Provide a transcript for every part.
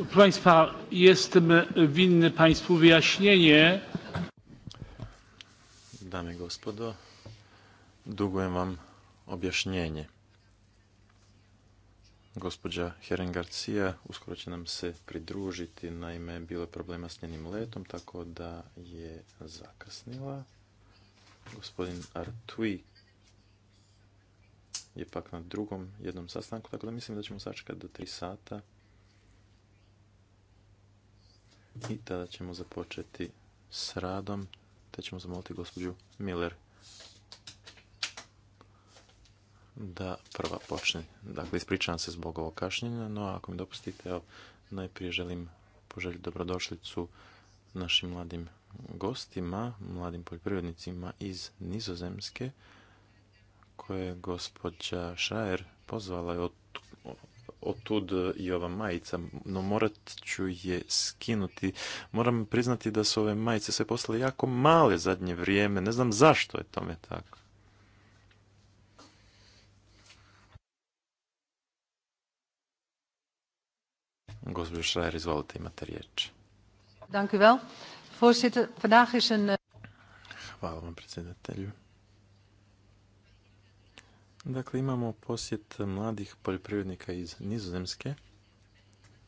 Proszę Państwa, jestem winny Państwu wyjaśnienie. Dame i gospodo, dugujem vam objašnjenje. Gospođa Heren Garcia uskoro će nam se pridružiti, naime bilo je problema s njenim letom, tako da je zakasnila. Gospodin Artui je pak na drugom jednom sastanku, tako da mislim da ćemo sačekati do tri sata i tada ćemo započeti s radom, te ćemo zamoliti gospođu Miller da prva počne. Dakle, ispričavam se zbog ovog kašnjenja, no ako mi dopustite, evo, najprije želim poželjeti dobrodošlicu našim mladim gostima, mladim poljoprivrednicima iz Nizozemske, koje je gospođa Šajer pozvala od otud e, i ova majica, no morat ću je skinuti. Moram priznati da su ove majice sve postale jako male zadnje vrijeme, ne znam zašto je tome tako. Gospodin Šrajer, izvolite, imate riječ. Eh, Hvala vam, predsjedatelju. Dakle, imamo posjet mladih poljoprivrednika iz Nizozemske,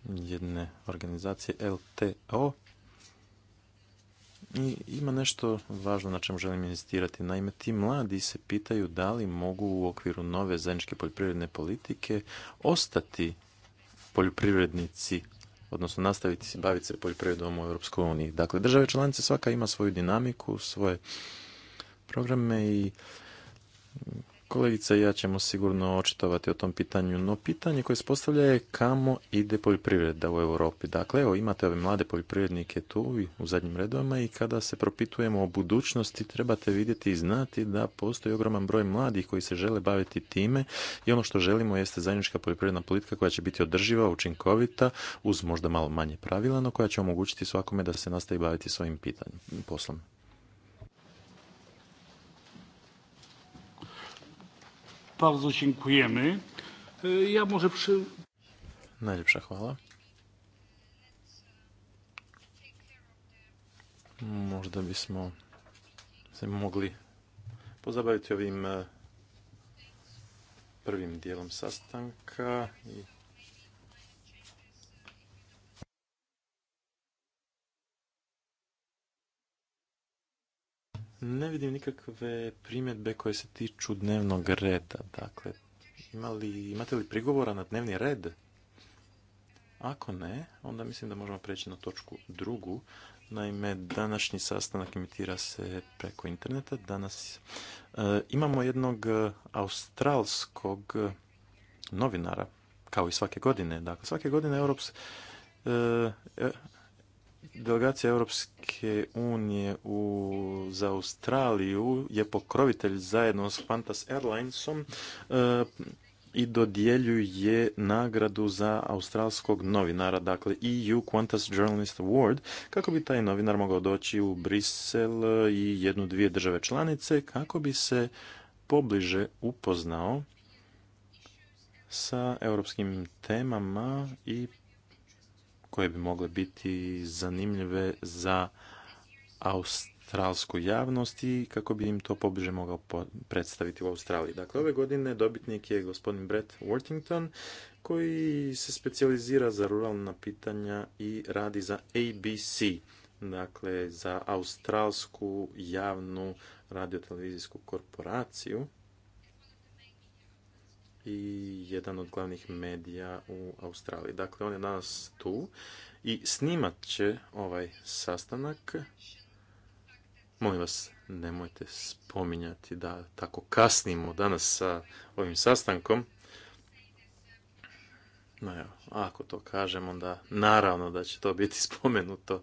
jedne organizacije LTO. I ima nešto važno na čemu želim insistirati. Naime, ti mladi se pitaju da li mogu u okviru nove zajedničke poljoprivredne politike ostati poljoprivrednici odnosno nastaviti se baviti se poljoprivredom u Europskoj uniji. Dakle, države članice svaka ima svoju dinamiku, svoje programe i Kolegica i ja ćemo sigurno očitovati o tom pitanju, no pitanje koje se postavlja je kamo ide poljoprivreda u Europi. Dakle, evo imate ove mlade poljoprivrednike tu u zadnjim redovima i kada se propitujemo o budućnosti trebate vidjeti i znati da postoji ogroman broj mladih koji se žele baviti time i ono što želimo jeste zajednička poljoprivredna politika koja će biti održiva, učinkovita, uz možda malo manje pravila, no koja će omogućiti svakome da se nastavi baviti svojim pitanjem, poslom. Bardzo dziękujemy. E, ja może przy... Najlepsza chwała. Možda bismo se mogli pozabaviti ovim e, prvim dijelom sastanka i Ne vidim nikakve primjedbe koje se tiču dnevnog reda. Dakle, imali, imate li prigovora na dnevni red? Ako ne, onda mislim da možemo preći na točku drugu. Naime, današnji sastanak imitira se preko interneta. Danas e, imamo jednog e, australskog e, novinara, kao i svake godine. Dakle, svake godine Europs, Delegacija Europske unije u, za Australiju je pokrovitelj zajedno s Qantas Airlinesom e, i dodjeljuje nagradu za australskog novinara, dakle EU Qantas Journalist Award, kako bi taj novinar mogao doći u Brisel i jednu, dvije države članice, kako bi se pobliže upoznao sa europskim temama i koje bi mogle biti zanimljive za australsku javnost i kako bi im to pobliže mogao predstaviti u Australiji. Dakle, ove godine dobitnik je gospodin Brett Worthington koji se specijalizira za ruralna pitanja i radi za ABC, dakle za australsku javnu radiotelevizijsku korporaciju i jedan od glavnih medija u Australiji. Dakle, on je danas tu i snimat će ovaj sastanak. Molim vas, nemojte spominjati da tako kasnimo danas sa ovim sastankom. No evo, ako to kažem, onda naravno da će to biti spomenuto.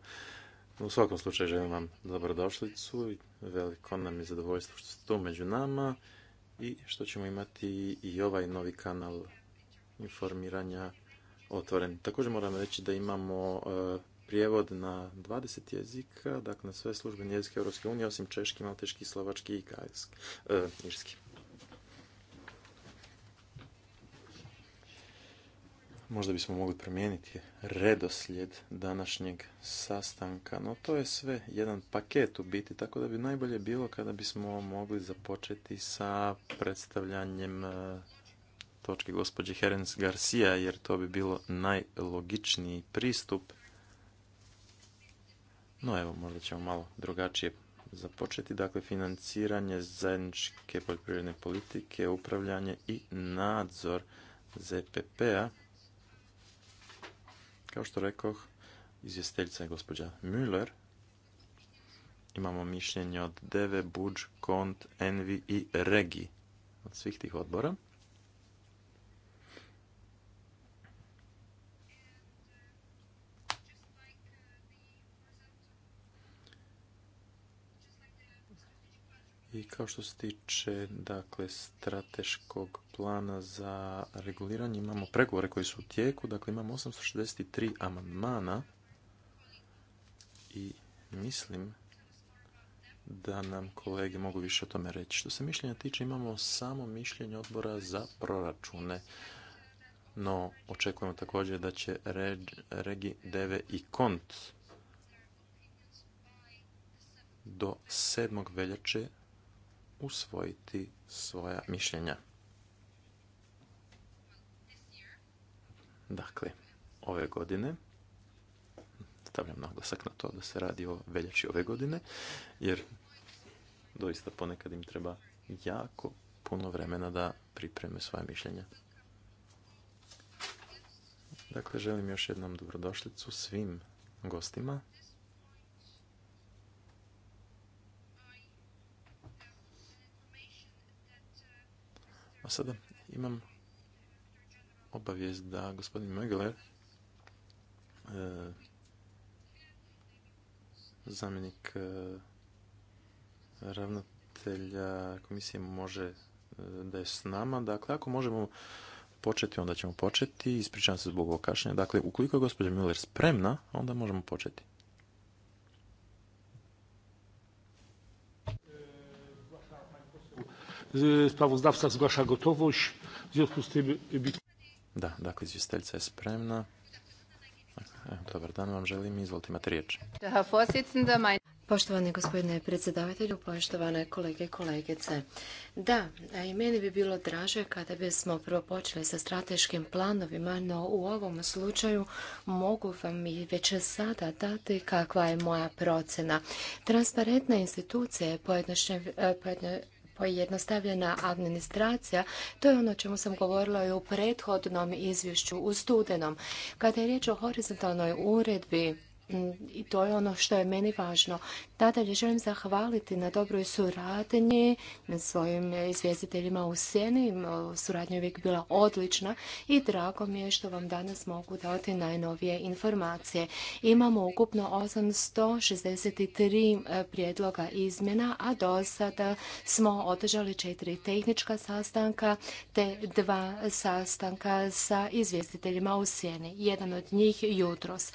U svakom slučaju želim vam dobrodošlicu i veliko nam je zadovoljstvo što ste tu među nama i što ćemo imati i ovaj novi kanal informiranja otvoren. Također moram reći da imamo e, prijevod na 20 jezika, dakle na sve službene jezike Europske osim češki, malteški, slovački i e, irski. Možda bismo mogli promijeniti redoslijed današnjeg sastanka, no to je sve jedan paket u biti, tako da bi najbolje bilo kada bismo mogli započeti sa predstavljanjem e, točke gospođe Herens Garcia, jer to bi bilo najlogičniji pristup. No evo, možda ćemo malo drugačije započeti. Dakle, financiranje zajedničke poljoprivredne politike, upravljanje i nadzor ZPP-a. Kao što rekoh, izvjestiteljica je gospođa Müller. Imamo mišljenje od Deve, Budž, Kont, Envi i Regi od svih tih odbora. I kao što se tiče dakle, strateškog plana za reguliranje, imamo pregovore koji su u tijeku, dakle imamo 863 amandmana i mislim da nam kolege mogu više o tome reći. Što se mišljenja tiče, imamo samo mišljenje odbora za proračune, no očekujemo također da će Regi, Deve i Kont do 7. veljače usvojiti svoja mišljenja. Dakle, ove godine, stavljam naglasak na to da se radi o veljači ove godine, jer doista ponekad im treba jako puno vremena da pripreme svoje mišljenja. Dakle, želim još jednom dobrodošlicu svim gostima sada imam obavijest da gospodin Mugler, e, zamjenik e, ravnatelja komisije može e, da je s nama. Dakle, ako možemo početi, onda ćemo početi. Ispričavam se zbog ovog kašnja. Dakle, ukoliko je gospođa Miller spremna, onda možemo početi. Sprawozdawca zgłasza gotowość. W związku z tym... Da, dakle, izvjestiteljica je spremna. E, dobar dan vam želim, izvolite imate riječ. Poštovani gospodine predsjedavatelju, poštovane kolege i kolegice. Da, i meni bi bilo draže kada bismo prvo počeli sa strateškim planovima, no u ovom slučaju mogu vam i već sada dati kakva je moja transparentna Transparentne institucije pojednostavljavaju e, pojednostavljena administracija, to je ono čemu sam govorila i u prethodnom izvješću u studenom. Kada je riječ o horizontalnoj uredbi, i to je ono što je meni važno. Nadalje želim zahvaliti na dobroj suradnji svojim izvjestiteljima u Sjeni. Suradnja je uvijek bila odlična i drago mi je što vam danas mogu dati najnovije informacije. Imamo ukupno 863 e, prijedloga izmjena, a do sada smo održali četiri tehnička sastanka te dva sastanka sa izvjestiteljima u Sjeni. Jedan od njih jutros.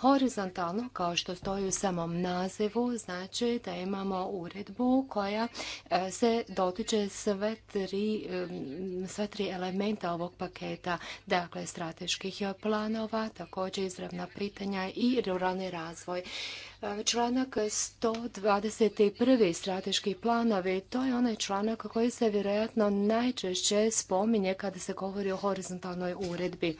Horizont kao što stoji u samom nazivu, znači da imamo uredbu koja e, se dotiče sve tri, e, sve tri elementa ovog paketa, dakle strateških planova, također izravna pitanja i ruralni razvoj. E, članak 121. strateški planovi, to je onaj članak koji se vjerojatno najčešće spominje kada se govori o horizontalnoj uredbi.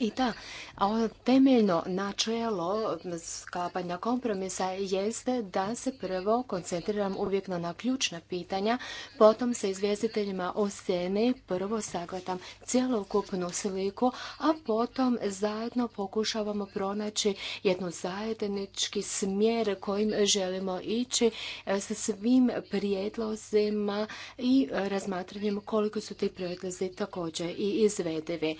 I da, a ono temeljno načelo sklapanja kompromisa jeste da se prvo koncentriram uvijek na ključna pitanja, potom sa izvjestiteljima o sceni prvo sagledam cjelokupnu sliku, a potom zajedno pokušavamo pronaći jednu zajednički smjer kojim želimo ići e, sa svim prijedlozima i e, razmatranjem koliko su ti prijedlozi također i izvedivi.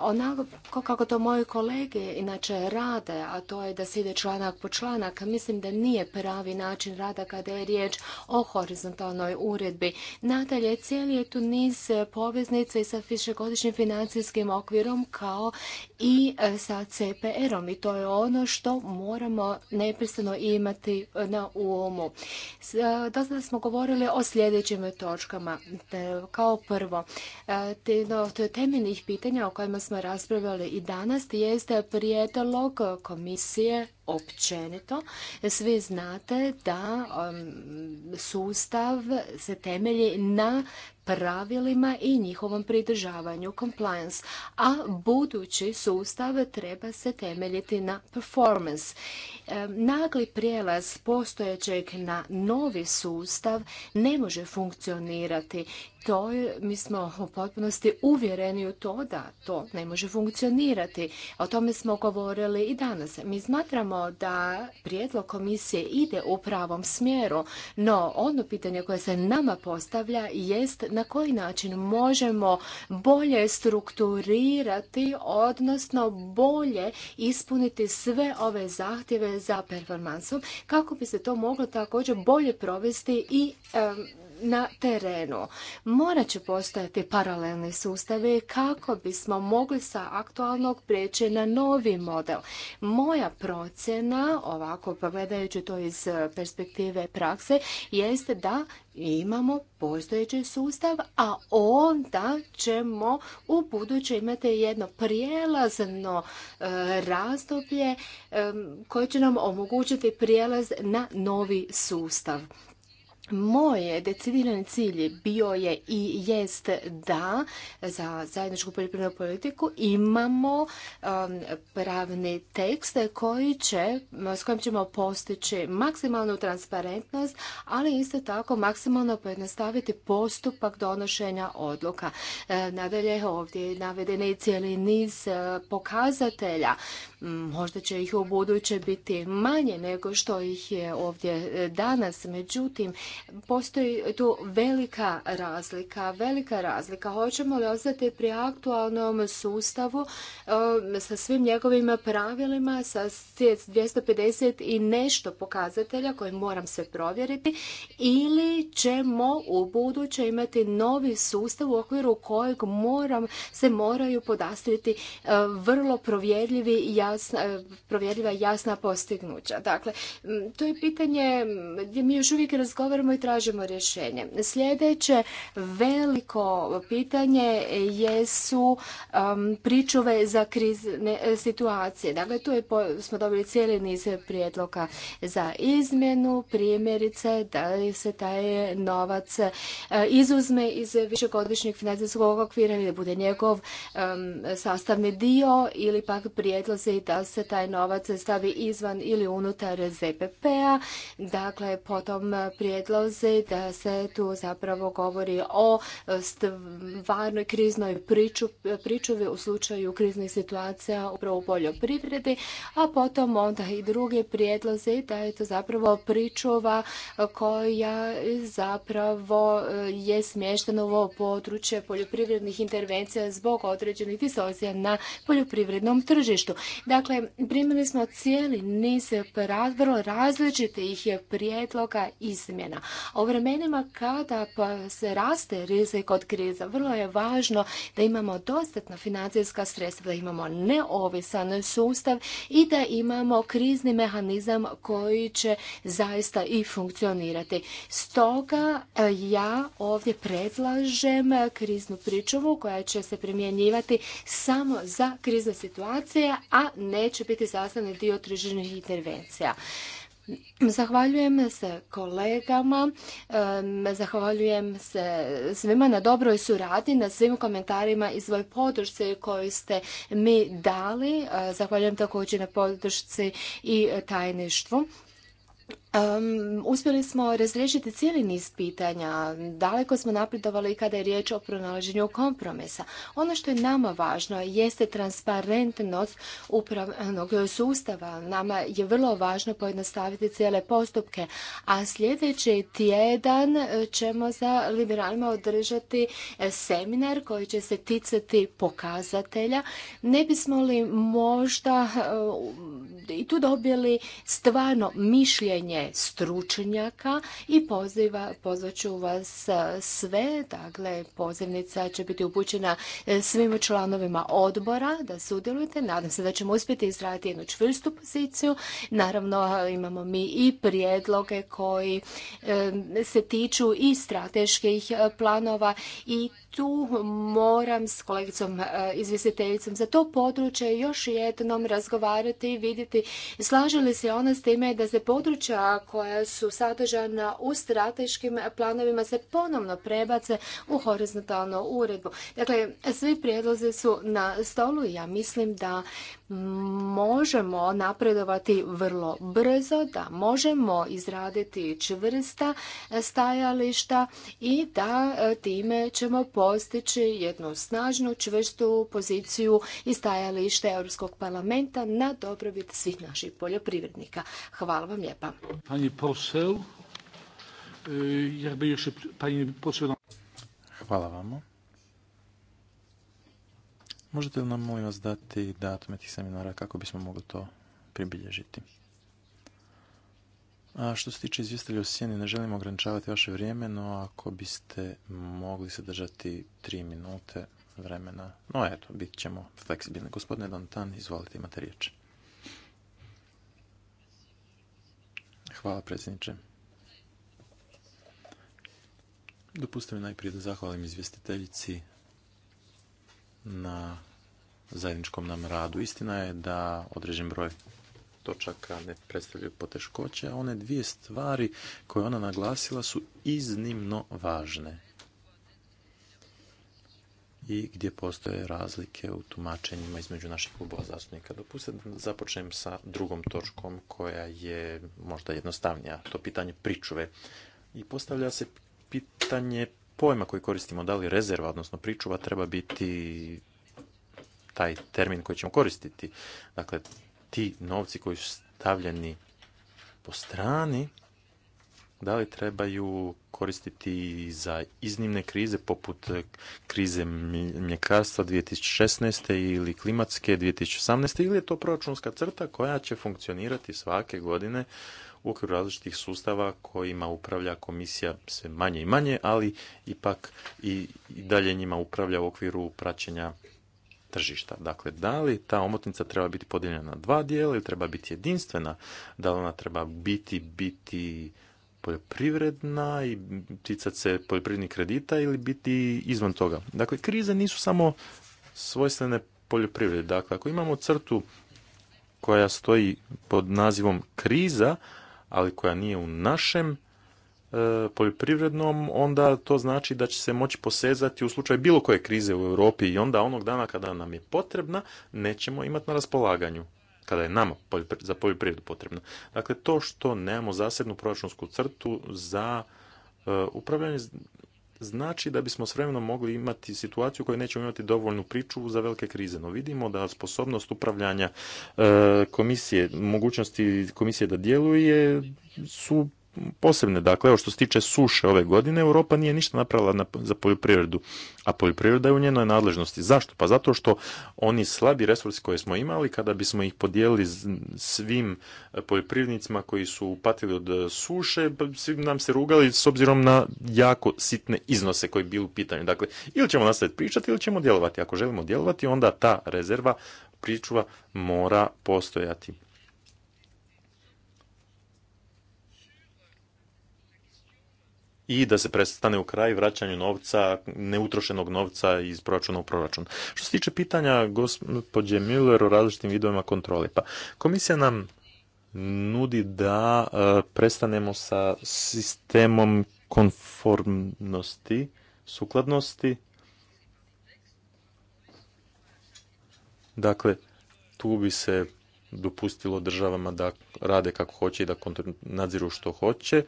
Ono onako kako to moji kolege inače rade, a to je da se ide članak po članak, mislim da nije pravi način rada kada je riječ o horizontalnoj uredbi. Nadalje, cijeli je tu niz poveznica i sa višegodišnjim financijskim okvirom kao i e, sa CPR-om i to je ono što moramo neprestano imati na umu. E, dosta smo govorili o sljedećim točkama. E, kao prvo, temeljnih pitanja o kojima smo raspravljali i danas jeste prijedlog komisije općenito. Svi znate da um, sustav se temelji na pravilima i njihovom pridržavanju compliance, a budući sustav treba se temeljiti na performance. E, nagli prijelaz postojećeg na novi sustav ne može funkcionirati. To mi smo u potpunosti uvjereni u to da to ne može funkcionirati. O tome smo govorili i danas. Mi smatramo da prijedlog komisije ide u pravom smjeru, no ono pitanje koje se nama postavlja jest na koji način možemo bolje strukturirati, odnosno bolje ispuniti sve ove zahtjeve za performansom kako bi se to moglo također bolje provesti i na terenu. Morat će postojati paralelni sustavi kako bismo mogli sa aktualnog prijeći na novi model. Moja procjena, ovako pogledajući pa to iz e, perspektive prakse, jeste da imamo postojeći sustav, a onda ćemo u buduće imati jedno prijelazno e, razdoblje koje će nam omogućiti prijelaz na novi sustav moj decidiran cilj bio je i jest da za zajedničku poljoprivrednu politiku imamo um, pravni tekst koji će, s kojim ćemo postići maksimalnu transparentnost, ali isto tako maksimalno pojednostaviti postupak donošenja odluka. E, nadalje ovdje navedene i cijeli niz e, pokazatelja. Možda će ih u buduće biti manje nego što ih je ovdje e, danas. Međutim, Postoji tu velika razlika, velika razlika. Hoćemo li ostati pri aktualnom sustavu um, sa svim njegovim pravilima, sa 250 i nešto pokazatelja koje moram se provjeriti ili ćemo u buduće imati novi sustav u okviru kojeg moram, se moraju podastriti uh, vrlo provjerljivi, jasna, uh, provjerljiva jasna postignuća. Dakle, to je pitanje gdje mi još uvijek razgovaramo govorimo i tražimo rješenje. Sljedeće veliko pitanje jesu um, pričuve za krizne situacije. Dakle, tu je smo dobili cijeli niz prijedloga za izmjenu, primjerice da se taj novac uh, izuzme iz višegodišnjeg financijskog okvira ili da bude njegov um, sastavni dio ili pak prijedlozi da se taj novac stavi izvan ili unutar ZPP-a. Dakle, potom prijedlog izlazi, da se tu zapravo govori o stvarnoj kriznoj priču, pričuvi u slučaju kriznih situacija upravo u poljoprivredi, a potom onda i drugi prijedlozi da je to zapravo pričuva koja zapravo e, je smještena u ovo područje poljoprivrednih intervencija zbog određenih disozija na poljoprivrednom tržištu. Dakle, primili smo cijeli niz vrlo različitih prijedloga izmjena. O vremenima kada pa se raste rizik od kriza, vrlo je važno da imamo dostatna financijska sredstva, da imamo neovisan sustav i da imamo krizni mehanizam koji će zaista i funkcionirati. Stoga e, ja ovdje predlažem kriznu pričuvu koja će se primjenjivati samo za krizne situacije, a neće biti sastavni dio tržišnih intervencija. Zahvaljujem se kolegama, zahvaljujem se svima na dobroj suradnji, na svim komentarima i svoj podršci koju ste mi dali. Zahvaljujem također na podršci i tajništvu uspjeli smo razriješiti cijeli niz pitanja. Daleko smo napredovali kada je riječ o pronalaženju kompromisa. Ono što je nama važno jeste transparentnost upravnog sustava. Nama je vrlo važno pojednostaviti cijele postupke. A sljedeći tjedan ćemo za liberalima održati seminar koji će se ticati pokazatelja. Ne bismo li možda e, i tu dobili stvarno mišljenje stručnjaka i poziva, ću vas e, sve, dakle pozivnica će biti upućena e, svim članovima odbora da sudjelujete. Nadam se da ćemo uspjeti izraditi jednu čvrstu poziciju. Naravno e, imamo mi i prijedloge koji se tiču i strateških planova i tu moram s kolegicom izvjestiteljicom za to područje još jednom razgovarati i vidjeti slaže li se ona s time da se područja koja su sadržana u strateškim planovima se ponovno prebace u horizontalnu uredbu. Dakle, svi prijedlozi su na stolu i ja mislim da možemo napredovati vrlo brzo, da možemo izraditi čvrsta stajališta i da e, time ćemo postići jednu snažnu, čvrstu poziciju i stajalište Europskog parlamenta na dobrobit svih naših poljoprivrednika. Hvala vam lijepa. Pani ja bi još, pani Hvala vam Možete li nam molim vas dati datume tih seminara kako bismo mogli to pribilježiti? A što se tiče izvjestelja o sjeni, ne želim ograničavati vaše vrijeme, no ako biste mogli se držati tri minute vremena, no eto, bit ćemo fleksibilni. Gospodine Dantan, izvolite, imate riječ. Hvala, predsjedniče. Dopustite mi najprije da zahvalim izvjestiteljici na zajedničkom nam radu. Istina je da određen broj točaka ne predstavljaju poteškoće, a one dvije stvari koje ona naglasila su iznimno važne i gdje postoje razlike u tumačenjima između naših klubova zastupnika. Dopustite da započnem sa drugom točkom koja je možda jednostavnija, to pitanje pričuve. I postavlja se pitanje pojma koji koristimo, da li rezerva, odnosno pričuva, treba biti taj termin koji ćemo koristiti. Dakle, ti novci koji su stavljeni po strani, da li trebaju koristiti za iznimne krize poput eh, krize mljekarstva 2016. ili klimatske 2018. ili je to proračunska crta koja će funkcionirati svake godine u okviru različitih sustava kojima upravlja komisija sve manje i manje, ali ipak i dalje njima upravlja u okviru praćenja tržišta. Dakle, da li ta omotnica treba biti podijeljena na dva dijela ili treba biti jedinstvena, da li ona treba biti, biti poljoprivredna i ticat se poljoprivrednih kredita ili biti izvan toga. Dakle, krize nisu samo svojstvene poljoprivrede, Dakle, ako imamo crtu koja stoji pod nazivom kriza, ali koja nije u našem e, poljoprivrednom, onda to znači da će se moći posezati u slučaju bilo koje krize u Europi i onda onog dana kada nam je potrebna, nećemo imati na raspolaganju kada je nama za poljoprivredu potrebna. Dakle, to što nemamo zasebnu proračunsku crtu za e, upravljanje znači da bismo s vremenom mogli imati situaciju u kojoj nećemo imati dovoljnu priču za velike krize. No vidimo da sposobnost upravljanja e, komisije, mogućnosti komisije da djeluje su posebne. Dakle, evo što se tiče suše ove godine, Europa nije ništa napravila za poljoprivredu, a poljoprivreda je u njenoj nadležnosti. Zašto? Pa zato što oni slabi resursi koje smo imali, kada bismo ih podijelili svim poljoprivrednicima koji su patili od suše, pa svi nam se rugali s obzirom na jako sitne iznose koji bili u pitanju. Dakle, ili ćemo nastaviti pričati ili ćemo djelovati. Ako želimo djelovati, onda ta rezerva pričuva mora postojati. i da se prestane u kraj vraćanju novca, neutrošenog novca iz proračuna u proračun. Što se tiče pitanja gospođe Miller o različitim vidovima kontrole, pa komisija nam nudi da e, prestanemo sa sistemom konformnosti, sukladnosti. Dakle, tu bi se dopustilo državama da rade kako hoće i da nadziru što hoće,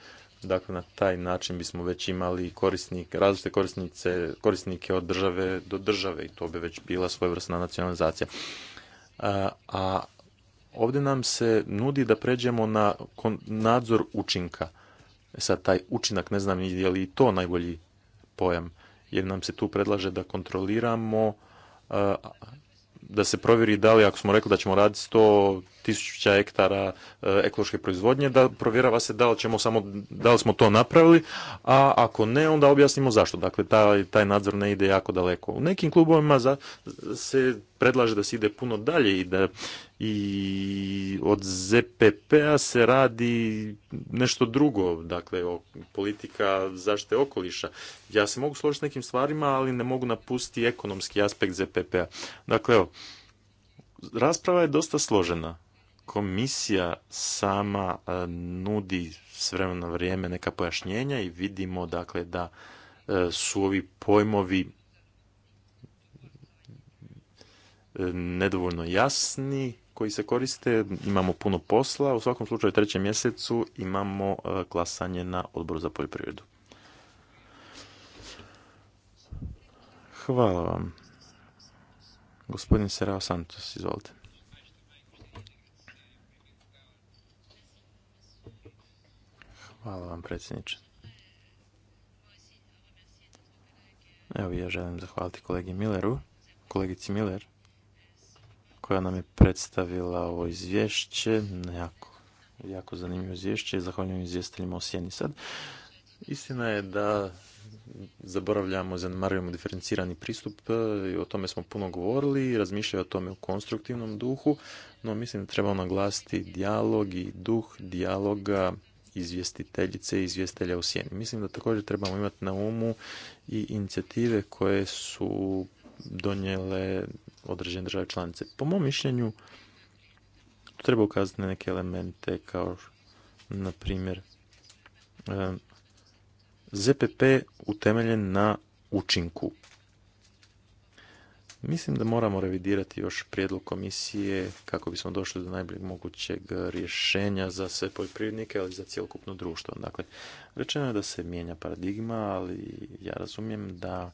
Dakle, na taj način bismo već imali korisnik, različite korisnice, korisnike od države do države i to bi već bila svojevrsna nacionalizacija. A, a ovdje nam se nudi da pređemo na nadzor učinka. E sad, taj učinak, ne znam je li to najbolji pojam, jer nam se tu predlaže da kontroliramo da se provjeri da li ako smo rekli da ćemo raditi 100 tisuća hektara e, ekološke proizvodnje, da provjerava se da li, ćemo samo, da li smo to napravili, a ako ne, onda objasnimo zašto. Dakle, taj, taj nadzor ne ide jako daleko. U nekim klubovima za, se predlaže da se ide puno dalje i da i od ZPP-a se radi nešto drugo, dakle o, politika zaštite okoliša. Ja se mogu složiti s nekim stvarima, ali ne mogu napustiti ekonomski aspekt ZPP-a. Dakle, evo, rasprava je dosta složena. Komisija sama e, nudi s vremena vrijeme neka pojašnjenja i vidimo dakle da e, su ovi pojmovi nedovoljno jasni koji se koriste, imamo puno posla, u svakom slučaju u trećem mjesecu imamo e, glasanje na odboru za poljoprivredu. Hvala vam. Gospodin Serao Santos, izvolite. Hvala vam, predsjedniče. Evo ja želim zahvaliti kolegi Milleru, kolegici Miller koja nam je predstavila ovo izvješće. Jako, jako zanimljivo izvješće. Zahvaljujem izvjestiteljima o sjeni sad. Istina je da zaboravljamo, zanemarujemo diferencirani pristup i o tome smo puno govorili i razmišljaju o tome u konstruktivnom duhu, no mislim da trebamo naglasiti dijalog i duh dijaloga izvjestiteljice i izvjestelja u sjeni. Mislim da također trebamo imati na umu i inicijative koje su donijele određene države članice. Po mom mišljenju, treba ukazati na neke elemente kao, na primjer, ZPP utemeljen na učinku. Mislim da moramo revidirati još prijedlog komisije kako bismo došli do najboljeg mogućeg rješenja za sve poljoprivrednike, ali i za cjelokupno društvo. Dakle, rečeno je da se mijenja paradigma, ali ja razumijem da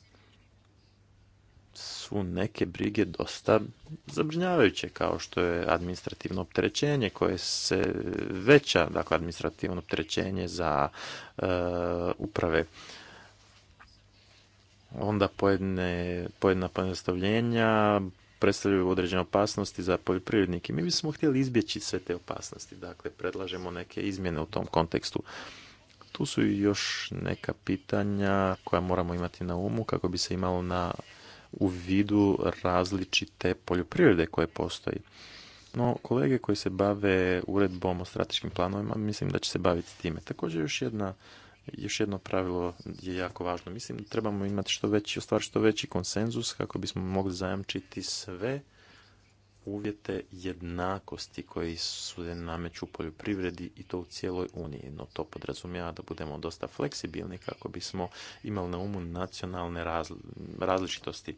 su neke brige dosta zabrinjavajuće, kao što je administrativno opterećenje koje se veća, dakle administrativno opterećenje za e, uprave. Onda pojedne, pojedna pojednostavljenja predstavljaju određene opasnosti za poljoprivrednike. Mi bismo htjeli izbjeći sve te opasnosti, dakle predlažemo neke izmjene u tom kontekstu. Tu su još neka pitanja koja moramo imati na umu kako bi se imalo na u vidu različite poljoprivrede koje postoji. No, kolege koji se bave uredbom o strateškim planovima, mislim da će se baviti time. Također, još jedna još jedno pravilo je jako važno. Mislim da trebamo imati što veći, ostvariti što veći konsenzus kako bismo mogli zajamčiti sve uvjete jednakosti koji su nameću poljoprivredi i to u cijeloj Uniji. No to podrazumijeva da budemo dosta fleksibilni kako bismo imali na umu nacionalne različitosti.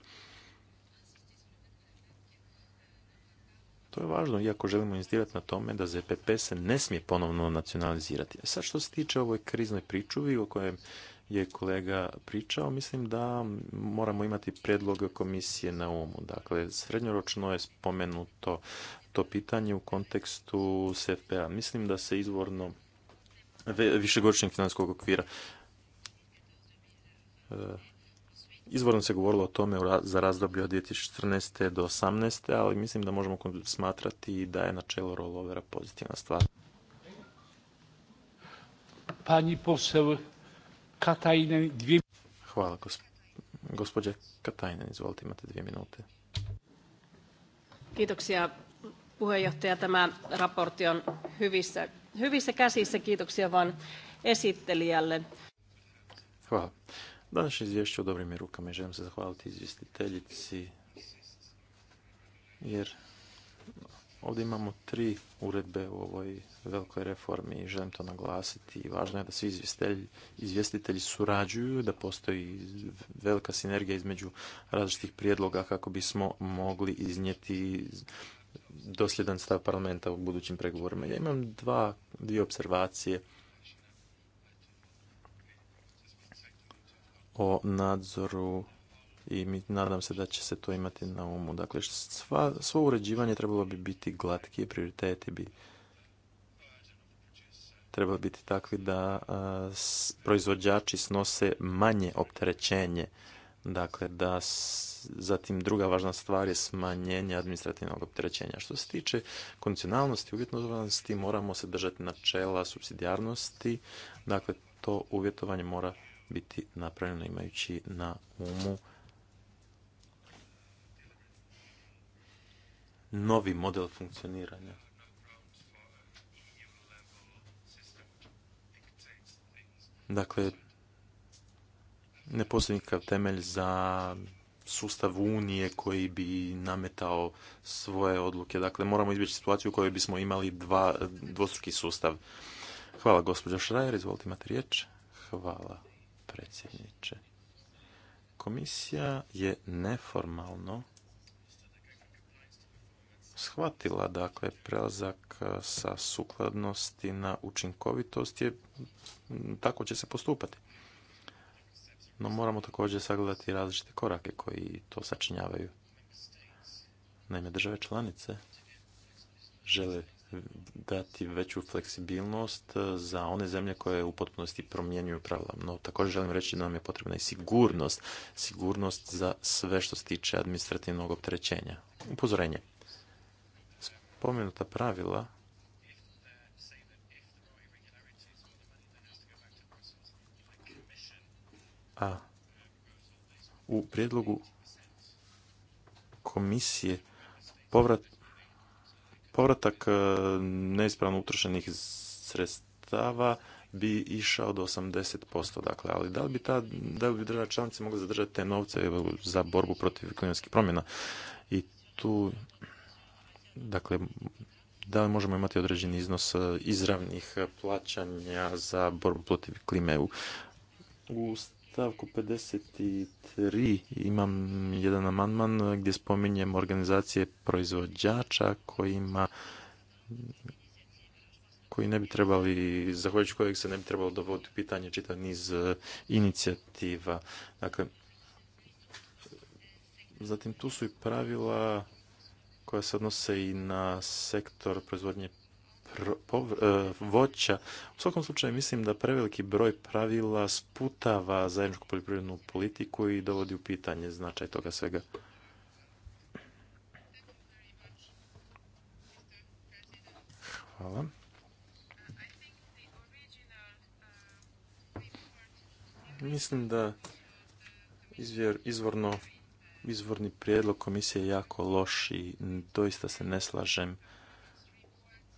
To je važno, iako želimo inzistirati na tome da ZPP se ne smije ponovno nacionalizirati. A e sad što se tiče ovoj kriznoj pričuvi o kojoj je kolega pričao, mislim da moramo imati predlog komisije na umu. Dakle, srednjoročno je spomenuto to pitanje u kontekstu SFPA. Mislim da se izvorno višegodišnjeg finanskog okvira e, Izvorno se govorilo o tome za razdoblje od 2014. do 2018. ali mislim da možemo smatrati da je načelo rollovera pozitivna stvar. Pani poseł Katajnen, dvije... Hvala, gospođa Katajnen, izvolite, imate dvije minute. Kiitoksia puheenjohtaja. Tämä raportti on hyvissä, hyvissä käsissä. Kiitoksia vaan esittelijälle. Hvala. Danas izvješće o dobrim je rukama. Želim se zahvaliti izvjestiteljici jer Ovdje imamo tri uredbe u ovoj velikoj reformi i želim to naglasiti. važno je da svi izvjestitelji, izvjestitelji surađuju, da postoji velika sinergija između različitih prijedloga kako bismo mogli iznijeti dosljedan stav parlamenta u budućim pregovorima. Ja imam dva, dvije observacije o nadzoru i nadam se da će se to imati na umu. Dakle, sva, svo uređivanje trebalo bi biti glatki, prioriteti bi trebali biti takvi da proizvođači snose manje opterećenje. Dakle, da zatim druga važna stvar je smanjenje administrativnog opterećenja. Što se tiče kondicionalnosti, uvjetovanosti, moramo se držati načela subsidijarnosti. Dakle, to uvjetovanje mora biti napravljeno imajući na umu novi model funkcioniranja. Dakle, ne postoji nikakav temelj za sustav Unije koji bi nametao svoje odluke. Dakle, moramo izbjeći situaciju u kojoj bismo imali dva, dvostruki sustav. Hvala, gospođo Šrajer, izvolite imate riječ. Hvala, predsjedniče. Komisija je neformalno shvatila, dakle prelazak e, sa sukladnosti na učinkovitost je, tako će se postupati. No moramo također sagledati različite korake koji to sačinjavaju. Naime, države članice žele dati veću fleksibilnost e, za one zemlje koje u potpunosti promjenjuju pravila. No, također želim reći da nam je potrebna i sigurnost. Sigurnost za sve što se tiče administrativnog opterećenja. Upozorenje spomenuta pravila a u prijedlogu komisije povrat, povratak e, neispravno utrošenih sredstava bi išao do 80%. Dakle, ali da li bi, ta, da li bi država članice mogla zadržati te novce za borbu protiv klimatskih promjena? I tu dakle, da li možemo imati određeni iznos e, izravnih e, plaćanja za borbu protiv klime u u stavku 53 imam jedan amandman e, gdje spominjem organizacije proizvođača kojima koji ne bi trebali, zahvaljujući kojeg se ne bi trebalo dovoditi pitanje čitav niz inicijativa. Dakle, zatim tu su i pravila koja se odnose i na sektor proizvodnje e, voća. U svakom slučaju mislim da preveliki broj pravila sputava zajedničku poljoprivrednu politiku i dovodi u pitanje značaj toga svega. Hvala. Mislim da izvorno izvorni prijedlog komisije je jako loš i doista se ne slažem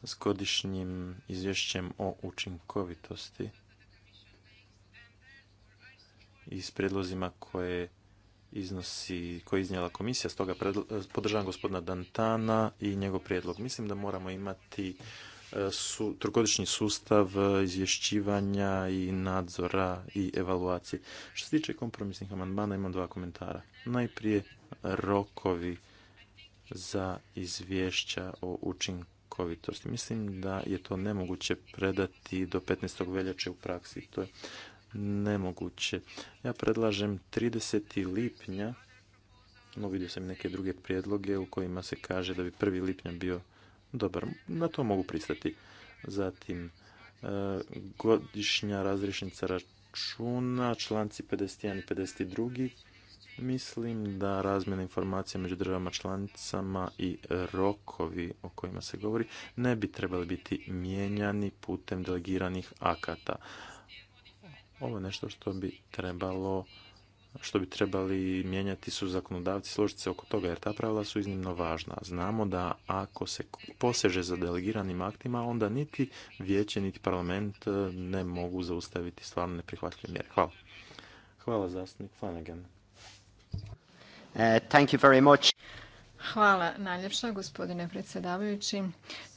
s godišnjim izvješćem o učinkovitosti i s prijedlozima koje iznosi, koje je iznijela komisija. Stoga podržavam gospodina Dantana i njegov prijedlog. Mislim da moramo imati su, trogodišnji sustav izvješćivanja i nadzora i evaluacije. Što se tiče kompromisnih amandmana, imam dva komentara. Najprije rokovi za izvješća o učinkovitosti. Mislim da je to nemoguće predati do 15. veljače u praksi. To je nemoguće. Ja predlažem 30. lipnja, no vidio sam neke druge prijedloge u kojima se kaže da bi 1. lipnja bio Dobar, na to mogu pristati. Zatim, e, godišnja razrišnica računa, članci 51 i 52. Mislim da razmjena informacija među državama članicama i rokovi o kojima se govori ne bi trebali biti mijenjani putem delegiranih akata. Ovo je nešto što bi trebalo što bi trebali mijenjati su zakonodavci, složiti se oko toga, jer ta pravila su iznimno važna. Znamo da ako se poseže za delegiranim aktima, onda niti vijeće, niti parlament e, ne mogu zaustaviti stvarno neprihvatljive mjere. Hvala. Hvala zastupnik Flanagan. E, Hvala najljepša gospodine predsjedavajući.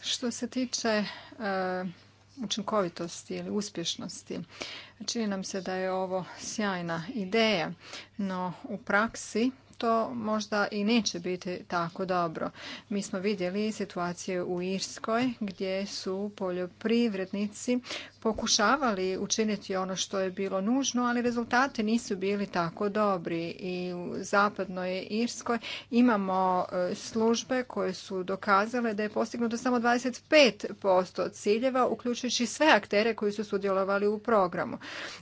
Što se tiče e, učinkovitosti ili uspješnosti. Čini nam se da je ovo sjajna ideja, no u praksi to možda i neće biti tako dobro. Mi smo vidjeli situacije u Irskoj gdje su poljoprivrednici pokušavali učiniti ono što je bilo nužno, ali rezultate nisu bili tako dobri i u zapadnoj Irskoj imamo e, službe koje su dokazale da je postignuto samo 25% ciljeva, uključujući sve aktere koji su sudjelovali u programu.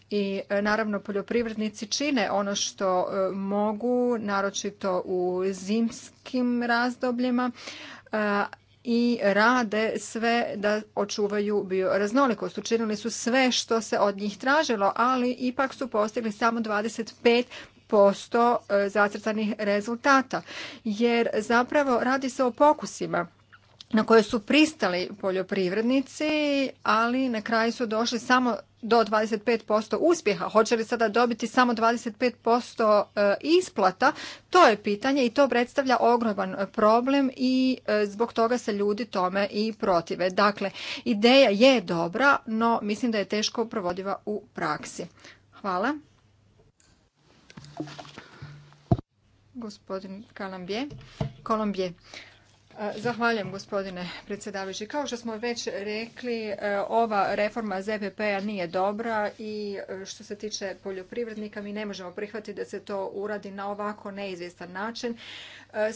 I e, naravno poljoprivrednici čine ono što e, mogu, naravno naročito u zimskim razdobljima i rade sve da očuvaju bioraznolikost. Učinili su sve što se od njih tražilo, ali ipak su postigli samo 25 posto e, zacrtanih rezultata jer zapravo radi se o pokusima na koje su pristali poljoprivrednici, ali na kraju su došli samo do 25% uspjeha. Hoće li sada dobiti samo 25% e, isplata? To je pitanje i to predstavlja ogroman problem i e, zbog toga se ljudi tome i protive. Dakle, ideja je dobra, no mislim da je teško provodiva u praksi. Hvala. Gospodin Kalambije. Kolombije. E, zahvaljujem gospodine predsjedavajući. Kao što smo već rekli, e, ova reforma ZPP-a nije dobra i e, što se tiče poljoprivrednika mi ne možemo prihvatiti da se to uradi na ovako neizvjestan način,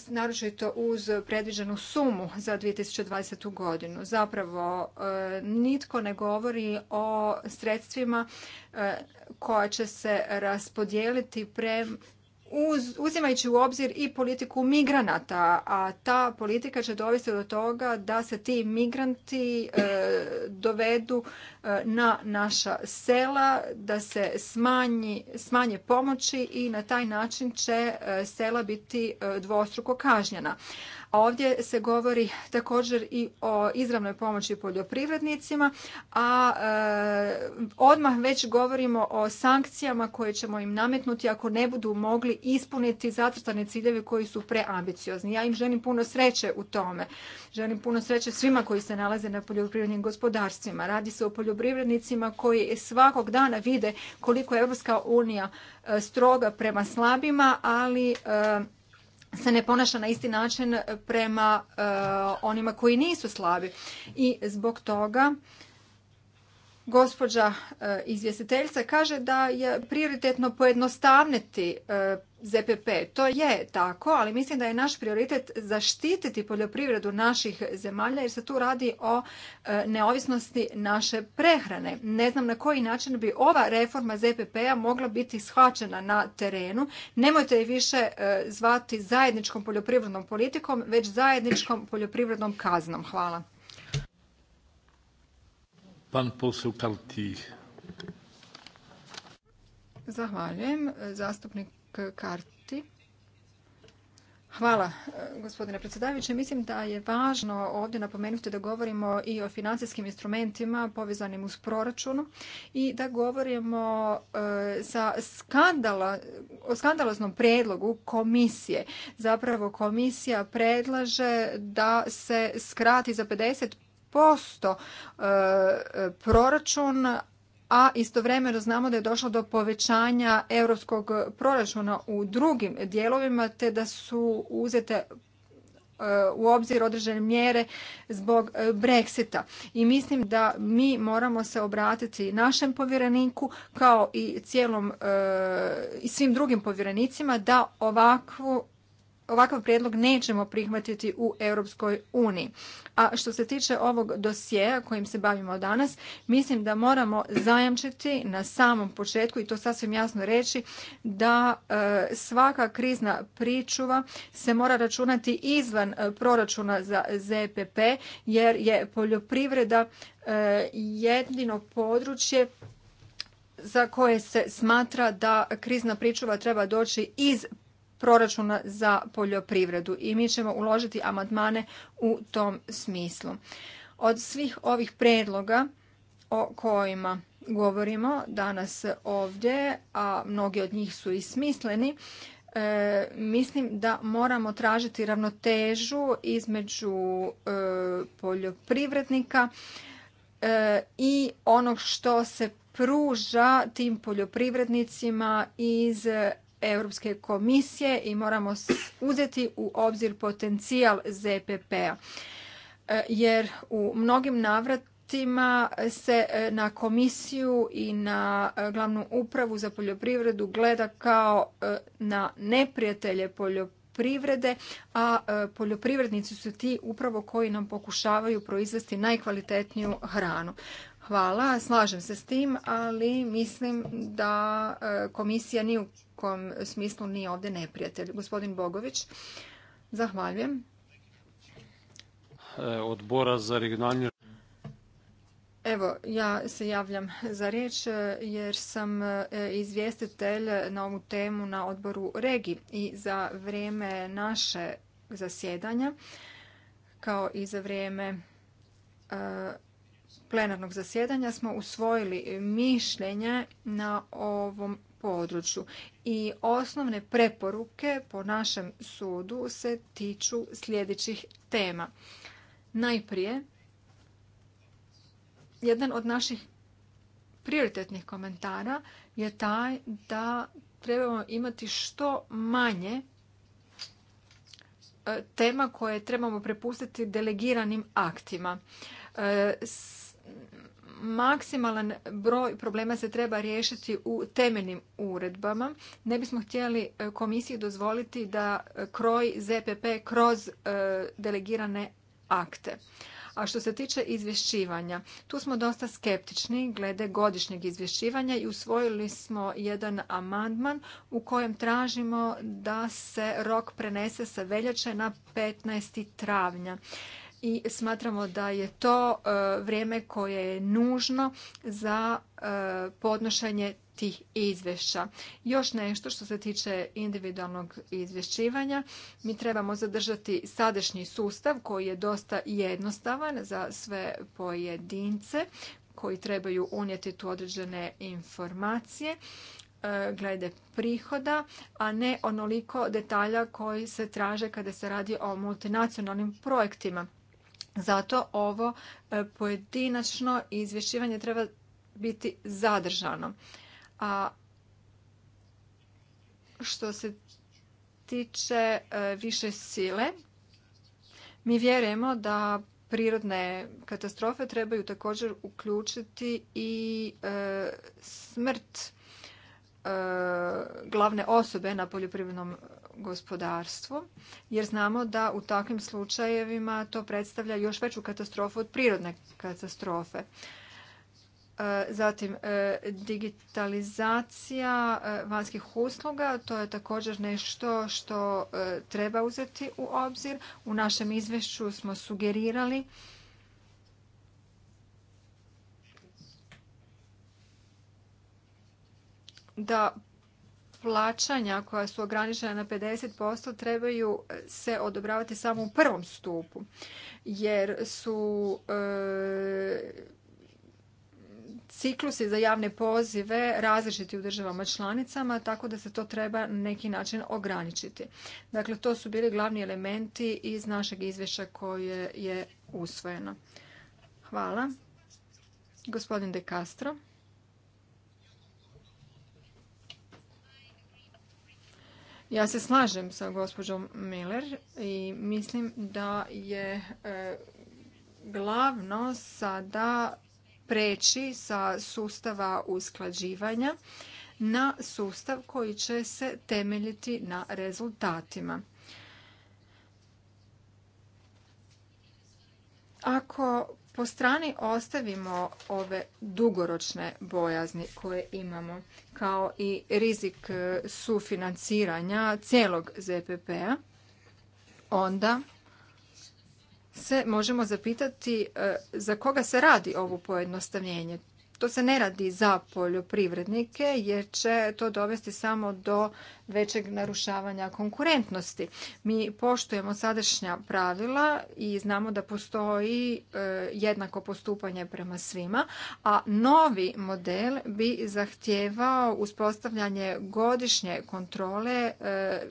naročito uz predviđenu sumu za 2020. godinu. Zapravo nitko ne govori o sredstvima koja će se raspodijeliti prema uz, uzimajući u obzir i politiku migranata, a ta politika će dovesti do toga da se ti migranti e, dovedu E, na naša sela, da se smanje pomoći i na taj način će e, sela biti e, dvostruko kažnjena. ovdje se govori također i o izravnoj pomoći poljoprivrednicima, a odmah već govorimo o sankcijama koje ćemo im nametnuti ako ne budu mogli ispuniti zatrtane ciljeve koji su preambiciozni. Ja im želim puno sreće u tome. Želim puno sreće svima koji se nalaze na poljoprivrednim gospodarstvima. Radi se o poljoprivrednicima koji svakog dana vide koliko je Europska unija e, stroga prema slabima, ali e, se ne ponaša na isti način prema e, onima koji nisu slabi. I zbog toga gospođa izvjestiteljica kaže da je prioritetno pojednostavniti ZPP. To je tako, ali mislim da je naš prioritet zaštititi poljoprivredu naših zemalja jer se tu radi o e, neovisnosti naše prehrane. Ne znam na koji način bi ova reforma ZPP-a mogla biti shvaćena na terenu. Nemojte je više e, zvati zajedničkom poljoprivrednom politikom, već zajedničkom poljoprivrednom kaznom. Hvala. Pan Zahvaljujem. Zastupnik karti. Hvala, e, gospodine predsjedaviče. Mislim da je važno ovdje napomenuti da govorimo i o financijskim instrumentima povezanim uz proračunu i da govorimo e, sa o skandaloznom predlogu komisije. Zapravo komisija predlaže da se skrati za 50% e, proračun, a istovremeno znamo da je došlo do povećanja europskog proračuna u drugim dijelovima te da su uzete e, u obzir određene mjere zbog e, Brexita. I mislim da mi moramo se obratiti našem povjereniku kao i cijelom e, i svim drugim povjerenicima da ovakvu ovakav prijedlog nećemo prihvatiti u Europskoj uniji. A što se tiče ovog dosjeja kojim se bavimo danas, mislim da moramo zajamčiti na samom početku i to sasvim jasno reći da e, svaka krizna pričuva se mora računati izvan e, proračuna za ZPP jer je poljoprivreda e, jedino područje za koje se smatra da krizna pričuva treba doći iz proračuna za poljoprivredu i mi ćemo uložiti amandmane u tom smislu. Od svih ovih predloga o kojima govorimo danas ovdje, a mnogi od njih su i smisleni, e, mislim da moramo tražiti ravnotežu između e, poljoprivrednika e, i onog što se pruža tim poljoprivrednicima iz Europske komisije i moramo uzeti u obzir potencijal ZPP-a. E, jer u mnogim navratima se e, na komisiju i na e, glavnu upravu za poljoprivredu gleda kao na neprijatelje poljoprivrede, a poljoprivrednici su ti upravo koji nam pokušavaju proizvesti najkvalitetniju hranu hvala, slažem se s tim, ali mislim da e, komisija ni u kom smislu nije ovdje neprijatelj. Gospodin Bogović, zahvaljujem. E, odbora za regionalni Evo, ja se javljam za riječ e, jer sam izvjestitelj na ovu temu na odboru Regi i za vrijeme naše zasjedanja kao i za vrijeme plenarnog zasjedanja smo usvojili mišljenje na ovom području i osnovne preporuke po našem sudu se tiču sljedećih tema. Najprije, jedan od naših prioritetnih komentara je taj da trebamo imati što manje e, tema koje trebamo prepustiti delegiranim aktima. E, maksimalan broj problema se treba riješiti u temeljnim uredbama. Ne bismo htjeli e, komisiji dozvoliti da e, kroji ZPP kroz e, delegirane akte. A što se tiče izvješćivanja, tu smo dosta skeptični glede godišnjeg izvješćivanja i usvojili smo jedan amandman u kojem tražimo da se rok prenese sa veljače na 15. travnja i smatramo da je to e, vrijeme koje je nužno za e, podnošenje tih izvješća. Još nešto što se tiče individualnog izvješćivanja. Mi trebamo zadržati sadašnji sustav koji je dosta jednostavan za sve pojedince koji trebaju unijeti tu određene informacije e, glede prihoda, a ne onoliko detalja koji se traže kada se radi o multinacionalnim projektima. Zato ovo e, pojedinačno izvješćivanje treba biti zadržano. A što se tiče e, više sile, mi vjerujemo da prirodne katastrofe trebaju također uključiti i e, smrt glavne osobe na poljoprivrednom gospodarstvo, jer znamo da u takvim slučajevima to predstavlja još veću katastrofu od prirodne katastrofe. E, zatim, e, digitalizacija e, vanjskih usluga, to je također nešto što treba uzeti u obzir. U našem izvješću smo sugerirali da plaćanja koja su ograničena na 50% trebaju se odobravati samo u prvom stupu jer su e, ciklusi za javne pozive različiti u državama članicama, tako da se to treba na neki način ograničiti. Dakle, to su bili glavni elementi iz našeg izvješća koje je usvojeno. Hvala. Gospodin De Castro. Ja se slažem sa gospođom Miller i mislim da je e, glavno sada preći sa sustava usklađivanja na sustav koji će se temeljiti na rezultatima. Ako po strani ostavimo ove dugoročne bojazni koje imamo, kao i rizik e, sufinanciranja cijelog ZPP-a, onda se možemo zapitati e, za koga se radi ovo pojednostavljenje. To se ne radi za poljoprivrednike jer će to dovesti samo do većeg narušavanja konkurentnosti. Mi poštujemo sadašnja pravila i znamo da postoji e, jednako postupanje prema svima, a novi model bi zahtijevao uspostavljanje godišnje kontrole e,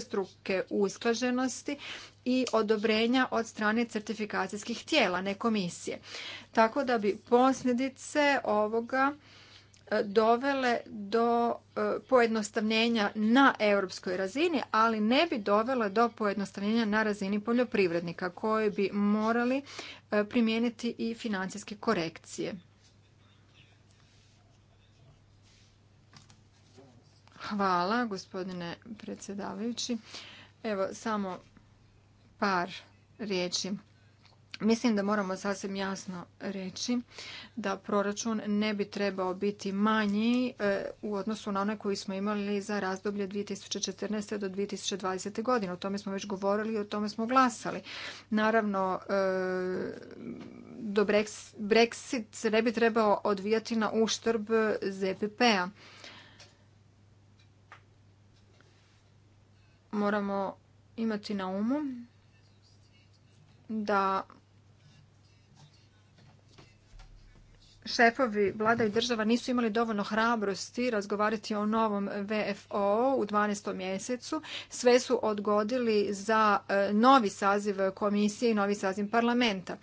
struke usklaženosti i odobrenja od strane certifikacijskih tijela, ne komisije. Tako da bi posljedice ovoga e, dovele do e, pojednostavljenja na europskoj razini, ali ne bi dovele do pojednostavljenja na razini poljoprivrednika koji bi morali e, primijeniti i financijske korekcije. Hvala, gospodine predsjedavajući. Evo, samo par riječi. Mislim da moramo sasvim jasno reći da proračun ne bi trebao biti manji e, u odnosu na one koji smo imali za razdoblje 2014. do 2020. godine. O tome smo već govorili i o tome smo glasali. Naravno, e, do Brexit se ne bi trebao odvijati na uštrb ZPP-a. Moramo imati na umu da šefovi vlada i država nisu imali dovoljno hrabrosti razgovarati o novom VFO u 12. mjesecu. Sve su odgodili za e, novi saziv komisije i novi saziv parlamenta.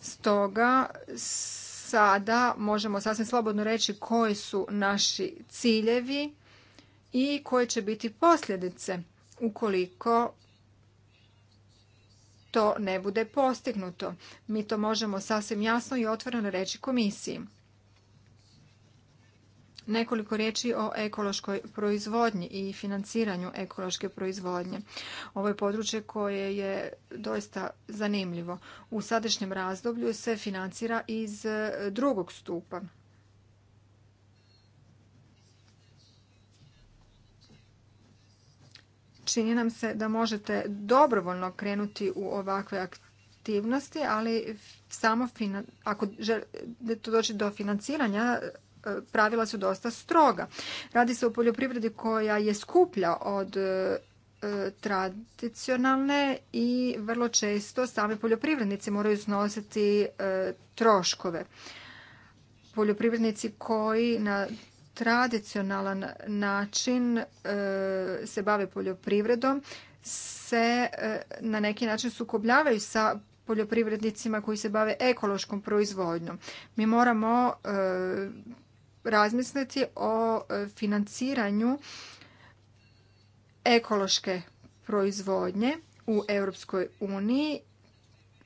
Stoga sada možemo sasvim slobodno reći koji su naši ciljevi i koje će biti posljedice ukoliko to ne bude postignuto. Mi to možemo sasvim jasno i otvoreno reći komisiji. Nekoliko riječi o ekološkoj proizvodnji i financiranju ekološke proizvodnje. Ovo je područje koje je doista zanimljivo. U sadašnjem razdoblju se financira iz drugog stupa Čini nam se da možete dobrovoljno krenuti u ovakve aktivnosti, ali samo ako želite doći do financiranja, e, pravila su dosta stroga. Radi se o poljoprivredi koja je skuplja od e, tradicionalne i vrlo često sami poljoprivrednici moraju snositi e, troškove. Poljoprivrednici koji na tradicionalan način e, se bave poljoprivredom se e, na neki način sukobljavaju sa poljoprivrednicima koji se bave ekološkom proizvodnjom. Mi moramo e, razmisliti o financiranju ekološke proizvodnje u Europskoj uniji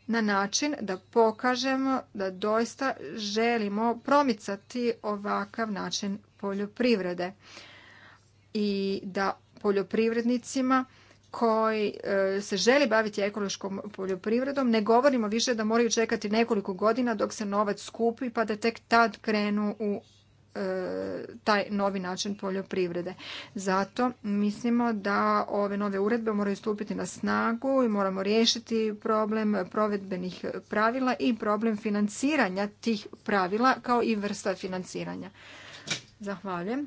na način da pokažemo da doista želimo promicati ovakav način poljoprivrede i da poljoprivrednicima koji e, se želi baviti ekološkom poljoprivredom ne govorimo više da moraju čekati nekoliko godina dok se novac skupi pa da tek tad krenu u e, taj novi način poljoprivrede. Zato mislimo da ove nove uredbe moraju stupiti na snagu i moramo riješiti problem provedbenih pravila i problem financiranja tih pravila kao i vrsta financiranja. Zahvaljujem.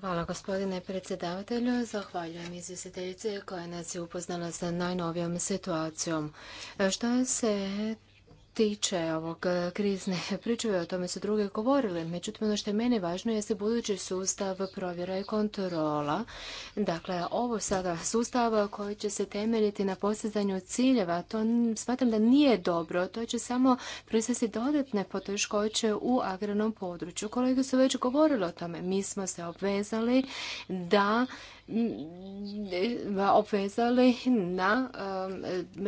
Hvala gospodine predsjedavatelju. Zahvaljujem izvjestiteljice koja nas je upoznala sa najnovijom situacijom. Što se tiče ovog e, krizne pričuve, o tome su druge govorili. Međutim, ono što je meni važno se budući sustav provjera i kontrola. Dakle, ovo sada sustava koji će se temeljiti na posjedanju ciljeva, to smatram da nije dobro. To će samo proizvesti dodatne poteškoće u agranom području. Kolege su već govorilo o tome. Mi smo se obvezali da obvezali na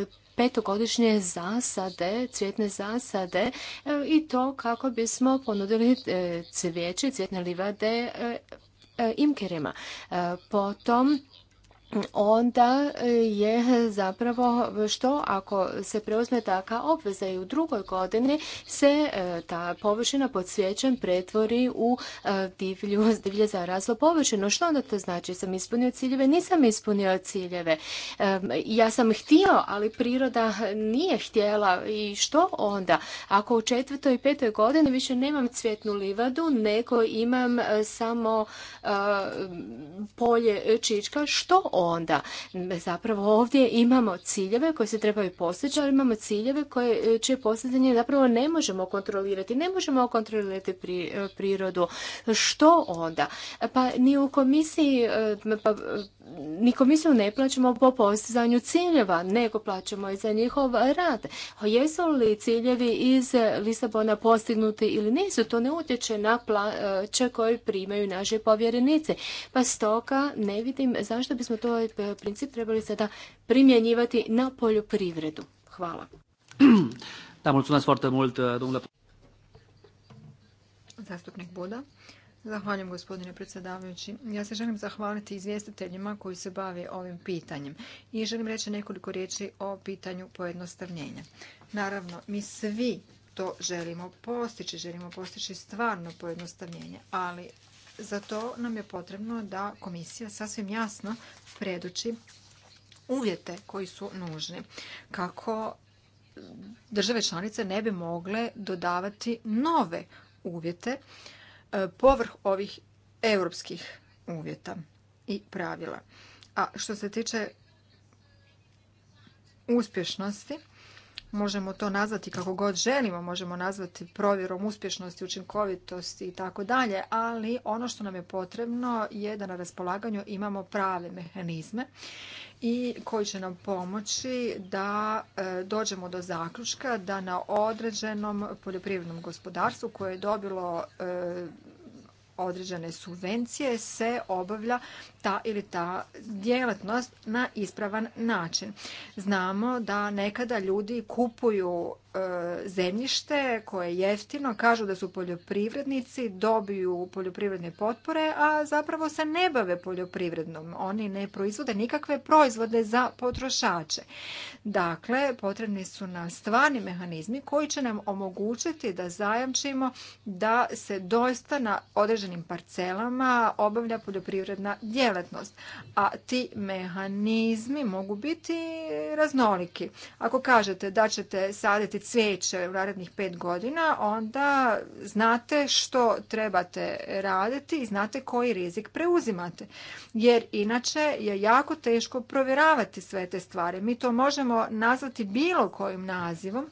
e, petogodišnje zasade, cvjetne zasade e, i to kako bismo ponudili e, cvijeće, cvjetne livade e, imkerima. Potom onda e, je zapravo što ako se preuzme taka obveza i u drugoj godini se e, ta površina pod svjećem pretvori u e, divlju, divlje zaraslo površinu. Što onda to znači? Sam ispunio ciljeve? Nisam ispunio ciljeve. Ja sam htio, ali priroda nije htjela. I što onda? Ako u četvrtoj i petoj godini više nemam cvjetnu livadu, nego imam samo polje čička, što onda? onda. Zapravo ovdje imamo ciljeve koji se trebaju postići, ali imamo ciljeve koje, čije postizanje zapravo ne možemo kontrolirati. Ne možemo kontrolirati pri, prirodu. Što onda? Pa ni u komisiji, eh, pa, ni komisiju ne plaćamo po postizanju ciljeva, nego plaćamo i za njihov rad. Jesu li ciljevi iz Lisabona postignuti ili nisu, to ne utječe na plaće koje primaju naše povjerenice. Pa stoga ne vidim zašto bismo to E, princip trebali da primjenjivati na poljoprivredu. Hvala. E, Zastupnik Buda. Zahvaljujem gospodine predsjedavajući. Ja se želim zahvaliti izvjestiteljima koji se bave ovim pitanjem i želim reći nekoliko riječi o pitanju pojednostavljenja. Naravno, mi svi to želimo postići, želimo postići stvarno pojednostavljenje, ali za to nam je potrebno da komisija sasvim jasno predoči uvjete koji su nužni kako države članice ne bi mogle dodavati nove uvjete e, povrh ovih europskih uvjeta i pravila. A što se tiče uspješnosti, možemo to nazvati kako god želimo, možemo nazvati provjerom uspješnosti, učinkovitosti i tako dalje, ali ono što nam je potrebno je da na raspolaganju imamo prave mehanizme i koji će nam pomoći da e, dođemo do zaključka da na određenom poljoprivrednom gospodarstvu koje je dobilo e, određene subvencije se obavlja ta ili ta djelatnost na ispravan način. Znamo da nekada ljudi kupuju e, zemljište koje je jeftino, kažu da su poljoprivrednici, dobiju poljoprivredne potpore, a zapravo se ne bave poljoprivrednom. Oni ne proizvode nikakve proizvode za potrošače. Dakle, potrebni su nam stvarni mehanizmi koji će nam omogućiti da zajamčimo da se doista na određenim parcelama obavlja poljoprivredna djelatnost djelatnost. A ti mehanizmi mogu biti raznoliki. Ako kažete da ćete saditi cvijeće u narednih pet godina, onda znate što trebate raditi i znate koji rizik preuzimate. Jer inače je jako teško provjeravati sve te stvari. Mi to možemo nazvati bilo kojim nazivom,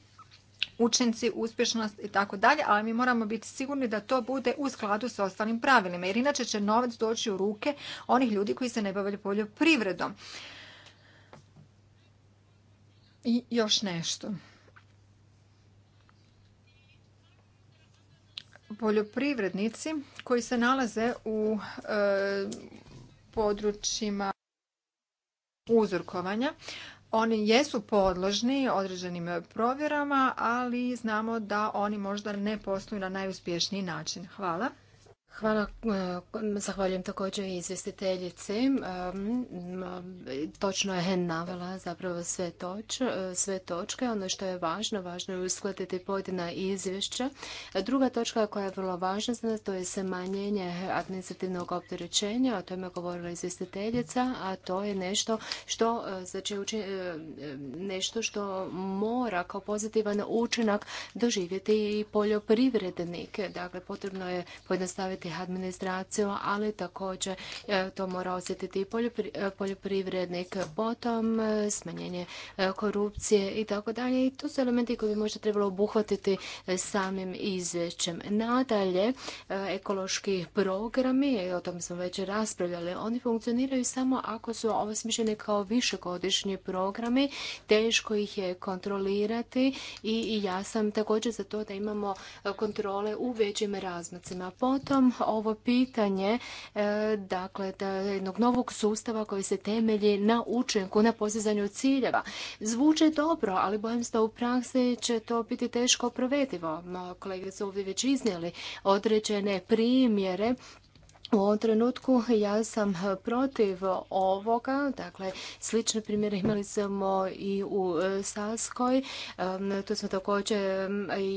učinci, uspješnost i tako dalje, ali mi moramo biti sigurni da to bude u skladu s ostalim pravilima, jer inače će novac doći u ruke onih ljudi koji se ne bave poljoprivredom. I još nešto. Poljoprivrednici koji se nalaze u e, područjima uzorkovanja oni jesu podložni određenim provjerama, ali znamo da oni možda ne posluju na najuspješniji način. Hvala. Hvala, e, zahvaljujem također i izvjestiteljici. E, e, točno je navela zapravo sve, sve točke. Ono što je važno, važno je uskladiti pojedina izvješća. Druga točka koja je vrlo važna za nas, to je smanjenje administrativnog opterećenja, o tome je govorila izvjestiteljica, a to je nešto što, znači, nešto što mora kao pozitivan učinak doživjeti i poljoprivrednike. Dakle, potrebno je pojednostaviti osjetiti administraciju, ali također e, to mora osjetiti i e, poljoprivrednik. Potom e, smanjenje korupcije i tako dalje. I to su elementi koji bi možda trebalo obuhvatiti samim izvješćem. Nadalje, ekološki programi, o tom smo već raspravljali, oni funkcioniraju samo ako su osmišljeni kao višegodišnji programi. Teško ih je kontrolirati i ja sam također za to da imamo kontrole u većim razmacima. Potom ovo pitanje e, dakle, da jednog novog sustava koji se temelji na učinku, na postizanju ciljeva. Zvuče dobro, ali bojim se da u praksi će to biti teško provedivo. Kolege su ovdje već iznijeli određene primjere u ovom trenutku ja sam protiv ovoga, dakle slične primjere imali smo i u e, Saskoj, tu smo također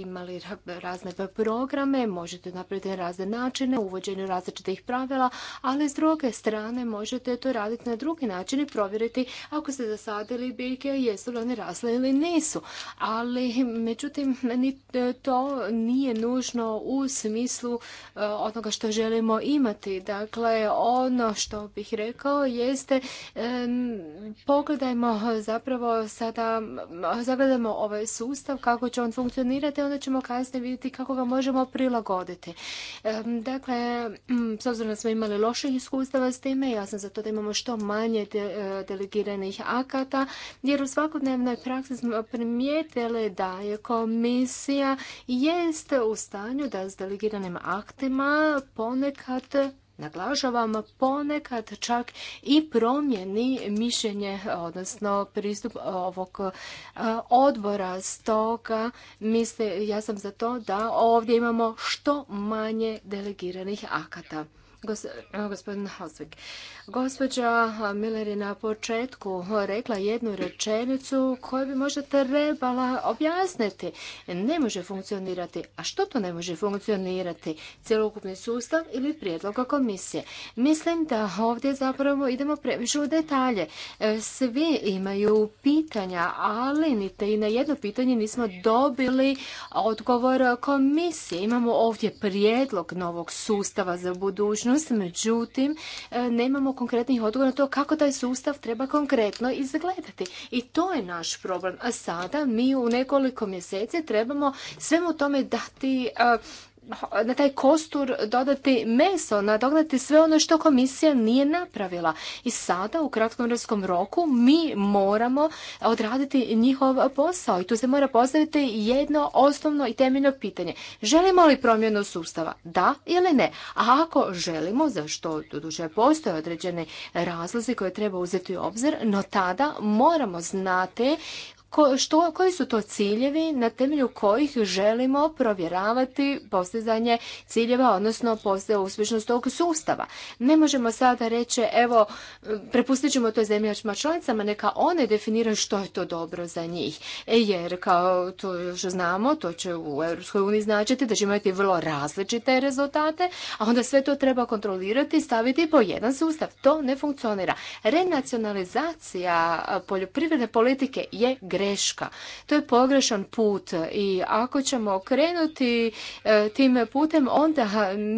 imali razne programe, možete napraviti na razne načine, uvođenju različitih pravila, ali s druge strane možete to raditi na drugi način i provjeriti ako ste zasadili biljke, jesu li one rasle ili nisu. Ali, međutim, e, to nije nužno u smislu e, onoga što želimo imati Dakle, ono što bih rekao jeste pogledajmo zapravo sada, zagledajmo ovaj sustav, kako će on funkcionirati, onda ćemo kasnije vidjeti kako ga možemo prilagoditi. dakle, s obzirom da smo imali loših iskustava s time, ja sam za to da imamo što manje e, delegiranih akata, jer u svakodnevnoj praksi smo primijetili da je komisija jeste u stanju da s delegiranim aktima ponekad naglažavam ponekad čak i promjeni mišljenje, odnosno pristup ovog e, odbora. Stoga misle, ja sam za to da ovdje imamo što manje delegiranih akata. E, gospodin Hausvik, Gospođa Miller je na početku rekla jednu rečenicu koju bi možda trebala objasniti. Ne može funkcionirati. A što to ne može funkcionirati? Cjelokupni sustav ili prijedloga komisije? Mislim da ovdje zapravo idemo previše u detalje. E, svi imaju pitanja, ali niti i na jedno pitanje nismo dobili odgovor komisije. Imamo ovdje prijedlog novog sustava za budućnost, međutim e, nemamo konkretnih odgovora na to kako taj sustav treba konkretno izgledati. I to je naš problem. A sada mi u nekoliko mjeseci trebamo svemu tome dati na taj kostur dodati meso, nadognati sve ono što komisija nije napravila. I sada u kratkom vremenskom roku mi moramo odraditi njihov posao i tu se mora postaviti jedno osnovno i temeljno pitanje. Želimo li promjenu sustava? Da ili ne? A ako želimo, zašto što doduše postoje određene razlozi koje treba uzeti u obzir, no tada moramo znati što, koji su to ciljevi na temelju kojih želimo provjeravati postizanje ciljeva, odnosno postoje uspješnost tog sustava. Ne možemo sada reći, evo, prepustit ćemo to zemljačima članicama, neka one definiraju što je to dobro za njih. E, jer, kao to što znamo, to će u EU značiti da će imati vrlo različite rezultate, a onda sve to treba kontrolirati i staviti po jedan sustav. To ne funkcionira. Renacionalizacija poljoprivredne politike je gre greška. To je pogrešan put i ako ćemo krenuti e, tim putem, onda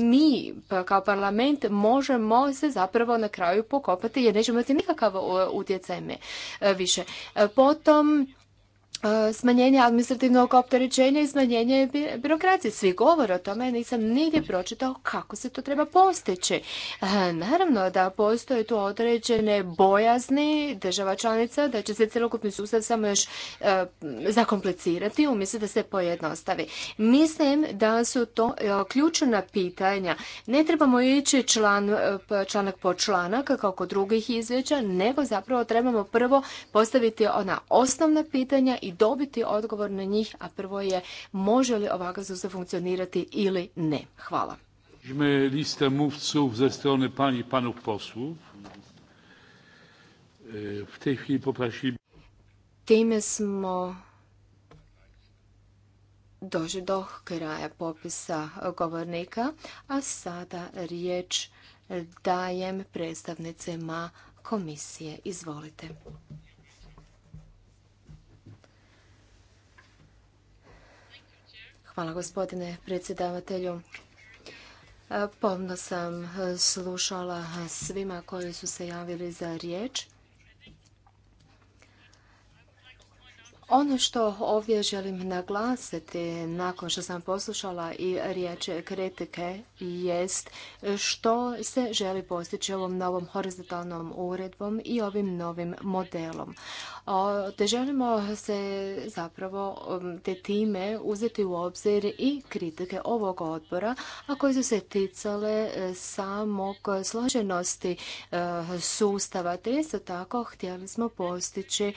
mi kao parlament možemo se zapravo na kraju pokopati jer nećemo imati nikakav utjecaj e, više. E, potom E, smanjenje administrativnog opterećenja i smanjenje birokracije. Svi govore o tome, nisam nigdje pročitao kako se to treba postići. E, naravno da postoje tu određene bojazni država članica da će se celokupni sustav samo još e, zakomplicirati umjesto da se pojednostavi. Mislim da su to ključna pitanja. Ne trebamo ići članak po članak kao kod drugih izvješća, nego zapravo trebamo prvo postaviti ona osnovna pitanja i dobiti odgovor na njih, a prvo je može li ovakav sustav funkcionirati ili ne. Hvala. Ime mówców ze strony pani panów posłów. E, w tej chwili Time smo došli do kraja popisa govornika, a sada riječ dajem predstavnicima komisije. Izvolite. Hvala gospodine predsjedavatelju. E, pomno sam e, slušala svima koji su se javili za riječ. Ono što ovdje želim naglasiti nakon što sam poslušala i riječ kritike jest što se želi postići ovom novom horizontalnom uredbom i ovim novim modelom. Te želimo se zapravo um, te time uzeti u obzir i kritike ovog odbora, a koje su se ticale e, samog složenosti e, sustava, te isto tako htjeli smo postići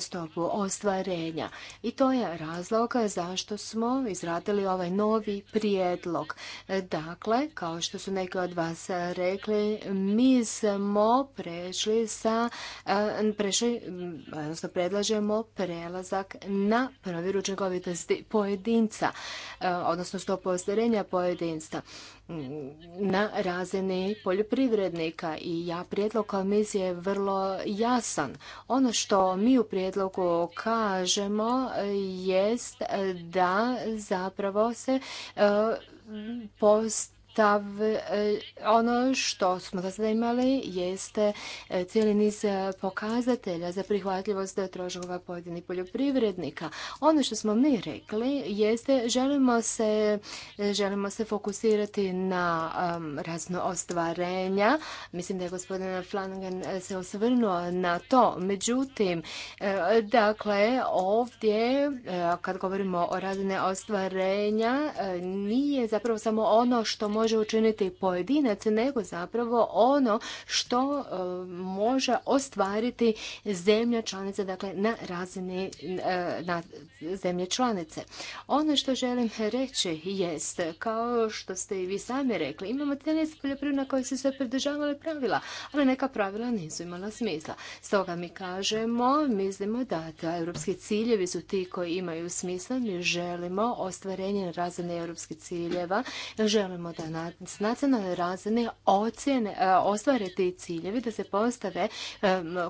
stopu ostvarenja. I to je razlog zašto smo izradili ovaj novi prijedlog. Dakle, kao što su neki od vas rekli, mi smo prešli sa, eh, prešli, odnosno predlažemo prelazak na provjeru učinkovitosti pojedinca, eh, odnosno stopu ostvarenja pojedinca na razini poljoprivrednika i ja prijedlog komisije je vrlo jasan. Ono što mi u prijedlogu kažemo jest da zapravo se e, post E, ono što smo da sada imali jeste e, cijeli niz e, pokazatelja za prihvatljivost troškova pojedinih poljoprivrednika. Ono što smo mi rekli jeste želimo se, želimo se fokusirati na razno ostvarenja. Mislim da je gospodin Flanagan se osvrnuo na to. Međutim, dakle, ovdje kad govorimo o razine ostvarenja nije zapravo samo ono što može može učiniti pojedinac, nego zapravo ono što e, može ostvariti zemlja članica, dakle na razini e, na zemlje članice. Ono što želim reći jest, kao što ste i vi sami rekli, imamo 13 poljoprivredna koji su se pridržavale pravila, ali neka pravila nisu imala smisla. Stoga mi kažemo, mislimo da, da europski ciljevi su ti koji imaju smisla, mi želimo ostvarenje razine europskih ciljeva, želimo da na nacionalnoj razine e, ostvare ti ciljevi, da se postave e,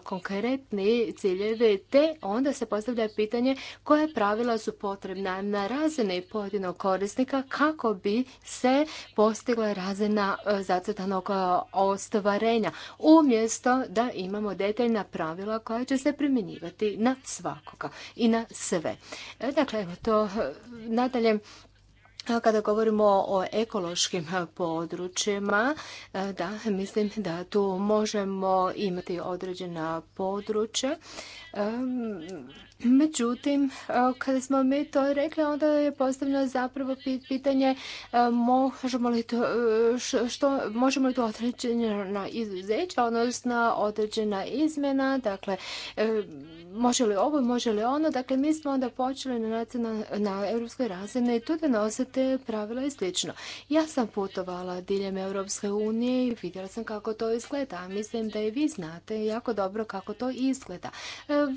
konkretni ciljevi, te onda se postavlja pitanje koje pravila su potrebna na razini pojedinog korisnika kako bi se postigla razina e, zacrtanog ostvarenja, umjesto da imamo detaljna pravila koja će se primjenjivati na svakoga i na sve. Dakle, evo to nadalje kada govorimo o ekološkim e, područjima, e, da, mislim da tu možemo imati određena područja Međutim, e, kada smo mi to rekli, onda je postavljeno zapravo pitanje e, možemo li to, e, što, možemo li to određena izuzeća, odnosno određena izmjena, dakle, može li ovo, može li ono, dakle, mi smo onda počeli na, na, na europskoj razini i tu donositi pravila i slično. Ja sam putovala diljem Europske unije i vidjela sam kako to izgleda. Mislim da i vi znate jako dobro kako to izgleda.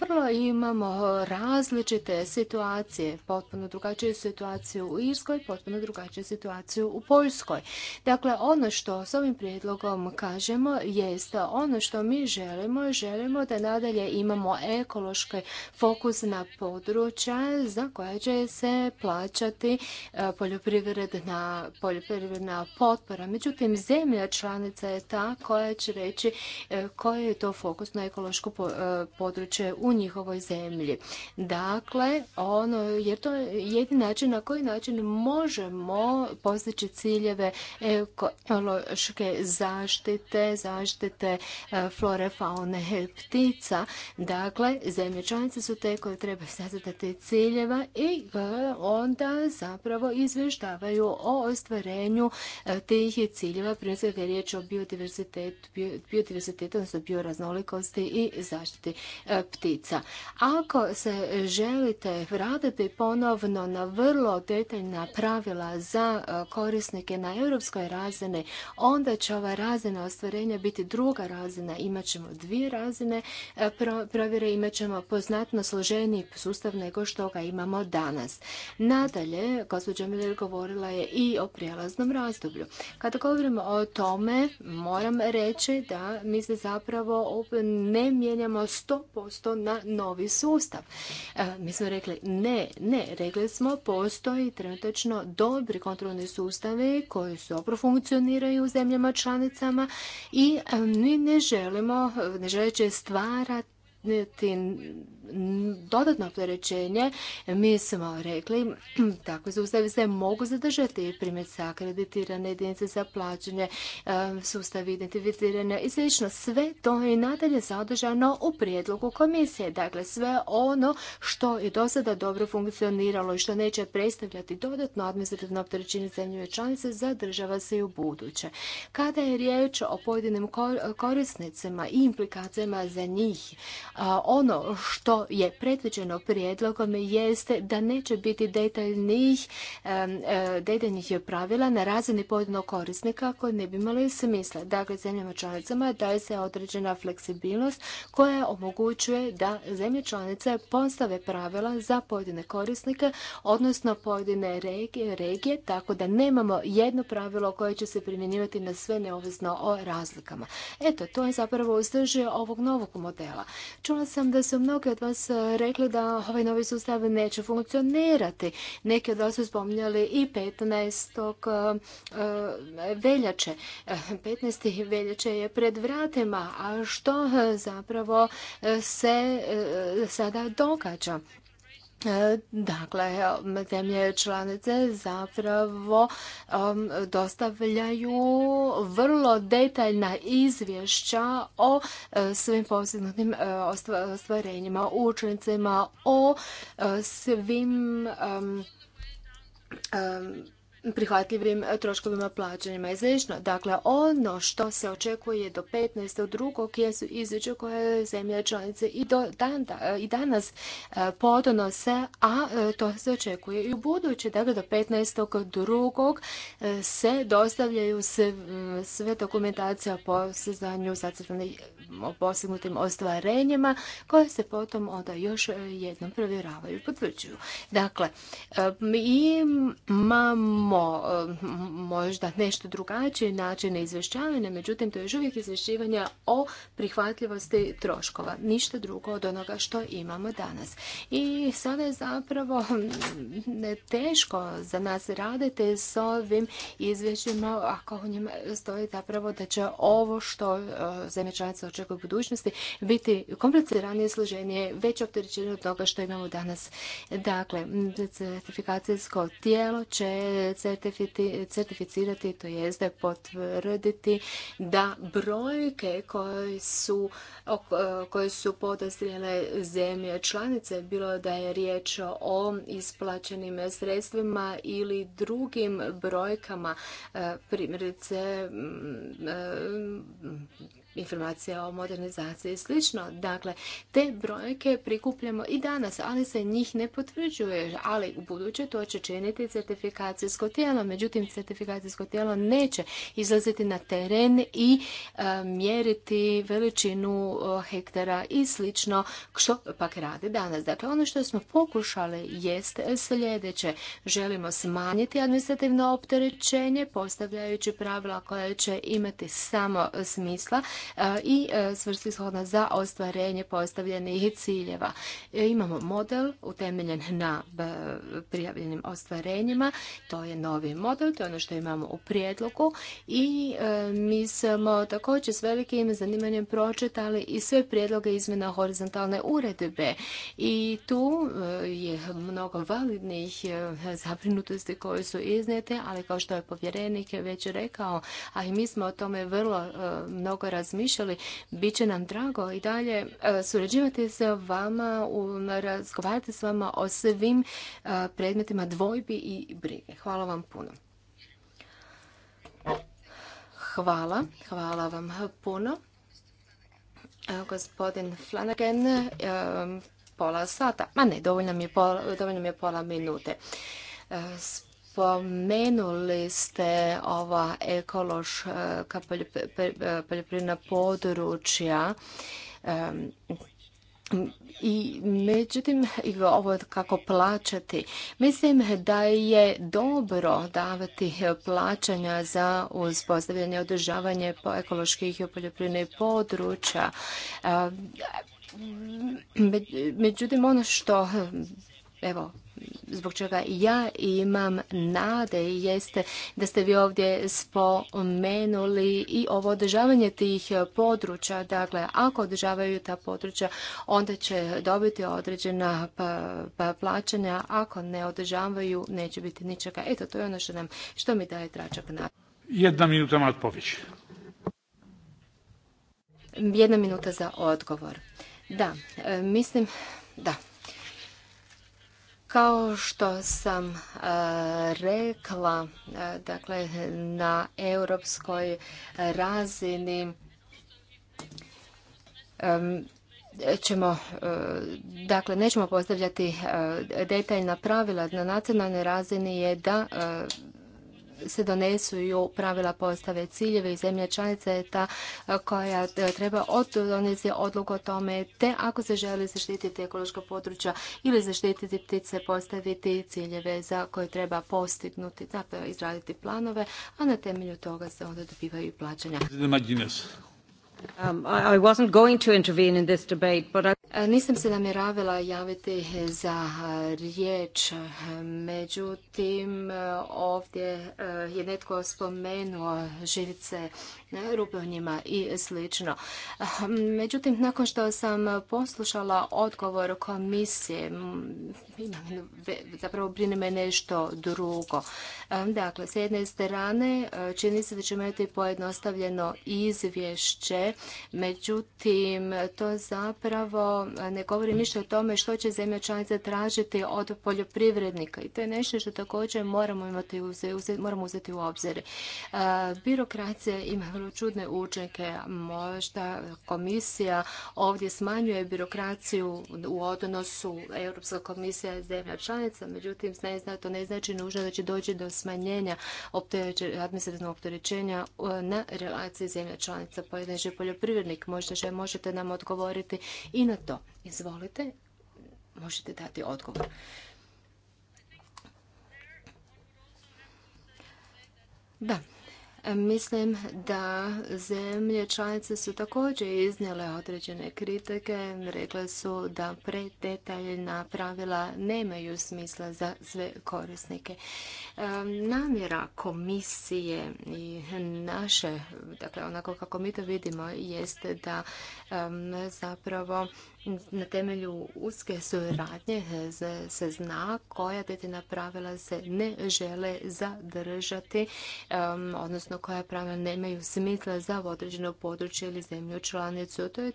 Vrlo imamo različite situacije, potpuno drugačiju situaciju u Irskoj, potpuno drugačiju situaciju u Poljskoj. Dakle, ono što s ovim prijedlogom kažemo jest ono što mi želimo, želimo da nadalje imamo ekološki fokus na područja za koja će se plaćati e, poljoprivredna, poljoprivredna potpora. Međutim, zemlja članica je ta koja će reći e, koji je to fokus na ekološko e, područje u njihovoj zemlji. Dakle, ono, jer to je način na koji način možemo postići ciljeve ekološke zaštite, zaštite e, flore, faune, ptica. Dakle, zemlje članice su te koje treba sazadati ciljeva i e, onda zapravo izvještavaju o ostvarenju e, tih ciljeva, prije je riječ o biodiversitetu, biodiversitetu, odnosno bioraznolikosti i zaštiti ptica. Ako se želite vratiti ponovno na vrlo detaljna pravila za e, korisnike na europskoj razini, onda će ova razina ostvarenja biti druga razina. Imaćemo dvije razine e, provjere, imaćemo poznatno složeniji sustav nego što ga imamo danas. Nadalje, gospođa Miller govorila je i o prijelaznom razdoblju. Kada govorimo o tome, moram reći da mi se zapravo ne mijenjamo 100% na novi sustav sustav. E, mi smo rekli ne, ne, rekli smo postoji trenutačno dobri kontrolni sustavi koji dobro funkcioniraju u zemljama članicama i e, mi ne želimo, ne stvarati dodatno opterećenje, mi smo rekli takvi sustavi se mogu zadržati primjerice akreditirane jedinice za plaćanje, e, sustavi identificiranja i sl Sve to je nadalje zadržano u prijedlogu komisije. Dakle, sve ono što je do sada dobro funkcioniralo i što neće predstavljati dodatno administrativno opterećenje zemlje članice zadržava se i u buduće. Kada je riječ o pojedinim korisnicima i implikacijama za njih, ono što je predviđeno prijedlogom jeste da neće biti detaljnih, e, detaljnih pravila na razini pojedinog korisnika koji ne bi imali smisla. Dakle, zemljama članicama daje se određena fleksibilnost koja omogućuje da zemlje članice postave pravila za pojedine korisnike, odnosno pojedine regije, regije, tako da nemamo jedno pravilo koje će se primjenjivati na sve neovisno o razlikama. Eto, to je zapravo uzdržio ovog novog modela. Čula sam da su mnogi od vas e, rekli da ovaj novi sustav neće funkcionirati. Neki od vas su spominjali i 15. E, e, veljače. 15. veljače je pred vratima, a što zapravo se sada događa? E, dakle, zemlje članice zapravo um, dostavljaju vrlo detaljna izvješća o e, svim postignutim e, ostvarenjima, učenicima o svim um, um, prihvatljivim troškovima plaćanjima i slično. Dakle, ono što se očekuje do 15. drugog su izveće koje zemlje članice i, do dan, i danas e, podnose, a e, to se očekuje i u buduće. Dakle, do 15. drugog e, se dostavljaju sve, sve dokumentacija po sezdanju zacrtanih postignutim ostvarenjima koje se potom onda još jednom provjeravaju i potvrđuju. Dakle, mi imamo E, možda nešto drugačije načine izvješćavanja, međutim to je još uvijek izvješćivanja o prihvatljivosti troškova. Ništa drugo od onoga što imamo danas. I sada je zapravo teško za nas raditi s ovim izvješćima ako u njima stoji zapravo da će ovo što e, zemlje članice očekuje u budućnosti biti kompliciranije, složenije, već opterećenje od toga što imamo danas. Dakle, certifikacijsko tijelo će certificirati, to jezda potvrditi da brojke koje su, koje su podastrijele zemlje članice, bilo da je riječ o isplaćenim sredstvima ili drugim brojkama, e, primjerice informacija o modernizaciji i sl. Dakle, te brojke prikupljamo i danas, ali se njih ne potvrđuje, ali u buduće to će činiti certifikacijsko tijelo. Međutim, certifikacijsko tijelo neće izlaziti na teren i e, mjeriti veličinu e, hektara i slično što pak radi danas. Dakle, ono što smo pokušali jest sljedeće. Želimo smanjiti administrativno opterećenje postavljajući pravila koja će imati samo smisla E, i e, svrsishodna za ostvarenje postavljenih ciljeva. E, imamo model utemeljen na prijavljenim ostvarenjima. To je novi model, to je ono što imamo u prijedlogu i mi smo također s velikim zanimanjem pročitali i sve prijedloge izmjena horizontalne uredbe i tu je mnogo validnih zabrinutosti koje su iznijete, ali kao što je povjerenik već rekao, a i mi smo o tome vrlo mnogo razgovarali razmišljali. Biće nam drago i dalje e, surađivati sa vama, razgovarati s vama o svim e, predmetima dvojbi i brige. Hvala vam puno. Hvala, hvala vam puno. E, gospodin Flanagan, pola sata. Ma ne, dovoljno mi je pola, minute. pola minute spomenuli ste ova ekološka poljoprivredna područja i međutim ovo kako plaćati mislim da je dobro davati plaćanja za uspostavljanje održavanje ekoloških i poljoprivrednih područja međutim ono što evo zbog čega ja imam nade jeste da ste vi ovdje spomenuli i ovo održavanje tih područja. Dakle, ako održavaju ta područja, onda će dobiti određena pa, pa plaćanja. Ako ne održavaju, neće biti ničega. Eto, to je ono što, nam, što mi daje tračak na. Jedna minuta Mat Jedna minuta za odgovor. Da, e, mislim, da, kao što sam e, rekla, e, dakle, na europskoj razini ćemo, e, dakle, nećemo postavljati detaljna pravila. Na nacionalnoj razini je da se donesuju pravila postave ciljeve i zemlja članica je ta koja e, treba donesiti odluku o tome, te ako se želi zaštititi ekološka područja ili zaštititi ptice, postaviti ciljeve za koje treba postignuti, zapravo izraditi planove, a na temelju toga se onda dobivaju i plaćanja. Um, I wasn't going to intervene in this debate, but nisam se namjeravala javiti za riječ, međutim ovdje eh, je netko spomenuo živice eh, rupe i slično. Međutim, nakon što sam poslušala odgovor komisije, zapravo brine me nešto drugo. Eh, dakle, s jedne strane čini se da ćemo imati pojednostavljeno izvješće, međutim to zapravo ne govori ništa o tome što će zemlja članica tražiti od poljoprivrednika i to je nešto što također moramo, imati, moramo uzeti u obzir. Birokracija ima vrlo čudne učinke. Možda komisija ovdje smanjuje birokraciju u odnosu Europska komisija zemlja članica, međutim ne to ne znači nužno da će doći do smanjenja administrativnog opterećenja na relaciji zemlja članica. pojedinče pa, znači, poljoprivrednik možda možete nam odgovoriti i na to Izvolite, možete dati odgovor. Da, Mislim da zemlje članice su također iznijele određene kritike. Rekle su da predetaljna pravila nemaju smisla za sve korisnike. E, namjera komisije i naše, dakle onako kako mi to vidimo, jeste da zapravo na temelju uske suradnje se zna koja detina pravila se ne žele zadržati, odnosno koja pravila nemaju smisla za određeno područje ili zemlju članicu. To je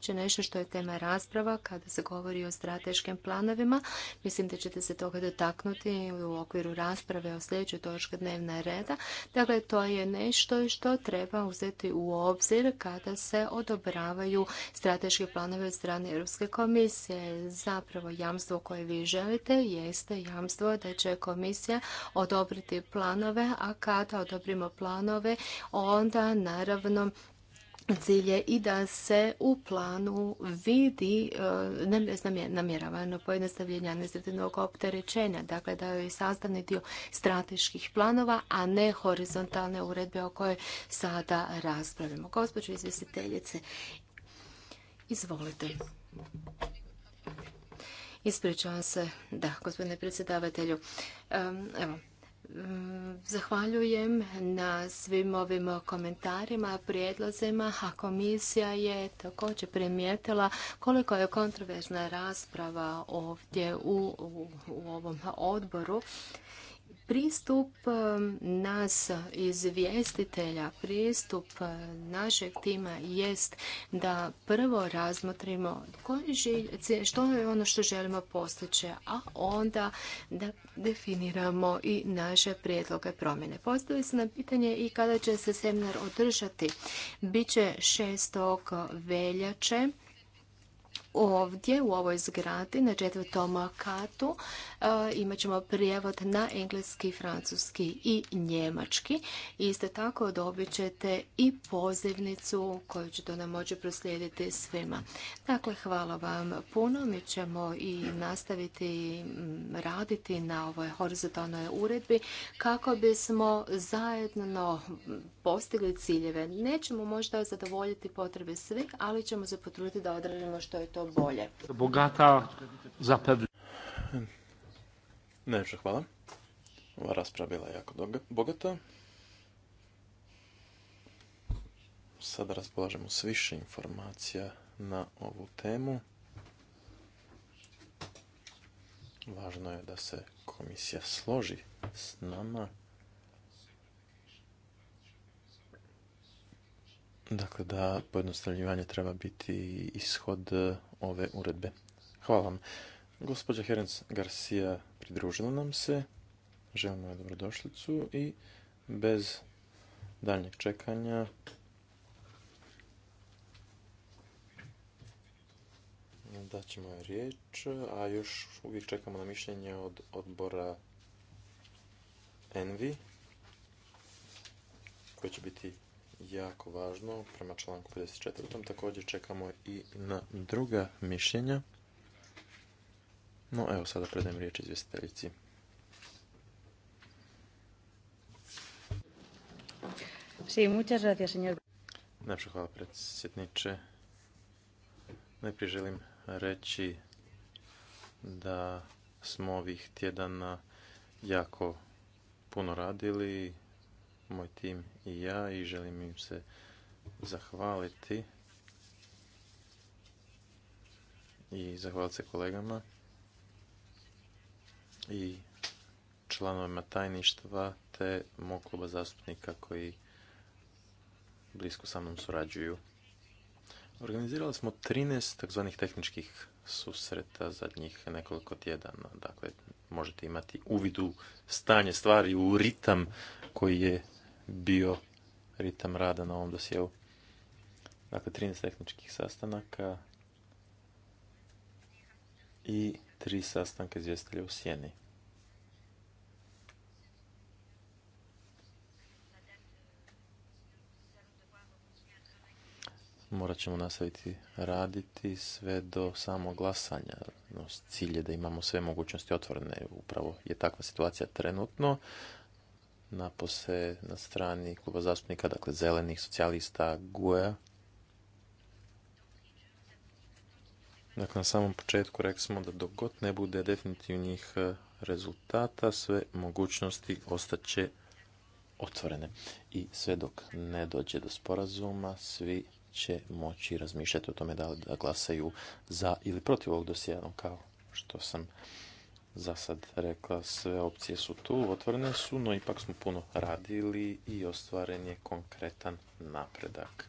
će nešto što je tema rasprava kada se govori o strateškim planovima. Mislim da ćete se toga dotaknuti u okviru rasprave o sljedećoj točki dnevna reda. Dakle, to je nešto što treba uzeti u obzir kada se odobravaju strateške planove od strane Europske komisije. Zapravo jamstvo koje vi želite jeste jamstvo da će komisija odobriti planove, a kada odobrimo planove, onda naravno cilj je i da se u planu vidi e, namjeravano pojednostavljenje administrativnog opterećenja, dakle da je sastavni dio strateških planova, a ne horizontalne uredbe o kojoj sada raspravimo. Gospođo izvjestiteljice, Izvolite. Ispričavam se, da, gospodine predsjedavatelju. Evo, Zahvaljujem na svim ovim komentarima, prijedlozima, a komisija je također primijetila koliko je kontroverzna rasprava ovdje u, u ovom odboru pristup um, nas izvjestitelja, pristup uh, našeg tima jest da prvo razmotrimo što je ono što želimo postići, a onda da definiramo i naše prijedloge promjene. Postoji se na pitanje i kada će se seminar održati. Biće 6. veljače ovdje u ovoj zgradi na četvrtom katu E, imat ćemo prijevod na engleski, francuski i njemački. Isto tako dobit ćete i pozivnicu koju ćete nam moći proslijediti svima. Dakle, hvala vam puno. Mi ćemo i nastaviti mm, raditi na ovoj horizontalnoj uredbi kako bismo zajedno postigli ciljeve. Nećemo možda zadovoljiti potrebe svih, ali ćemo se potruditi da odradimo što je to bolje. Bogata za Najviše hvala. Ova rasprava bila jako bogata. Sada raspolažemo s više informacija na ovu temu. Važno je da se komisija složi s nama. Dakle, da pojednostavljivanje treba biti ishod ove uredbe. Hvala vam. Gospođa Herenc Garcia pridružila nam se. Želimo joj dobrodošlicu i bez daljnjeg čekanja daćemo ćemo riječ, a još uvijek čekamo na mišljenje od odbora Envi koje će biti jako važno prema članku 54. Također čekamo i na druga mišljenja. No, evo sada predajem riječ izvjestiteljici. Sí, hvala predsjedniče. Najprije želim reći da smo ovih tjedana jako puno radili, moj tim i ja, i želim im se zahvaliti i zahvaliti se kolegama i članovima tajništva te mog kluba zastupnika koji blisko sa mnom surađuju. Organizirali smo 13 takzvanih tehničkih susreta zadnjih nekoliko tjedana. Dakle, možete imati uvid u stanje stvari, u ritam koji je bio ritam rada na ovom dosjeu. Dakle, 13 tehničkih sastanaka i tri sastanka izvjestitelja u Sjeni. Morat ćemo nastaviti raditi sve do samog glasanja. cilj je da imamo sve mogućnosti otvorene. Upravo je takva situacija trenutno. Napose na strani kluba zastupnika, dakle zelenih, socijalista, a Dakle, na samom početku rekli smo da dok god ne bude definitivnih e, rezultata, sve mogućnosti ostaće otvorene. I sve dok ne dođe do sporazuma, svi će moći razmišljati o tome da, da glasaju za ili protiv ovog dosjea, kao što sam za sad rekla, sve opcije su tu, otvorene su, no ipak smo puno radili i ostvaren je konkretan napredak.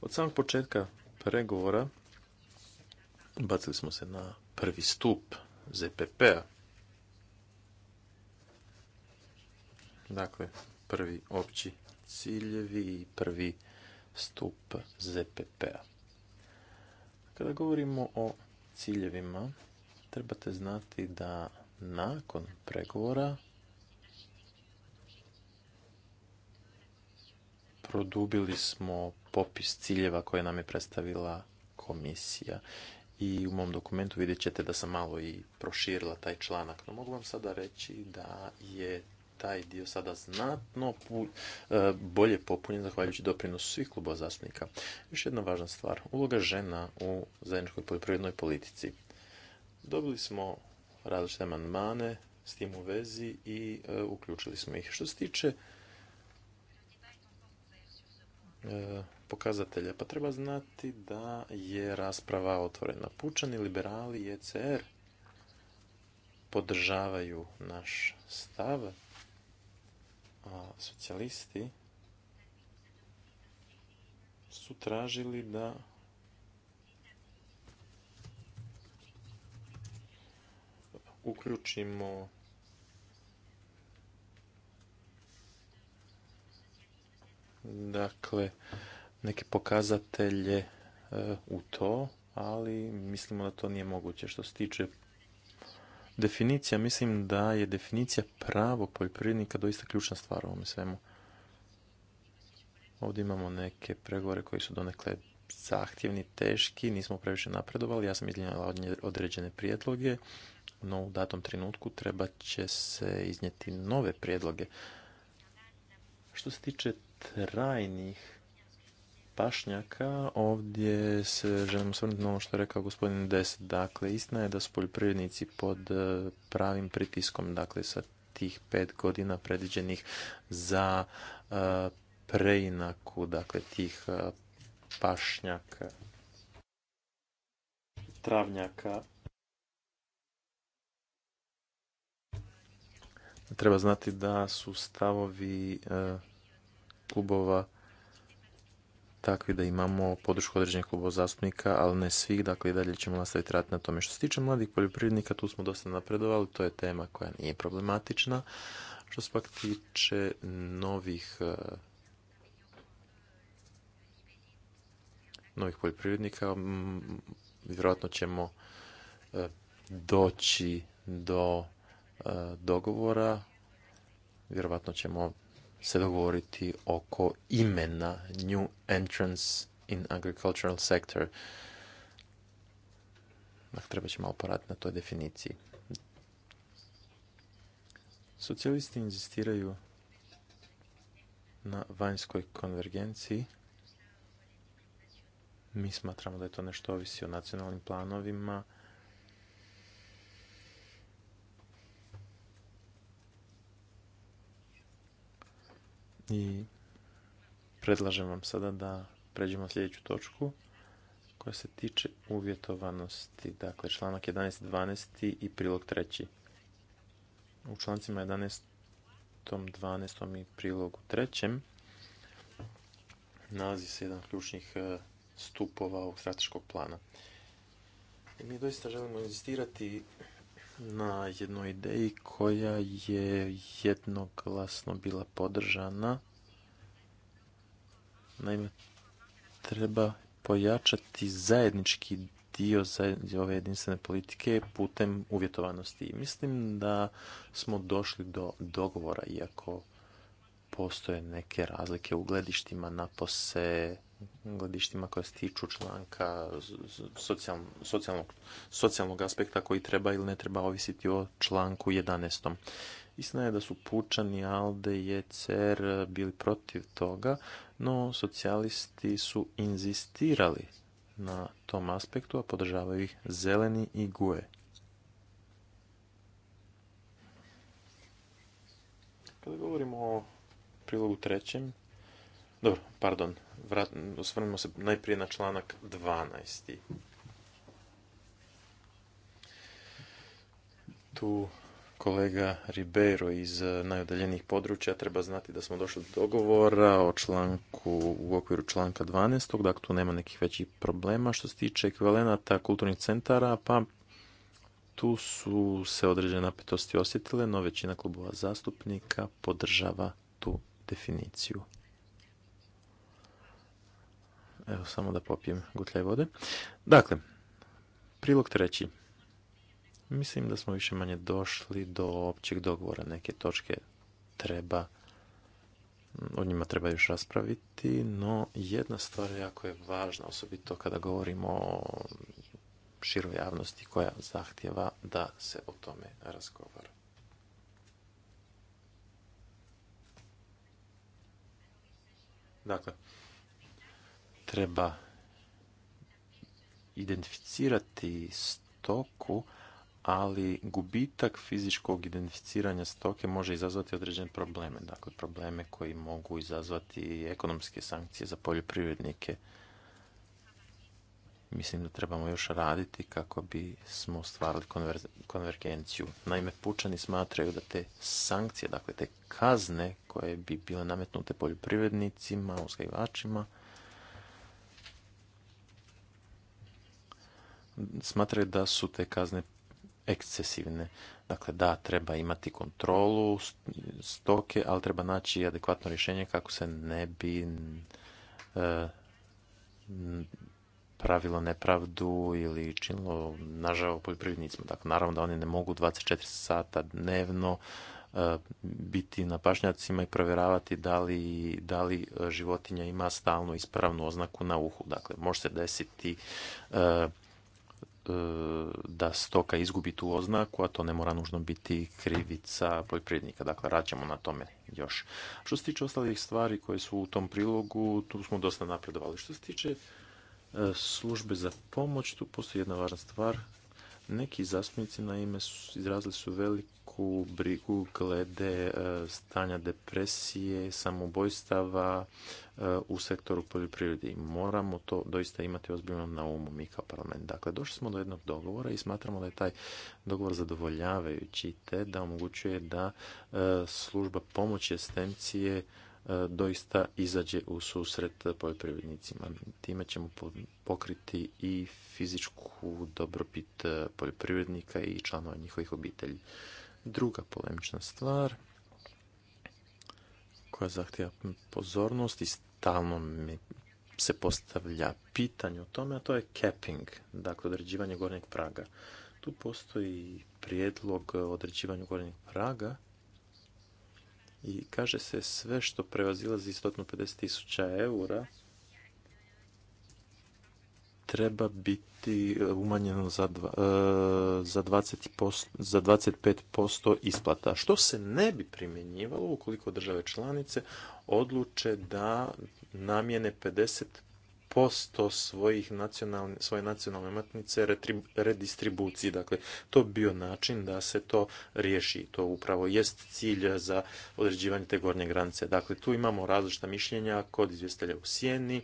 Od samog početka pregovora Bacili smo se na prvi stup ZPP-a. Dakle, prvi opći ciljevi i prvi stup ZPP-a. Kada govorimo o ciljevima, trebate znati da nakon pregovora produbili smo popis ciljeva koje nam je predstavila komisija i u mom dokumentu vidjet ćete da sam malo i proširila taj članak. No mogu vam sada reći da je taj dio sada znatno e, bolje popunjen zahvaljujući doprinosu svih klubova zastupnika. Još jedna važna stvar, uloga žena u zajedničkoj poljoprivrednoj politici. Dobili smo različite amandmane s tim u vezi i e, uključili smo ih. Što se tiče e, pokazatelja. Pa treba znati da je rasprava otvorena. Pučani, liberali i ECR podržavaju naš stav, a socijalisti su tražili da uključimo dakle neke pokazatelje e, u to, ali mislimo da to nije moguće. Što se tiče definicija, mislim da je definicija pravog poljoprivrednika doista ključna stvar u ovome svemu. Ovdje imamo neke pregovore koji su donekle zahtjevni, teški, nismo previše napredovali, ja sam izljenjala određene prijedloge, no u datom trenutku treba će se iznijeti nove prijedloge. Što se tiče trajnih pašnjaka, ovdje se želim osvrnuti na ono što je rekao gospodin Deset. Dakle, istina je da su poljoprivrednici pod e, pravim pritiskom, dakle sa tih pet godina predviđenih za e, preinaku, dakle tih e, pašnjaka, travnjaka. Treba znati da su stavovi klubova takvi da imamo podršku određenih klubova zastupnika, ali ne svih, dakle i dalje ćemo nastaviti raditi na tome. Što se tiče mladih poljoprivrednika, tu smo dosta napredovali, to je tema koja nije problematična. Što se pak tiče novih eh, novih poljoprivrednika, vjerojatno ćemo eh, doći do eh, dogovora, vjerojatno ćemo se dogovoriti oko imena New Entrance in Agricultural Sector. Dakle, treba će malo poraditi na toj definiciji. Socijalisti inzistiraju na vanjskoj konvergenciji. Mi smatramo da je to nešto ovisi o nacionalnim planovima I predlažem vam sada da pređemo na sljedeću točku koja se tiče uvjetovanosti. Dakle, članak 11, 12 i prilog 3. U člancima 11, 12 i prilogu 3 nalazi se jedan od ključnih e, stupova ovog strateškog plana. I mi doista želimo inzistirati na jednoj ideji koja je jednoglasno bila podržana. Naime, treba pojačati zajednički dio ove jedinstvene politike putem uvjetovanosti. I mislim da smo došli do dogovora, iako postoje neke razlike u gledištima pose gledištima koja se tiču članka socijalnog, socijalnog aspekta koji treba ili ne treba ovisiti o članku 11. Istina je da su Pučani, Alde i ECR bili protiv toga, no socijalisti su inzistirali na tom aspektu, a podržavaju ih zeleni i guje. Kada govorimo o prilogu trećem, dobro, pardon, osvrnimo se najprije na članak 12. Tu kolega Ribeiro iz najudaljenijih područja treba znati da smo došli do dogovora o članku, u okviru članka 12. Dakle, tu nema nekih većih problema što se tiče ekvivalenata kulturnih centara, pa tu su se određene napetosti osjetile, no većina klubova zastupnika podržava tu definiciju. Evo, samo da popijem gutljaj vode. Dakle, prilog treći. Mislim da smo više manje došli do općeg dogovora. Neke točke treba, o njima treba još raspraviti, no jedna stvar jako je važna, osobito kada govorimo o široj javnosti koja zahtjeva da se o tome razgovara. Dakle, treba identificirati stoku, ali gubitak fizičkog identificiranja stoke može izazvati određene probleme. Dakle, probleme koji mogu izazvati ekonomske sankcije za poljoprivrednike. Mislim da trebamo još raditi kako bi smo stvarali konvergenciju. Naime, pučani smatraju da te sankcije, dakle te kazne koje bi bile nametnute poljoprivrednicima, uzgajivačima, smatraju da su te kazne ekscesivne. Dakle, da, treba imati kontrolu stoke, ali treba naći adekvatno rješenje kako se ne bi e, pravilo nepravdu ili činilo nažalost poljoprivrednicima. Dakle, naravno da oni ne mogu 24 sata dnevno e, biti na pašnjacima i provjeravati da li, da li životinja ima stalnu ispravnu oznaku na uhu. Dakle, može se desiti e, E, da stoka izgubi tu oznaku, a to ne mora nužno biti krivica poljoprivrednika. Dakle, raćemo na tome još. Što se tiče ostalih stvari koje su u tom prilogu, tu smo dosta napredovali. Što se tiče e, službe za pomoć, tu postoji jedna važna stvar. Neki zastupnici na ime izrazili su velik u brigu glede e, stanja depresije, samobojstava e, u sektoru poljoprivredi. Moramo to doista imati ozbiljno na umu mi kao parlament. Dakle, došli smo do jednog dogovora i smatramo da je taj dogovor zadovoljavajući te da omogućuje da e, služba pomoći estencije doista izađe u susret poljoprivrednicima. Time ćemo pokriti i fizičku dobrobit poljoprivrednika i članova njihovih obitelji. Druga polemična stvar koja zahtjeva pozornost i stalno mi se postavlja pitanje o tome, a to je capping, dakle određivanje gornjeg praga. Tu postoji prijedlog o određivanju gornjeg praga i kaže se sve što prevazilazi 150.000 eura treba biti e, umanjeno za, e, za, 20 posto, za 25% isplata, što se ne bi primjenjivalo ukoliko države članice odluče da namjene 50% svojih svoje nacionalne matnice redistribuciji. Dakle, to bi bio način da se to riješi. To upravo jest cilj za određivanje te gornje granice. Dakle, tu imamo različita mišljenja kod izvjestelja u sjeni,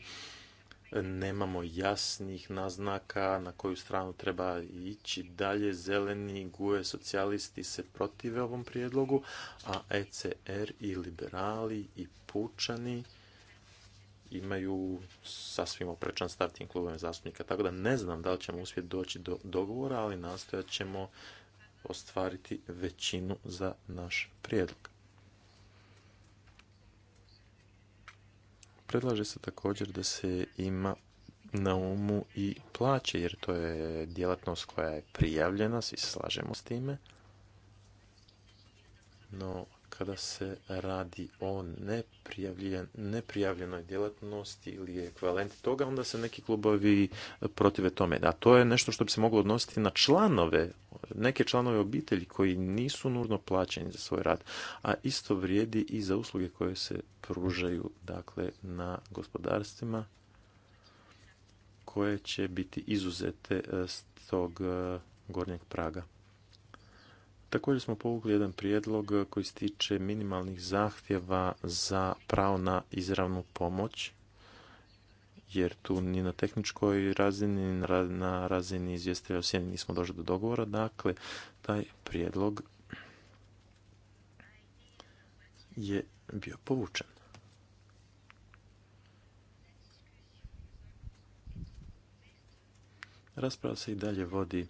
nemamo jasnih naznaka na koju stranu treba ići dalje. Zeleni, guje, socijalisti se protive ovom prijedlogu, a ECR i liberali i pučani imaju sasvim oprečan stav tim klubom zastupnika. Tako da ne znam da li ćemo uspjeti doći do dogovora, ali nastojat ćemo ostvariti većinu za naš prijedlog. Predlaže se također da se ima na umu i plaće, jer to je djelatnost koja je prijavljena, svi se slažemo s time. No, kada se radi o neprijavljenoj djelatnosti ili ekvivalenti toga, onda se neki klubovi e, protive tome. A to je nešto što bi se moglo odnositi na članove, neke članove obitelji koji nisu nurno plaćeni za svoj rad, a isto vrijedi i za usluge koje se pružaju dakle, na gospodarstvima koje će biti izuzete e, s tog e, gornjeg praga. Također smo povukli jedan prijedlog koji se tiče minimalnih zahtjeva za pravo na izravnu pomoć, jer tu ni na tehničkoj razini, ni na razini izvjestelja o sjeni nismo došli do dogovora. Dakle, taj prijedlog je bio povučen. Rasprava se i dalje vodi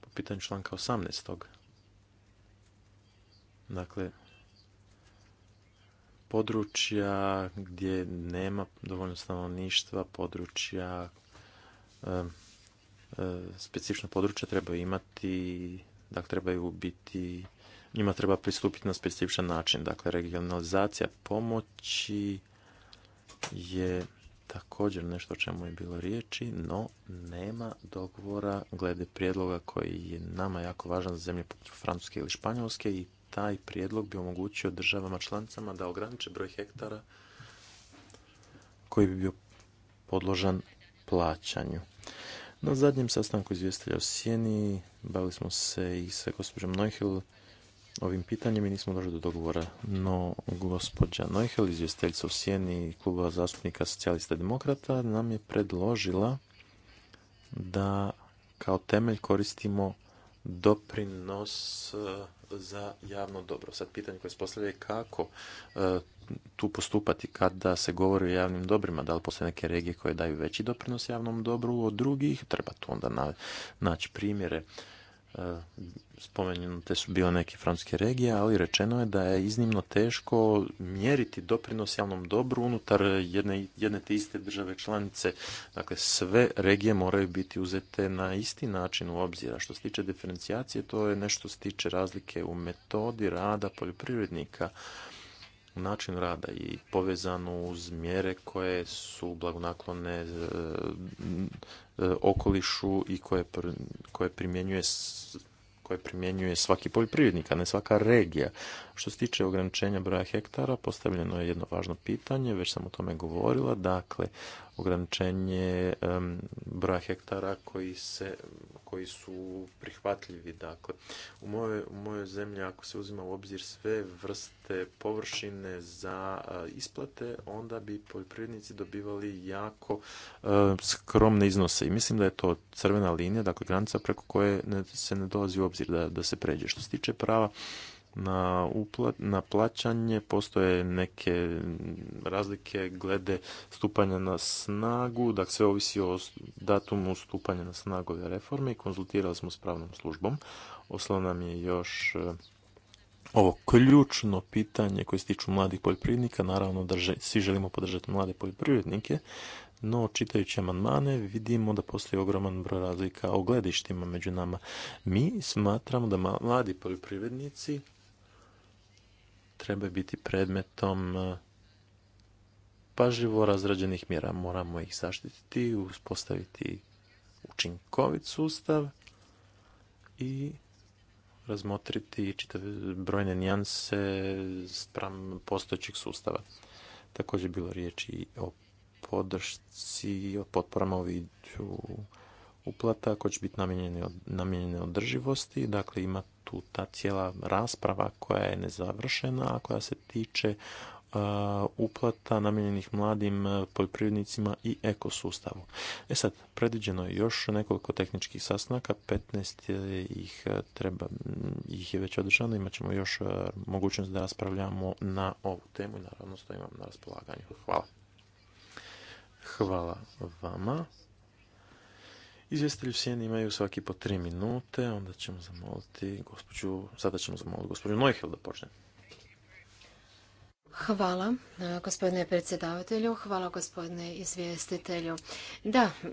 po pitanju članka 18. Dakle, područja gdje nema dovoljno stanovništva, područja, e, e specifična područja treba imati, dakle trebaju biti, njima treba pristupiti na specifičan način. Dakle, regionalizacija pomoći je također nešto o čemu je bilo riječi, no nema dogovora glede prijedloga koji je nama jako važan za zemlje poput Francuske ili Španjolske i taj prijedlog bi omogućio državama članicama da ograniče broj hektara koji bi bio podložan plaćanju. Na zadnjem sastanku izvjestelja o Sjeni bavili smo se i sa gospođom Neuhel ovim pitanjem i nismo došli do dogovora. No, gospođa Nohel, izvjestiteljica u Sjeni kluba zastupnika socijalista demokrata, nam je predložila da kao temelj koristimo doprinos za javno dobro. Sad pitanje koje se postavlja je kako e, tu postupati kada se govori o javnim dobrima, da li postoje neke regije koje daju veći doprinos javnom dobru od drugih, treba tu onda naći primjere spomenute su bile neke francuske regije, ali rečeno je da je iznimno teško mjeriti doprinos javnom dobru unutar jedne, jedne te iste države članice. Dakle, sve regije moraju biti uzete na isti način u obzir. A što se tiče diferencijacije, to je nešto što se tiče razlike u metodi rada poljoprivrednika način rada i povezanu uz mjere koje su blagonaklone e, e, okolišu i koje, koje primjenjuje koje primjenjuje svaki poljoprivrednik, a ne svaka regija. Što se tiče ograničenja broja hektara, postavljeno je jedno važno pitanje, već sam o tome govorila, dakle, ograničenje broja hektara koji, se, koji su prihvatljivi. Dakle, u mojoj, u zemlji ako se uzima u obzir sve vrste površine za isplate, onda bi poljoprivrednici dobivali jako e, skromne iznose. I mislim da je to crvena linija, dakle granica preko koje se ne dolazi u obzir da, da se pređe. Što se tiče prava na, na plaćanje, postoje neke razlike glede stupanja na snagu, dakle sve ovisi o datumu stupanja na snagu ove reforme i konzultirali smo s pravnom službom. Oslo nam je još e, ovo ključno pitanje koje se tiču mladih poljoprivrednika, naravno da svi želimo podržati mlade poljoprivrednike, no čitajući amandmane vidimo da postoji ogroman broj razlika o gledištima među nama. Mi smatramo da mladi poljoprivrednici Treba biti predmetom e, pažljivo razrađenih mjera. Moramo ih zaštititi, uspostaviti učinkovit sustav i razmotriti čitave brojne nijanse spram postojećeg sustava. Također je bilo riječi o podršci, o potporama u vidu uplata koje će biti namijenjene održivosti. Dakle, imate tu ta cijela rasprava koja je nezavršena, a koja se tiče uh, uplata namijenjenih mladim uh, poljoprivrednicima i ekosustavu. E sad, predviđeno je još nekoliko tehničkih sastanaka, 15 ih, uh, treba, ih je već održano, imat ćemo još mogućnost da raspravljamo na ovu temu i naravno stojim vam na raspolaganju. Hvala. Hvala vama. Izvjestitelji u sjeni imaju svaki po tri minute, onda ćemo zamoliti gospođu, sada ćemo zamoliti gospođu Neuhel da počne. Hvala e, gospodine predsjedavatelju, hvala gospodine izvjestitelju. Da, e,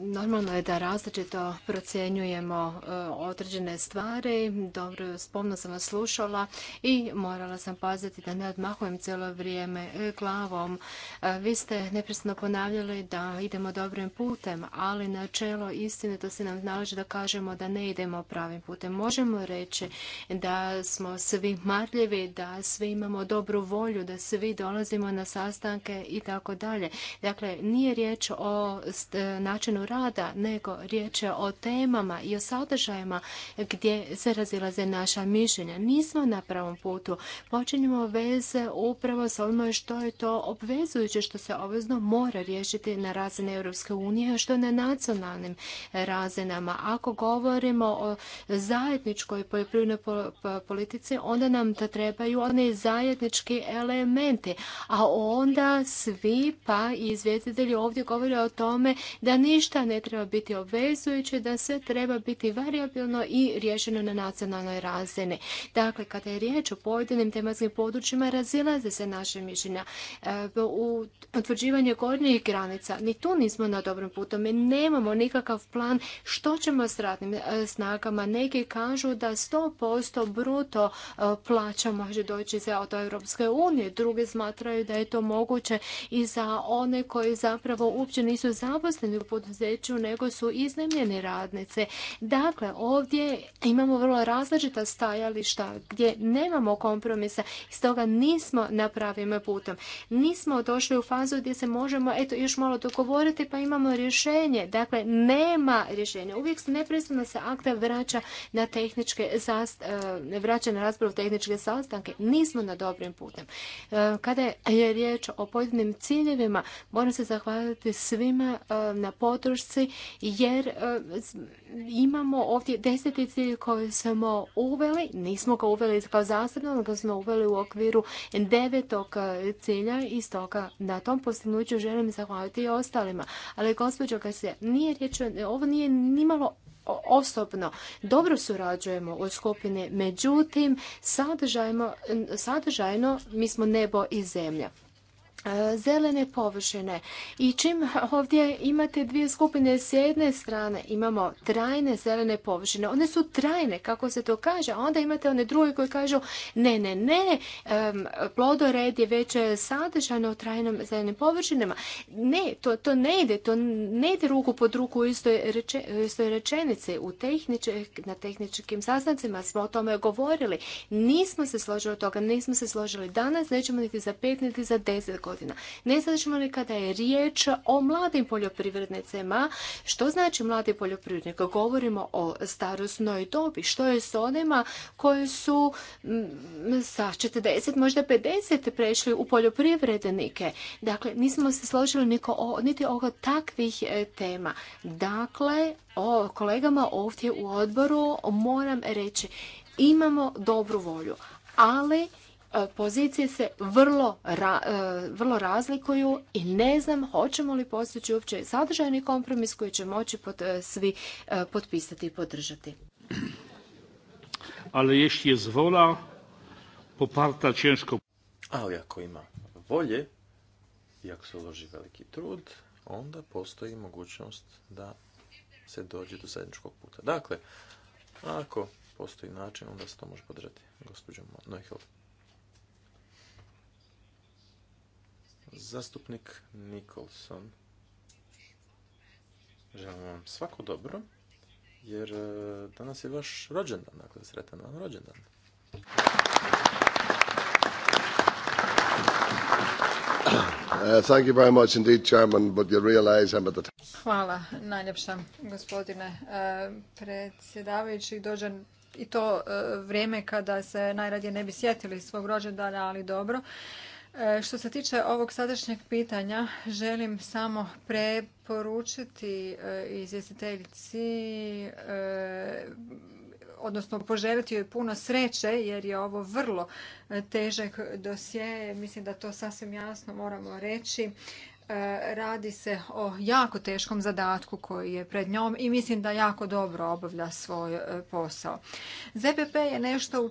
normalno je da različito procjenjujemo e, određene stvari. Dobro, spomno sam vas slušala i morala sam paziti da ne odmahujem cijelo vrijeme glavom. Vi ste neprestano ponavljali da idemo dobrim putem, ali načelo istine to se nam nalaže da kažemo da ne idemo pravim putem. Možemo reći da smo svi marljivi, da svi imamo dobru volju da svi dolazimo na sastanke i tako dalje. Dakle, nije riječ o načinu rada, nego riječ je o temama i o sadržajima gdje se razilaze naša mišljenja. Nismo na pravom putu. Počinjemo veze upravo s ovima što je to obvezujuće, što se obvezno mora riješiti na razine Europske unije, što na nacionalnim razinama. Ako govorimo o zajedničkoj poljoprivrednoj politici, onda nam to trebaju one zajednički elemente. A onda svi pa i izvjetitelji ovdje govore o tome da ništa ne treba biti obvezujuće, da sve treba biti variabilno i rješeno na nacionalnoj razini. Dakle, kada je riječ o pojedinim tematskim područjima, razilaze se naše mišljenja. E, u otvrđivanje gornjih granica, ni tu nismo na dobrom putu. Mi nemamo nikakav plan što ćemo s radnim e, snagama. Neki kažu da 100% bruto e, plaća može doći za od EU unije. druge smatraju da je to moguće i za one koji zapravo uopće nisu zaposleni u poduzeću, nego su iznemljeni radnice. Dakle, ovdje imamo vrlo različita stajališta gdje nemamo kompromisa i stoga nismo na pravim putom. Nismo došli u fazu gdje se možemo eto još malo dogovoriti pa imamo rješenje. Dakle, nema rješenja. Uvijek se neprestano se akta vraća na tehničke zast, e, vraća na raspravu tehničke sastanke. Nismo na dobrim putem. E, kada je riječ o pojedinim ciljevima, moram se zahvaliti svima e, na podršci jer e, imamo ovdje deseti cilj koji smo uveli, nismo ga uveli kao zasebno, nego smo uveli u okviru devetog cilja i stoga na tom postignuću želim zahvaliti i ostalima. Ali gospođo se nije riječ, ovo nije nimalo osobno dobro surađujemo u skupini, međutim sadržajno mi smo nebo i zemlja. E, zelene površine. I čim ovdje imate dvije skupine, s jedne strane imamo trajne zelene površine, one su trajne, kako se to kaže, a onda imate one druge koji kažu ne, ne, ne, plodored je već sadržano u trajnom zelenim površinama. Ne, to, ne ide, to ne ide ruku pod ruku u istoj, rečenici. U na tehničkim sastancima smo o tome govorili. Nismo se složili od toga, nismo se složili danas, nećemo niti za pet, niti za deset godina godina. ćemo li kada je riječ o mladim poljoprivrednicima, što znači mladi poljoprivrednik? Govorimo o starosnoj dobi, što je s onima koji su mm, sa 40, možda 50 prešli u poljoprivrednike. Dakle, nismo se složili niko niti oko takvih e, tema. Dakle, o kolegama ovdje u odboru moram reći imamo dobru volju, ali E, pozicije se vrlo, e, vrlo razlikuju i ne znam hoćemo li postići uopće sadržajni kompromis koji će moći e, svi potpisati i podržati. Ali ješće je zvola poparta Ali ako ima volje, i ako se uloži veliki trud, onda postoji mogućnost da se dođe do zajedničkog puta. Dakle, ako postoji način, onda se to može podržati, gospođo Neuhel. Zastupnik Nikolson. Želim vam svako dobro, jer e, danas je vaš rođendan, dakle sretan vam rođendan. Hvala najljepša gospodine uh, predsjedavajući. Dođem i to uh, vrijeme kada se najradije ne bi sjetili svog rođendana, ali dobro. E, što se tiče ovog sadašnjeg pitanja, želim samo preporučiti e, izvjestiteljici, e, odnosno poželiti joj puno sreće, jer je ovo vrlo težak dosje. Mislim da to sasvim jasno moramo reći. E, radi se o jako teškom zadatku koji je pred njom i mislim da jako dobro obavlja svoj e, posao. ZPP je nešto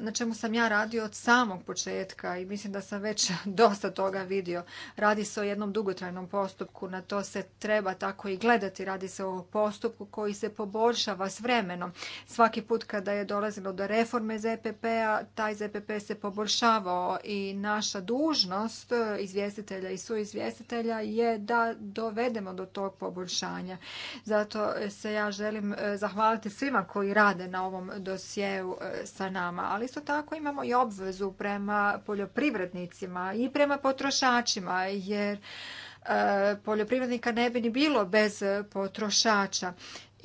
na čemu sam ja radio od samog početka i mislim da sam već dosta toga vidio. Radi se o jednom dugotrajnom postupku, na to se treba tako i gledati. Radi se o postupku koji se poboljšava s vremenom. Svaki put kada je dolazilo do reforme ZPP-a, taj ZPP se poboljšavao i naša dužnost e, izvjestitelja i suizvjestitelja je da dovedemo do tog poboljšanja. Zato se ja želim e, zahvaliti svima koji rade na ovom dosjeu e, sa nama, ali isto tako imamo i obvezu prema poljoprivrednicima i prema potrošačima, jer e, poljoprivrednika ne bi ni bilo bez potrošača.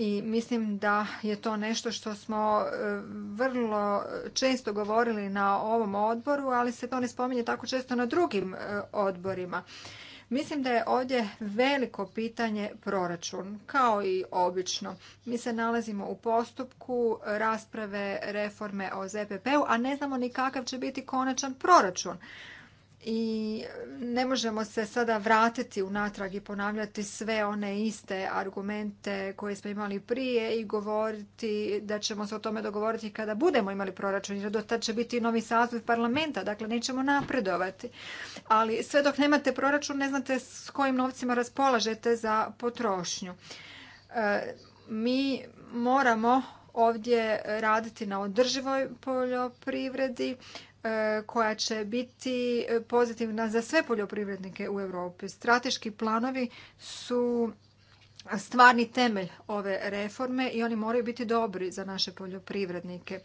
I mislim da je to nešto što smo vrlo često govorili na ovom odboru, ali se to ne spominje tako često na drugim odborima. Mislim da je ovdje veliko pitanje proračun, kao i obično. Mi se nalazimo u postupku rasprave reforme o ZPP-u, a ne znamo ni kakav će biti konačan proračun i ne možemo se sada vratiti unatrag i ponavljati sve one iste argumente koje smo imali prije i govoriti da ćemo se o tome dogovoriti kada budemo imali proračun jer do tad će biti novi saziv parlamenta, dakle nećemo napredovati. Ali sve dok nemate proračun ne znate s kojim novcima raspolažete za potrošnju. E, mi moramo ovdje raditi na održivoj poljoprivredi, E, koja će biti pozitivna za sve poljoprivrednike u Europi. Strateški planovi su stvarni temelj ove reforme i oni moraju biti dobri za naše poljoprivrednike.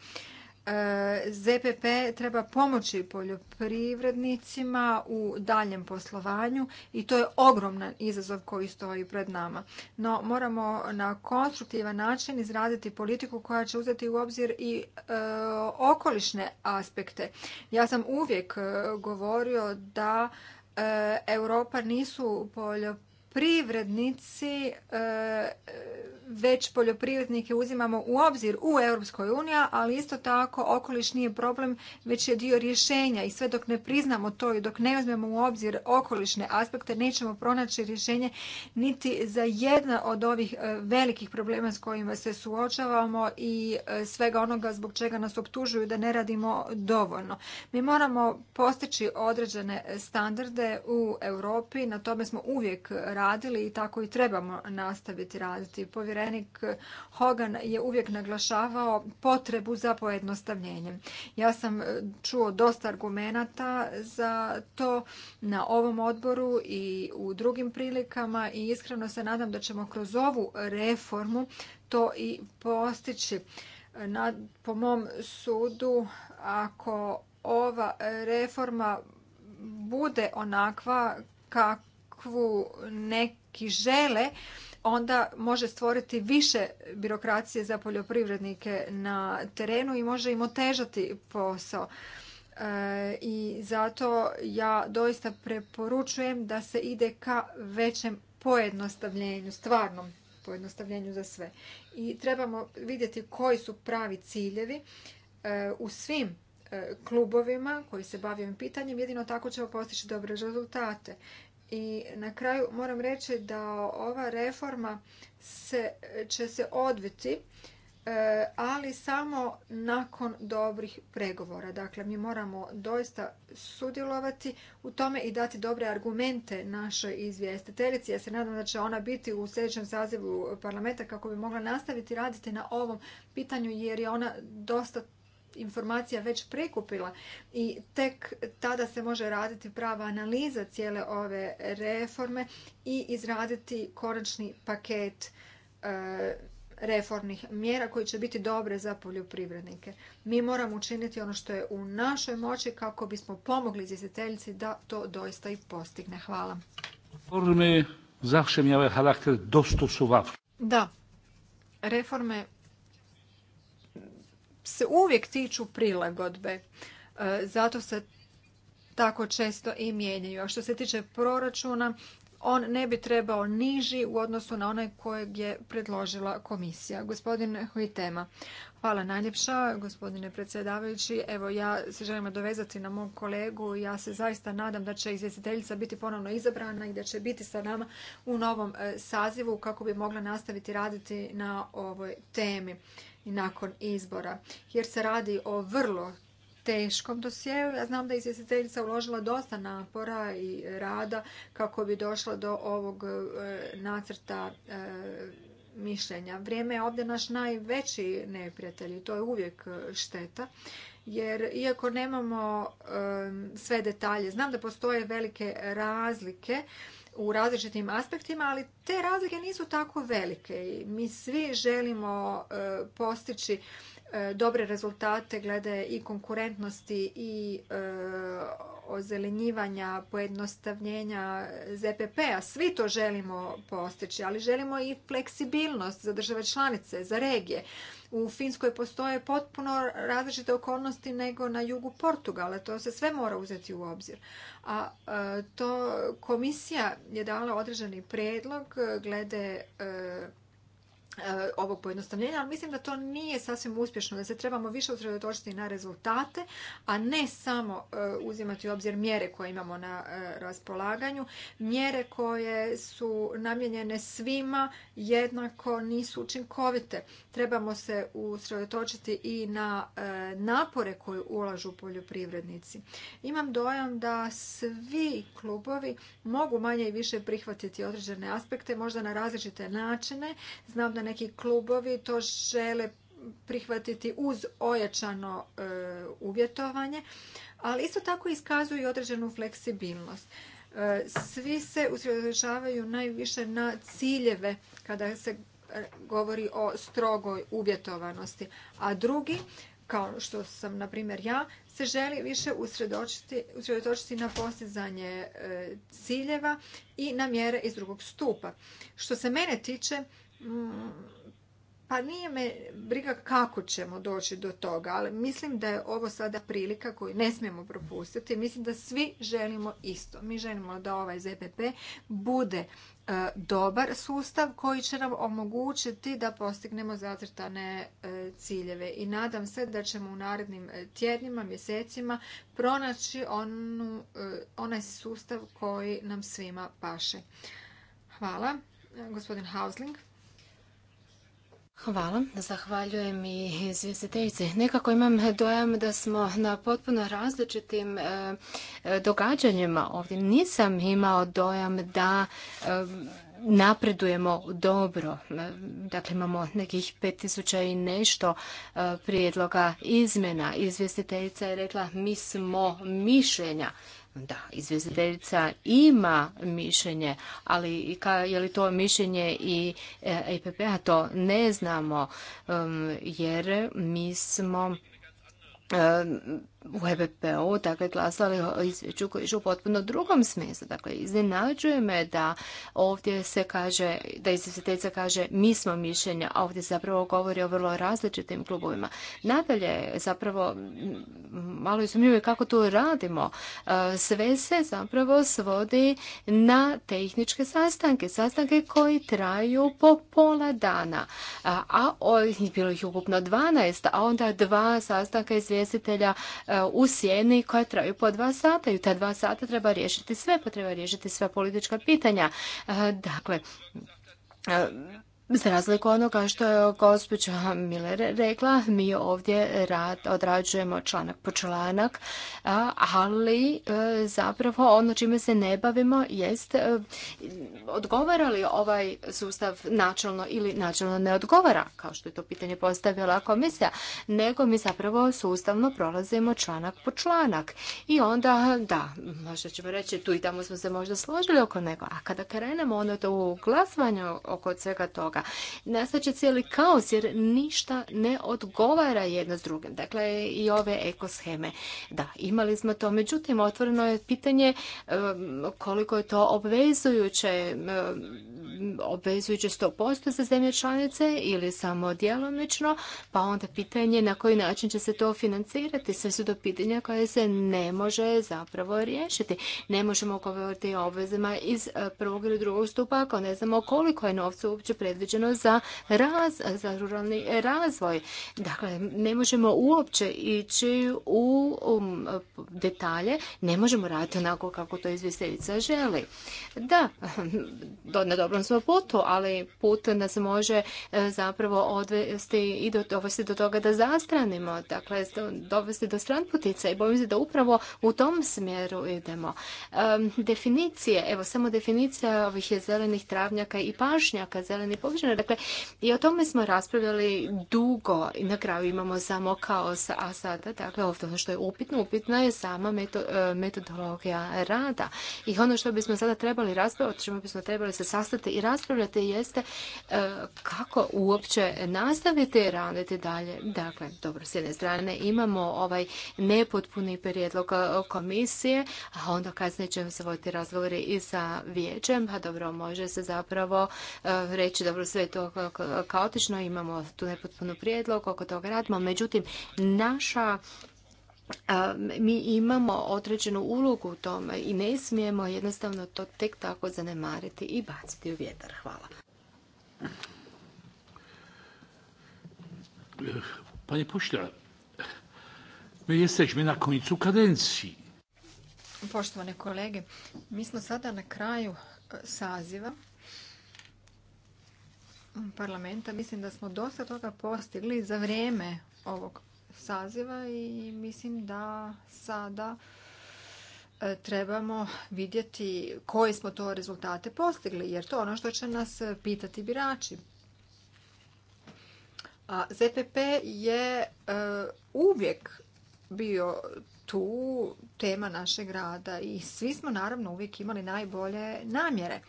E, ZPP treba pomoći poljoprivrednicima u daljem poslovanju i to je ogroman izazov koji stoji pred nama. No moramo na konstruktivan način izraditi politiku koja će uzeti u obzir i e, okolišne aspekte. Ja sam uvijek e, govorio da Europa nisu poljoprivrednici već poljoprivrednike uzimamo u obzir u Europskoj uniji, ali isto tako okoliš nije problem, već je dio rješenja i sve dok ne priznamo to i dok ne uzmemo u obzir okolišne aspekte, nećemo pronaći rješenje niti za jedna od ovih e, velikih problema s kojima se suočavamo i e, svega onoga zbog čega nas optužuju da ne radimo dovoljno. Mi moramo postići određene standarde u Europi, na tome smo uvijek radili i tako i trebamo nastaviti raditi. Povjerenje povjerenik Hogan je uvijek naglašavao potrebu za pojednostavljenjem. Ja sam e, čuo dosta argumenata za to na ovom odboru i u drugim prilikama i iskreno se nadam da ćemo kroz ovu reformu to i postići. po mom sudu, ako ova reforma bude onakva kakvu neki žele, onda može stvoriti više birokracije za poljoprivrednike na terenu i može im otežati posao. E, I zato ja doista preporučujem da se ide ka većem pojednostavljenju, stvarnom pojednostavljenju za sve. I trebamo vidjeti koji su pravi ciljevi e, u svim e, klubovima koji se bave pitanjem, jedino tako ćemo postići dobre rezultate. I na kraju moram reći da ova reforma se, će se odviti, e, ali samo nakon dobrih pregovora. Dakle, mi moramo doista sudjelovati u tome i dati dobre argumente našoj izvjestiteljici. Ja se nadam da će ona biti u sljedećem sazivu parlamenta kako bi mogla nastaviti raditi na ovom pitanju jer je ona dosta informacija već prikupila i tek tada se može raditi prava analiza cijele ove reforme i izraditi konačni paket e, reformnih mjera koji će biti dobre za poljoprivrednike. Mi moramo učiniti ono što je u našoj moći kako bismo pomogli izvjestiteljici da to doista i postigne. Hvala. Da. Reforme se uvijek tiču prilagodbe. E, zato se tako često i mijenjaju. A što se tiče proračuna, on ne bi trebao niži u odnosu na onaj kojeg je predložila komisija. Gospodin Huitema, hvala najljepša, gospodine predsjedavajući. Evo, ja se želim dovezati na mog kolegu. Ja se zaista nadam da će izvjestiteljica biti ponovno izabrana i da će biti sa nama u novom e, sazivu kako bi mogla nastaviti raditi na ovoj temi i nakon izbora jer se radi o vrlo teškom dosjeu. Ja znam da je izvjestiteljica uložila dosta napora i rada kako bi došla do ovog e, nacrta e, mišljenja. Vrijeme je ovdje naš najveći neprijatelj i to je uvijek šteta. Jer iako nemamo e, sve detalje, znam da postoje velike razlike u različitim aspektima, ali te razlike nisu tako velike i mi svi želimo e, postići E, dobre rezultate glede i konkurentnosti i e, ozelenjivanja, pojednostavljenja ZPP-a. Svi to želimo postići, ali želimo i fleksibilnost za države članice, za regije. U Finskoj postoje potpuno različite okolnosti nego na jugu Portugala. To se sve mora uzeti u obzir. A e, to komisija je dala određeni predlog glede E, ovog pojednostavljenja, ali mislim da to nije sasvim uspješno, da se trebamo više usredotočiti na rezultate, a ne samo e, uzimati u obzir mjere koje imamo na e, raspolaganju. Mjere koje su namijenjene svima jednako nisu učinkovite. Trebamo se usredotočiti i na napore koje ulažu poljoprivrednici. Imam dojam da svi klubovi mogu manje i više prihvatiti određene aspekte, možda na različite načine. Znam da neki klubovi to žele prihvatiti uz ojačano e, uvjetovanje, ali isto tako iskazuju određenu fleksibilnost. E, svi se usredočavaju najviše na ciljeve kada se e, govori o strogoj uvjetovanosti, a drugi, kao što sam na primjer ja, se želi više usredotočiti na postizanje ciljeva i na mjere iz drugog stupa. Što se mene tiče, Mm, pa nije me briga kako ćemo doći do toga, ali mislim da je ovo sada prilika koju ne smijemo propustiti. Mislim da svi želimo isto. Mi želimo da ovaj ZPP bude e, dobar sustav koji će nam omogućiti da postignemo zacrtane e, ciljeve i nadam se da ćemo u narednim e, tjednima, mjesecima pronaći onaj sustav koji nam svima paše. Hvala. Gospodin Hausling. Hvala, zahvaljujem i izvjestiteljici. Nekako imam dojam da smo na potpuno različitim e, e, događanjima ovdje. Nisam imao dojam da e, napredujemo dobro. Dakle, imamo nekih tisuća i nešto prijedloga izmjena. Izvjestiteljica je rekla mi smo mišljenja. Da, izvjestiteljica ima mišljenje, ali je li to mišljenje i EPP-a, e to ne znamo, um, jer mi smo um, u EBP-u dakle, glasali o izvješću koji u potpuno drugom smislu. Dakle, iznenađuje me da ovdje se kaže, da izvjestiteljica kaže mi smo mišljenja, a ovdje zapravo govori o vrlo različitim klubovima. Nadalje, zapravo, malo je sumnjivo kako tu radimo. E, sve se zapravo svodi na tehničke sastanke, sastanke koji traju po pola dana, e, a, bilo ih ukupno 12, a onda dva sastanka izvjestitelja e, E, u sjeni koja traju po dva sata i u ta dva sata treba riješiti sve, potreba pa riješiti sva politička pitanja. E, dakle, e, za razliku onoga što je gospođa Miller rekla, mi ovdje rad, odrađujemo članak po članak, ali e, zapravo ono čime se ne bavimo jest e, odgovara li ovaj sustav načelno ili načelno ne odgovara, kao što je to pitanje postavila komisija, nego mi zapravo sustavno prolazimo članak po članak. I onda, da, možda ćemo reći tu i tamo smo se možda složili oko nego, a kada krenemo ono to u glasovanju oko svega toga, toga. Nastaće cijeli kaos jer ništa ne odgovara jedno s drugim. Dakle, i ove ekosheme. Da, imali smo to. Međutim, otvoreno je pitanje koliko je to obvezujuće. Obvezujuće 100% za zemlje članice ili samo djelomično. Pa onda pitanje na koji način će se to financirati. Sve su to pitanja koje se ne može zapravo riješiti. Ne možemo govoriti o obvezama iz eh, prvog ili drugog stupa ako ne znamo koliko je novca uopće predviđeno predviđeno za, ruralni razvoj. Dakle, ne možemo uopće ići u um, detalje, ne možemo raditi onako kako to izvjestiteljica želi. Da, na dobrom smo putu, ali put nas može e, zapravo odvesti i dovesti do toga da zastranimo, dakle, dovesti do stranputica i bojim se da upravo u tom smjeru idemo. definicije, evo samo definicija ovih je zelenih travnjaka i pašnjaka, zeleni Dakle, i o tome smo raspravljali dugo i na kraju imamo samo kaos, a sada, dakle, ovdje ono što je upitno, upitna je sama e, metodologija rada. I ono što bismo sada trebali raspravljati, o bismo trebali se sastati i raspravljati jeste e, kako uopće nastaviti raditi dalje. Dakle, dobro, s jedne strane imamo ovaj nepotpuni prijedlog e, komisije, a onda kasnije ćemo se voditi razgovori i sa vijećem, a pa dobro, može se zapravo reći, dobro, sve to kaotično, imamo tu nepotpuno prijedlog, oko toga radimo. Međutim, naša mi imamo određenu ulogu u tome i ne smijemo jednostavno to tek tako zanemariti i baciti u vjetar. Hvala. Panie pośle, jesteśmy na końcu kadencji. Poštovane kolege, mi smo sada na kraju saziva parlamenta. Mislim da smo dosta toga postigli za vrijeme ovog saziva i mislim da sada e, trebamo vidjeti koje smo to rezultate postigli, jer to je ono što će nas pitati birači. A ZPP je e, uvijek bio tu tema našeg rada i svi smo naravno uvijek imali najbolje namjere.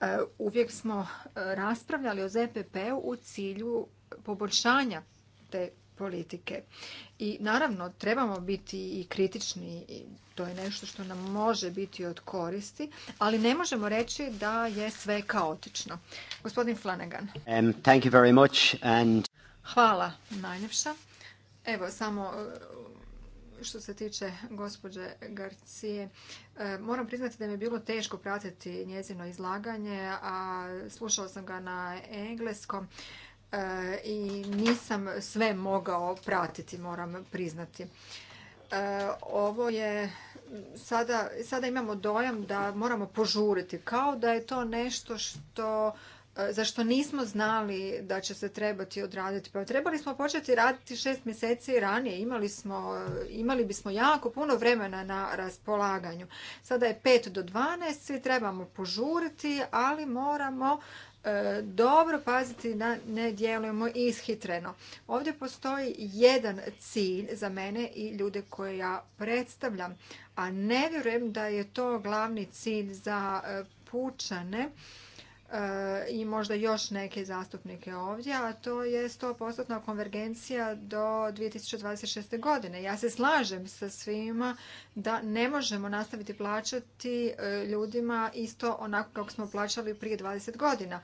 E, uvijek smo e, raspravljali o ZPP-u u cilju poboljšanja te politike. I naravno trebamo biti i kritični, i to je nešto što nam može biti od koristi, ali ne možemo reći da je sve kaotično. Gospodin Flanagan. Um, Hvala najljepša. Evo samo što se tiče gospođe Garcije, e, moram priznati da mi je bilo teško pratiti njezino izlaganje, a slušao sam ga na engleskom e, i nisam sve mogao pratiti, moram priznati. E, ovo je, sada, sada imamo dojam da moramo požuriti, kao da je to nešto što E, zašto nismo znali da će se trebati odraditi. Pa trebali smo početi raditi šest mjeseci ranije. Imali, smo, imali bismo jako puno vremena na raspolaganju. Sada je 5 do 12, svi trebamo požuriti, ali moramo e, dobro paziti da ne djelujemo ishitreno. Ovdje postoji jedan cilj za mene i ljude koje ja predstavljam, a ne vjerujem da je to glavni cilj za e, pučane i možda još neke zastupnike ovdje, a to je 100% konvergencija do 2026. godine. Ja se slažem sa svima da ne možemo nastaviti plaćati e, ljudima isto onako kako smo plaćali prije 20 godina.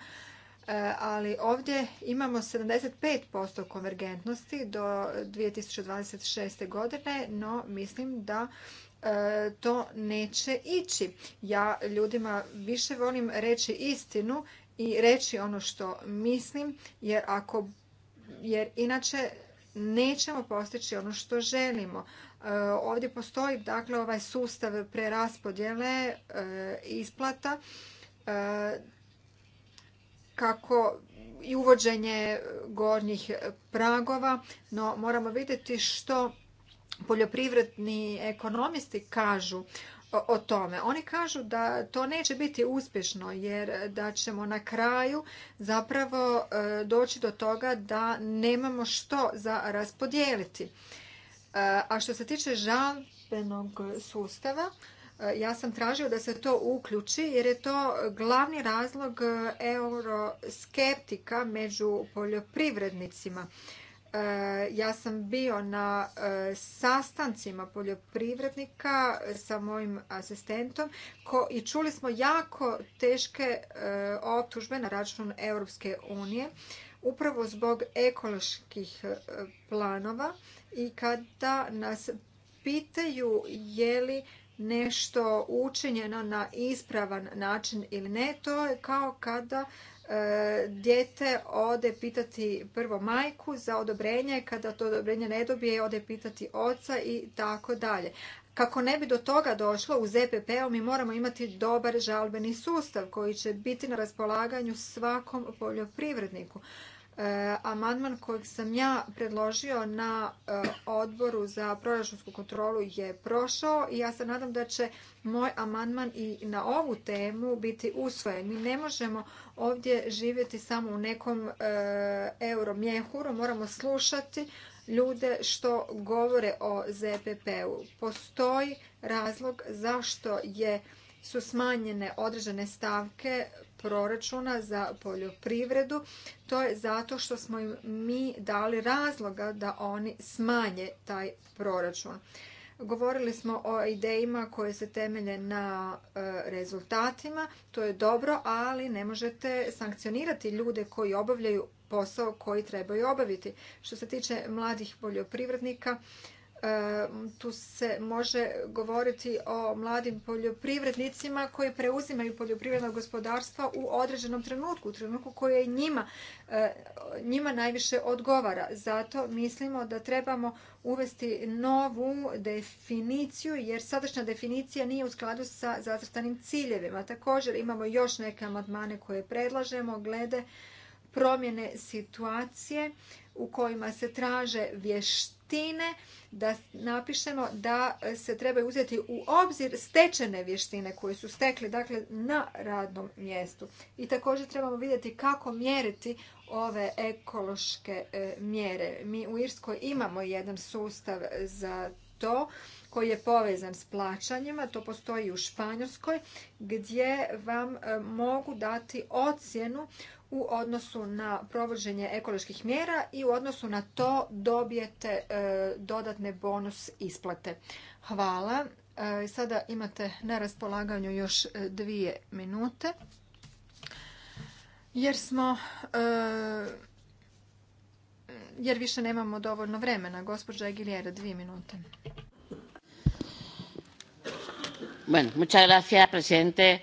E, ali ovdje imamo 75% konvergentnosti do 2026. godine, no mislim da E, to neće ići. Ja ljudima više volim reći istinu i reći ono što mislim jer ako jer inače nećemo postići ono što želimo. E, ovdje postoji dakle ovaj sustav preraspodjele e, isplata kako i uvođenje gornjih pragova, no moramo vidjeti što poljoprivredni ekonomisti kažu o tome. Oni kažu da to neće biti uspješno jer da ćemo na kraju zapravo e, doći do toga da nemamo što za raspodijeliti. E, a što se tiče žalbenog sustava, e, ja sam tražio da se to uključi jer je to glavni razlog euroskeptika među poljoprivrednicima. E, ja sam bio na e, sastancima poljoprivrednika e, sa mojim asistentom i čuli smo jako teške optužbe na račun Europske unije upravo zbog ekoloških planova i kada nas pitaju je li nešto učinjeno na ispravan način ili ne, to je kao kada E, dijete ode pitati prvo majku za odobrenje, kada to odobrenje ne dobije ode pitati oca i tako dalje. Kako ne bi do toga došlo u ZPP-u mi moramo imati dobar žalbeni sustav koji će biti na raspolaganju svakom poljoprivredniku. E, amandman kojeg sam ja predložio na e, odboru za proračunsku kontrolu je prošao i ja se nadam da će moj amandman i na ovu temu biti usvojen. Mi ne možemo ovdje živjeti samo u nekom e, euromjehuru, moramo slušati ljude što govore o ZPP-u. Postoji razlog zašto je su smanjene određene stavke proračuna za poljoprivredu. To je zato što smo im mi dali razloga da oni smanje taj proračun. Govorili smo o idejima koje se temelje na e, rezultatima, to je dobro, ali ne možete sankcionirati ljude koji obavljaju posao koji trebaju obaviti. Što se tiče mladih poljoprivrednika, E, tu se može govoriti o mladim poljoprivrednicima koji preuzimaju poljoprivredno gospodarstva u određenom trenutku, u trenutku koje e, njima, najviše odgovara. Zato mislimo da trebamo uvesti novu definiciju jer sadašnja definicija nije u skladu sa zacrtanim ciljevima. Također imamo još neke amandmane koje predlažemo glede promjene situacije u kojima se traže vještine vještine da napišemo da se trebaju uzeti u obzir stečene vještine koje su stekli dakle, na radnom mjestu. I također trebamo vidjeti kako mjeriti ove ekološke e, mjere. Mi u Irskoj imamo jedan sustav za to koji je povezan s plaćanjima, to postoji u Španjolskoj, gdje vam e, mogu dati ocjenu u odnosu na provođenje ekoloških mjera i u odnosu na to dobijete e, dodatne bonus isplate. Hvala. E, sada imate na raspolaganju još e, dvije minute. Jer smo jer više nemamo dovoljno vremena. Gospođa Egilijera, dvije minute. Bueno, muchas gracias, presidente.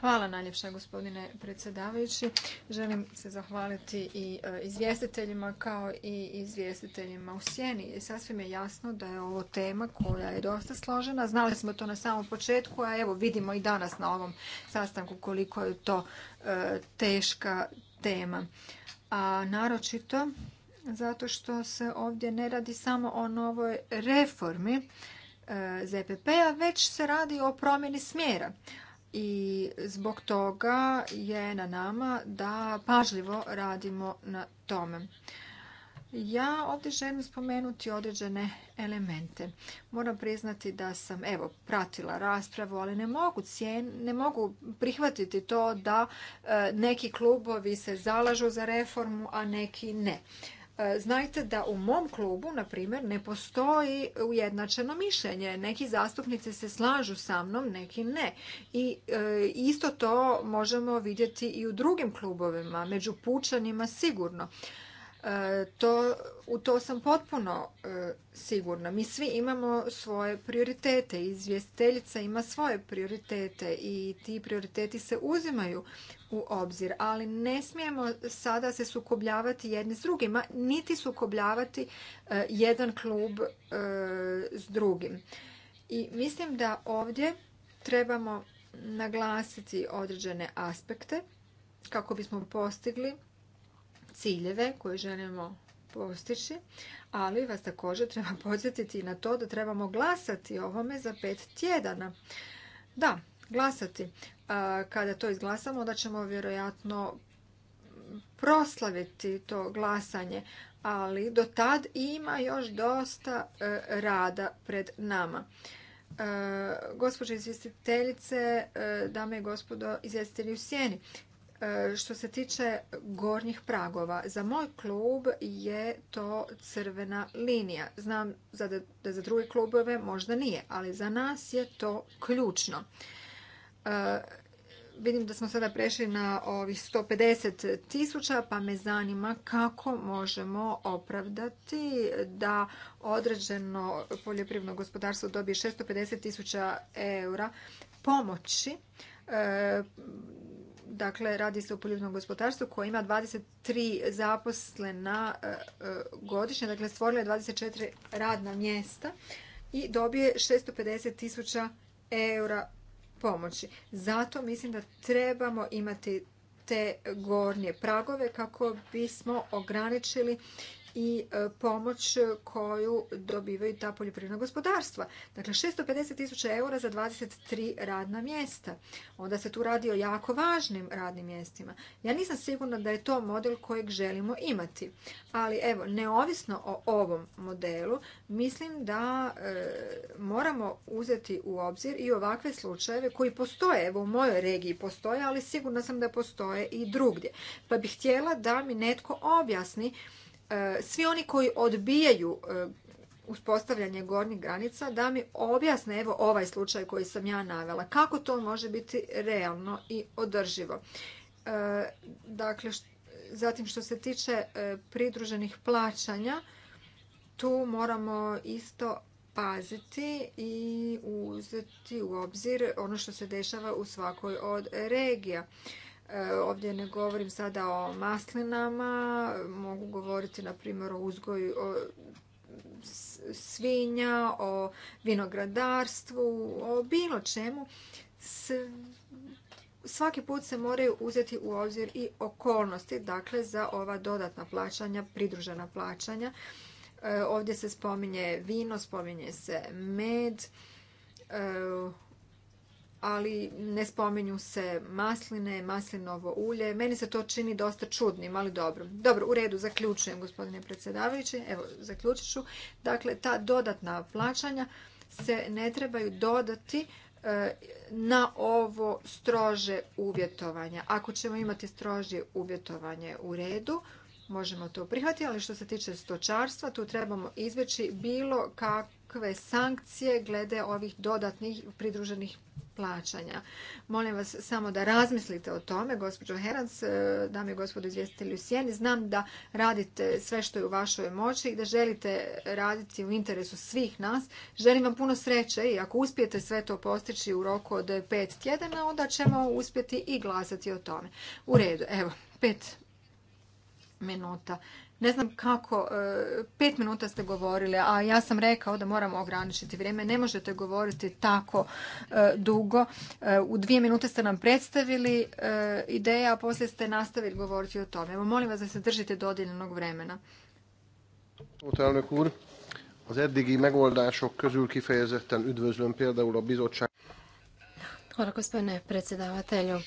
Hvala najljepša gospodine predsjedavajući. Želim se zahvaliti i e, izvjestiteljima kao i izvjestiteljima u sjeni. Sasvim je jasno da je ovo tema koja je dosta složena. Znali smo to na samom početku, a evo vidimo i danas na ovom sastanku koliko je to e, teška tema. A naročito zato što se ovdje ne radi samo o novoj reformi e, ZPP-a, već se radi o promjeni smjera i zbog toga je na nama da pažljivo radimo na tome. Ja ovdje želim spomenuti određene elemente. Moram priznati da sam evo pratila raspravu, ali ne mogu cijen, ne mogu prihvatiti to da e, neki klubovi se zalažu za reformu, a neki ne. E, znajte da u mom klubu, na primjer, ne postoji ujednačeno mišljenje. Neki zastupnici se slažu sa mnom, neki ne. I e, isto to možemo vidjeti i u drugim klubovima, među pučanima sigurno. E, to, u to sam potpuno e, sigurna. Mi svi imamo svoje prioritete, izvjestiteljica ima svoje prioritete i ti prioriteti se uzimaju u obzir, ali ne smijemo sada se sukobljavati jedni s drugima, niti sukobljavati e, jedan klub s drugim. I mislim da ovdje trebamo naglasiti određene aspekte kako bismo postigli ciljeve koje želimo postići, ali vas također treba podsjetiti na to da trebamo glasati ovome za pet tjedana. Da, glasati. Kada to izglasamo, onda ćemo vjerojatno proslaviti to glasanje, ali do tad ima još dosta e, rada pred nama. E, Gospođe izvjestiteljice, e, dame i gospodo izvjestitelji u sjeni, E, što se tiče gornjih pragova. Za moj klub je to crvena linija. Znam da za druge klubove možda nije, ali za nas je to ključno. E, vidim da smo sada prešli na ovih 150 tisuća, pa me zanima kako možemo opravdati da određeno poljoprivredno gospodarstvo dobije 650 tisuća eura pomoći e, Dakle, radi se o poljoprivrednom gospodarstvu koje ima 23 zaposlena e, e, godišnje, dakle stvorila je 24 radna mjesta i dobije 650 tisuća eura pomoći. Zato mislim da trebamo imati te gornje pragove kako bismo ograničili i e, pomoć koju dobivaju ta poljoprivredna gospodarstva. Dakle, 650 tisuća eura za 23 radna mjesta. Onda se tu radi o jako važnim radnim mjestima. Ja nisam sigurna da je to model kojeg želimo imati. Ali evo, neovisno o ovom modelu, mislim da e, moramo uzeti u obzir i ovakve slučajeve koji postoje. Evo, u mojoj regiji postoje, ali sigurna sam da postoje i drugdje. Pa bih htjela da mi netko objasni E, svi oni koji odbijaju e, uspostavljanje gornjih granica da mi objasne evo ovaj slučaj koji sam ja navela. Kako to može biti realno i održivo? E, dakle, zatim što se tiče pridruženih plaćanja, tu moramo isto paziti i uzeti u obzir ono što se dešava u svakoj od regija. E, ovdje ne govorim sada o maslinama, mogu govoriti na primjer o uzgoju svinja, o vinogradarstvu, o bilo čemu. Svaki put se moraju uzeti u obzir i okolnosti, dakle za ova dodatna plaćanja, pridružena plaćanja. E, ovdje se spominje vino, spominje se med, e, ali ne spominju se masline, maslinovo ulje. Meni se to čini dosta čudnim, ali dobro. Dobro, u redu, zaključujem, gospodine predsjedavajući. Evo, zaključit ću. Dakle, ta dodatna plaćanja se ne trebaju dodati e, na ovo strože uvjetovanje. Ako ćemo imati strože uvjetovanje u redu, možemo to prihvatiti, ali što se tiče stočarstva, tu trebamo izveći bilo kako nikakve sankcije glede ovih dodatnih pridruženih plaćanja. Molim vas samo da razmislite o tome, gospođo Herac, e, dame i gospodo izvjestitelji u Sjeni. Znam da radite sve što je u vašoj moći i da želite raditi u interesu svih nas. Želim vam puno sreće i ako uspijete sve to postići u roku od pet tjedana, onda ćemo uspjeti i glasati o tome. U redu, evo, pet minuta ne znam kako, e, pet minuta ste govorili, a ja sam rekao da moramo ograničiti vrijeme. Ne možete govoriti tako e, dugo. E, u dvije minute ste nam predstavili ideje, a poslije ste nastavili govoriti o tome. molim vas da se držite dodijeljenog vremena. Hvala gospodine predsjedavatelju.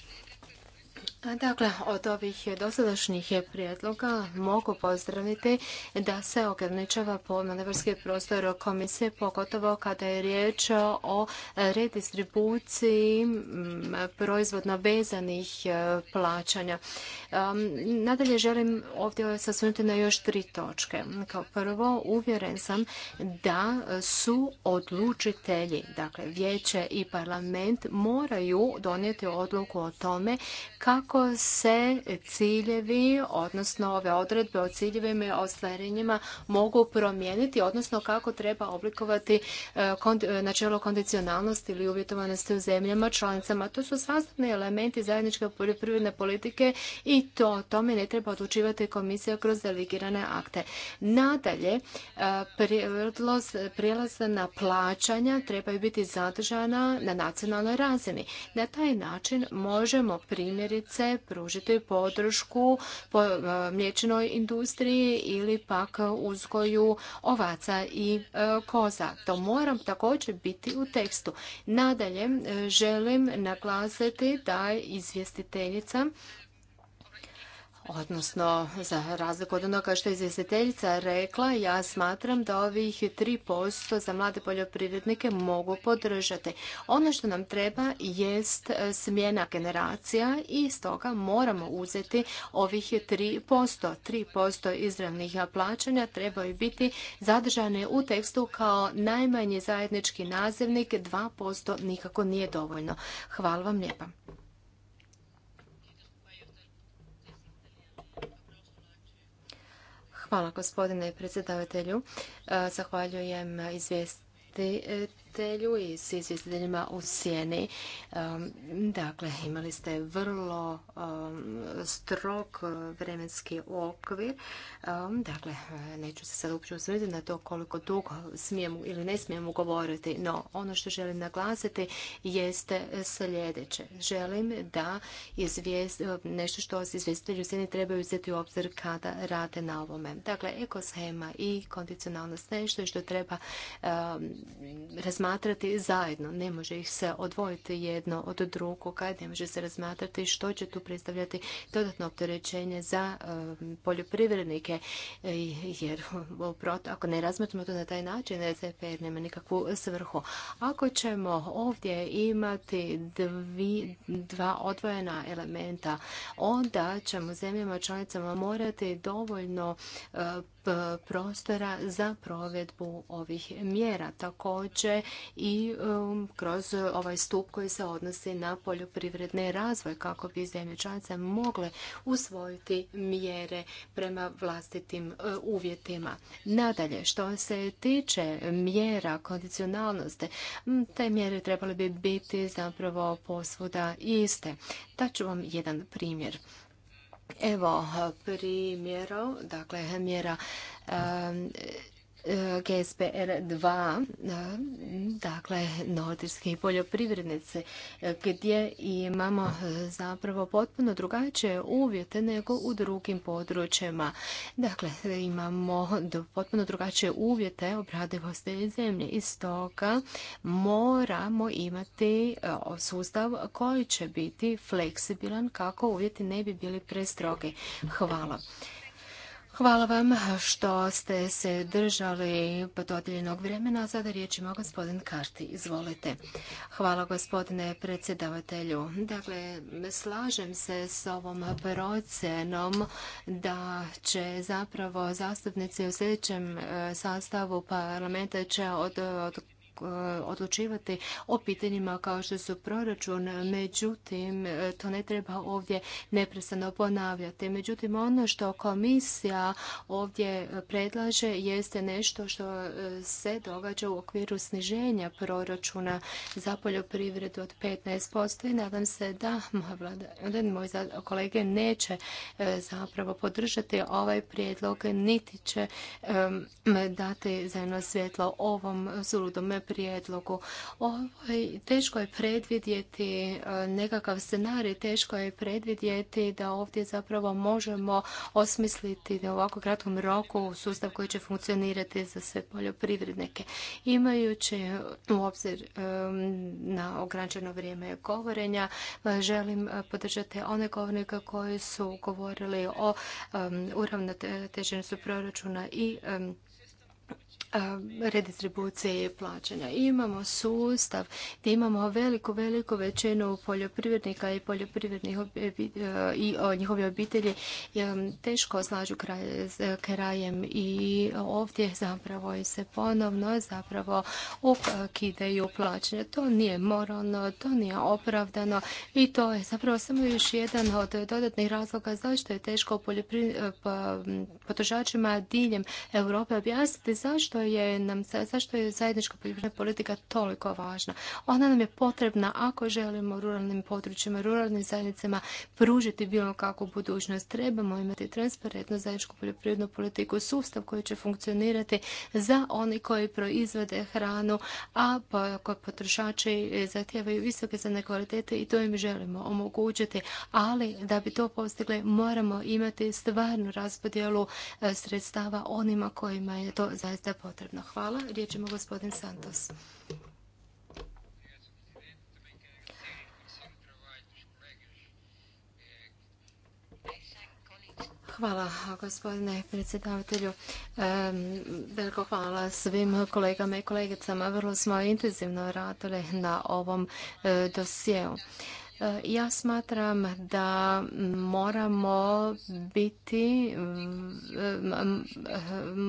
Dakle, od ovih dosadašnjih prijedloga mogu pozdraviti da se ograničava po manevarski prostor komisije, pogotovo kada je riječ o redistribuciji proizvodno vezanih e, plaćanja. Nadalje želim ovdje sasvrnuti na još tri točke. Kao prvo, uvjeren sam da su odlučitelji, dakle vijeće i parlament, moraju donijeti odluku o tome kako kako se ciljevi, odnosno ove odredbe o ciljevima i ostvarenjima mogu promijeniti, odnosno kako treba oblikovati e, načelo kondicionalnosti ili uvjetovanosti u zemljama članicama. To su sastavni elementi zajedničke poljoprivredne politike i to tome ne treba odlučivati komisija kroz delegirane akte. Nadalje, e, prijelaz na plaćanja trebaju biti zadržana na nacionalnoj razini. Na taj način možemo primjerice bolnice pružiti podršku po e, mliječnoj industriji ili pak uzgoju ovaca i e, koza. To moram također biti u tekstu. Nadalje, e, želim naglasiti da izvjestiteljica Odnosno, za razliku od onoga što je izvjestiteljica rekla, ja smatram da ovih 3% za mlade poljoprivrednike mogu podržati. Ono što nam treba jest e, smjena generacija i stoga moramo uzeti ovih 3%. 3% izravnih plaćanja trebaju biti zadržane u tekstu kao najmanji zajednički nazivnik, 2% nikako nije dovoljno. Hvala vam lijepa. Hvala gospodine predsjedavatelju. E, zahvaljujem izvijesti izvjestitelju i s izvjestiteljima u sjeni. Dakle, imali ste vrlo strok vremenski okvir. Dakle, neću se sad uopće osvrnuti na to koliko dugo smijem ili ne smijem govoriti, no ono što želim naglasiti jeste sljedeće. Želim da nešto što izvjestitelji u sjeni trebaju uzeti u obzir kada rade na ovome. Dakle, ekoshema i kondicionalnost nešto što treba razmatrati razmatrati zajedno, ne može ih se odvojiti jedno od kad ne može se razmatrati što će tu predstavljati dodatno opterećenje za um, poljoprivrednike, e, jer ako ne razmatramo to na taj način, ZPR nema nikakvu svrhu. Ako ćemo ovdje imati dva odvojena elementa, onda ćemo zemljama članicama morati dovoljno e, E, prostora za provedbu ovih mjera. Također i e, kroz ovaj stup koji se odnosi na poljoprivredni razvoj kako bi zemlje mogle usvojiti mjere prema vlastitim e, uvjetima. Nadalje, što se tiče mjera kondicionalnosti, te mjere trebale bi biti zapravo posvuda iste. Daću vam jedan primjer. Evo primjero, dakle mjera GSPR2, e, dakle Nordijske poljoprivrednice, e, gdje imamo e, zapravo potpuno drugačije uvjete nego u drugim područjima. Dakle, imamo potpuno drugačije uvjete obradivosti zemlje i stoga moramo imati sustav koji će biti fleksibilan kako uvjeti ne bi bili prestrogi. Hvala. Hvala vam što ste se držali dodijeljenog vremena. Sada riječ ima gospodin Karti. Izvolite. Hvala gospodine predsjedavatelju. Dakle, slažem se s ovom procenom da će zapravo zastupnici u sljedećem e, sastavu parlamenta će od E, odlučivati o pitanjima kao što su proračun, međutim, e, to ne treba ovdje neprestano ponavljati. Međutim, ono što komisija ovdje predlaže jeste nešto što e, se događa u okviru sniženja proračuna za poljoprivredu od 15% i nadam se da moja kolege neće zapravo podržati ovaj prijedlog niti će dati zajedno svjetlo ovom suludom prijedlogu. Ovaj, teško je predvidjeti e, nekakav scenarij, teško je predvidjeti da ovdje zapravo možemo osmisliti da u ovako kratkom roku sustav koji će funkcionirati za sve poljoprivrednike. Imajući u obzir e, na ograničeno vrijeme govorenja, e, želim podržati one govornike koji su govorili o uravnoteženju proračuna i redistribucije plaćanja. imamo sustav gdje imamo veliku, veliku većinu poljoprivrednika i poljoprivrednih e, i njihove obitelji e, teško slažu krajem i ovdje zapravo i se ponovno zapravo ukidaju plaćanja. To nije moralno, to nije opravdano i to je zapravo samo još jedan od dodatnih razloga zašto je teško e, potrošačima diljem Europe objasniti zašto zašto je nam zašto je zajednička poljoprivredna politika toliko važna. Ona nam je potrebna ako želimo ruralnim područjima, ruralnim zajednicama pružiti bilo kakvu budućnost. Trebamo imati transparentnu zajedničku poljoprivrednu politiku, sustav koji će funkcionirati za oni koji proizvode hranu, a potrošači zahtijevaju visoke za kvalitete i to im želimo omogućiti, ali da bi to postigli moramo imati stvarnu raspodjelu e, sredstava onima kojima je to zaista potrebno. Hvala. Riječ ima gospodin Santos. Hvala gospodine predsjedavatelju. Veliko hvala svim kolegama i kolegicama. Vrlo smo intenzivno radili na ovom e, dosjeu. E, ja smatram da moramo biti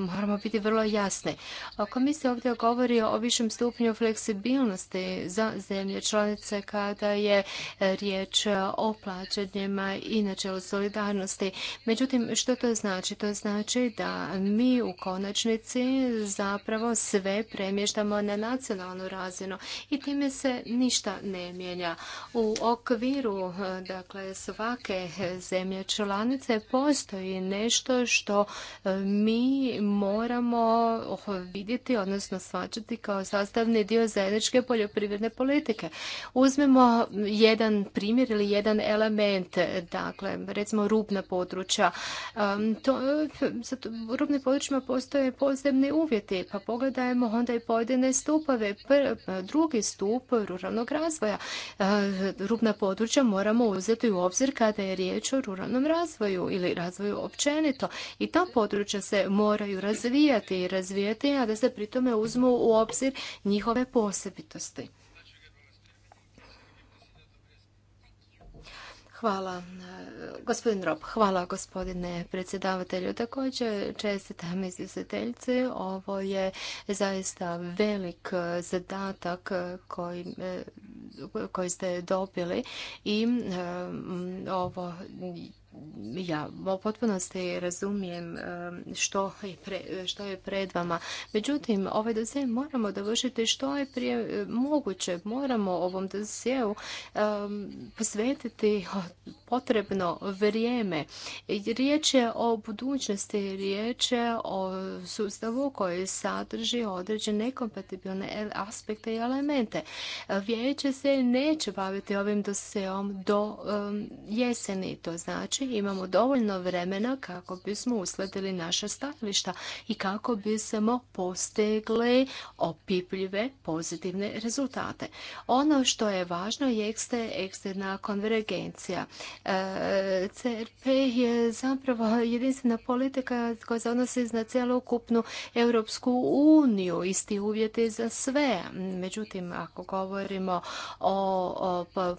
moramo biti vrlo jasni. Komisija ovdje govori o višem stupnju fleksibilnosti za zemlje članice kada je riječ o plaćanjima i načelu solidarnosti. Međutim, što to znači? To znači da mi u konačnici zapravo sve premještamo na nacionalnu razinu i time se ništa ne mijenja. U okviru dakle, svake zemlje članice postoji nešto što e, mi moramo vidjeti, odnosno shvaćati kao sastavni dio zajedničke poljoprivredne politike. Uzmemo jedan primjer ili jedan element, dakle, recimo rubna područja. To, za rubnim područjima postoje podzemni uvjeti, pa pogledajmo onda i pojedine stupove. Drugi stup ruralnog razvoja. Rubna ruralna područja moramo uzeti u obzir kada je riječ o ruralnom razvoju ili razvoju općenito. I ta područja se moraju razvijati i razvijati, a da se pritome uzmu u obzir njihove posebitosti. Hvala. E, gospodin Rob, hvala gospodine predsjedavatelju. Također čestitam izvjestiteljici. Ovo je zaista velik e, zadatak e, koji, koji ste dobili i ovo ja u potpunosti razumijem e, što je, što je pred vama. Međutim, ovaj dosje moramo dovršiti što je prije e, moguće. Moramo ovom dosjeu e, posvetiti potrebno vrijeme. Riječ je o budućnosti, riječ je o sustavu koji sadrži određene nekompatibilne aspekte i elemente. Vijeće se neće baviti ovim dosjeom do um, jeseni, to znači Znači imamo dovoljno vremena kako bismo usledili naša stajališta i kako bismo postigli opipljive pozitivne rezultate. Ono što je važno je eksterna konvergencija. E, CRP je zapravo jedinstvena politika koja se odnosi na cjelokupnu Europsku uniju, isti uvjeti za sve. Međutim, ako govorimo o, o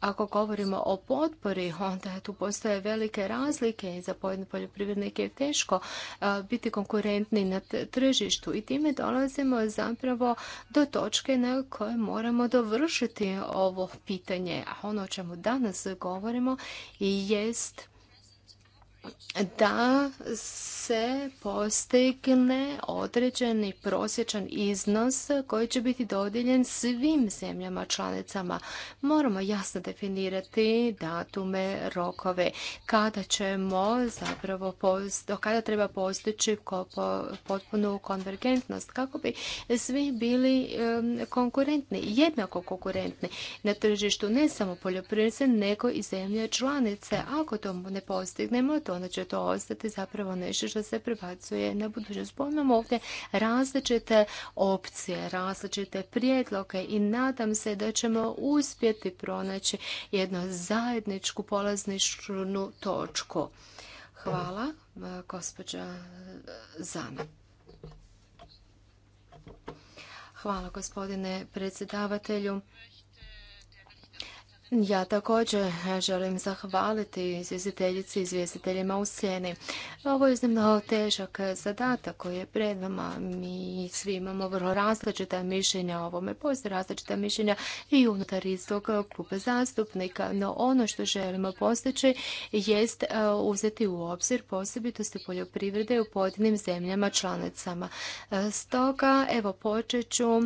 ako govorimo o potpori, onda tu postoje velike razlike i za pojedine poljoprivrednike je teško e, biti konkurentni na tržištu i time dolazimo zapravo do točke na kojoj moramo dovršiti ovo pitanje. A ono o čemu danas govorimo jest da se postigne određeni prosječan iznos koji će biti dodijeljen svim zemljama članicama. Moramo jasno definirati datume, rokove, kada ćemo zapravo, do kada treba postići potpunu konvergentnost, kako bi svi bili konkurentni, jednako konkurentni na tržištu ne samo poljoprivrednice, nego i zemlje članice. Ako to ne postignemo, to onda će to ostati zapravo nešto što se prebacuje na budućnost. Ponovno, pa ovdje različite opcije, različite prijedloge i nadam se da ćemo uspjeti pronaći jednu zajedničku polazničnu točku. Hvala, gospođa Zana. Hvala, gospodine predsjedavatelju. Ja također e, želim zahvaliti izvjestiteljici i izvjestiteljima u sjeni. Ovo je iznimno težak zadatak koji je pred nama. Mi svi imamo vrlo različita mišljenja o ovome. Postoje različita mišljenja i unutar istog kluba zastupnika. No ono što želimo postići jest e, uzeti u obzir posebitosti poljoprivrede u pojedinim zemljama članicama. E, stoga, evo, počet ću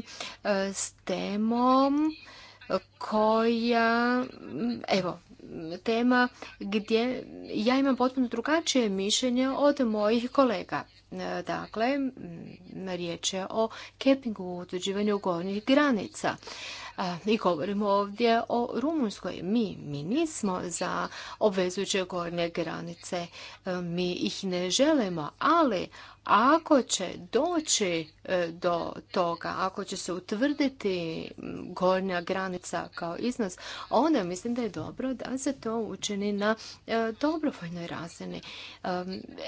s temom koja, evo, tema gdje ja imam potpuno drugačije mišljenje od mojih kolega. Dakle, riječ je o kepingu, utvrđivanju gornjih granica. I govorimo ovdje o Rumunjskoj. Mi, mi nismo za obvezujuće gornje granice. E, mi ih ne želimo, ali ako će doći e, do toga, ako će se utvrditi gornja granica kao iznos, onda mislim da je dobro da se to učini na e, dobrovoljnoj razini.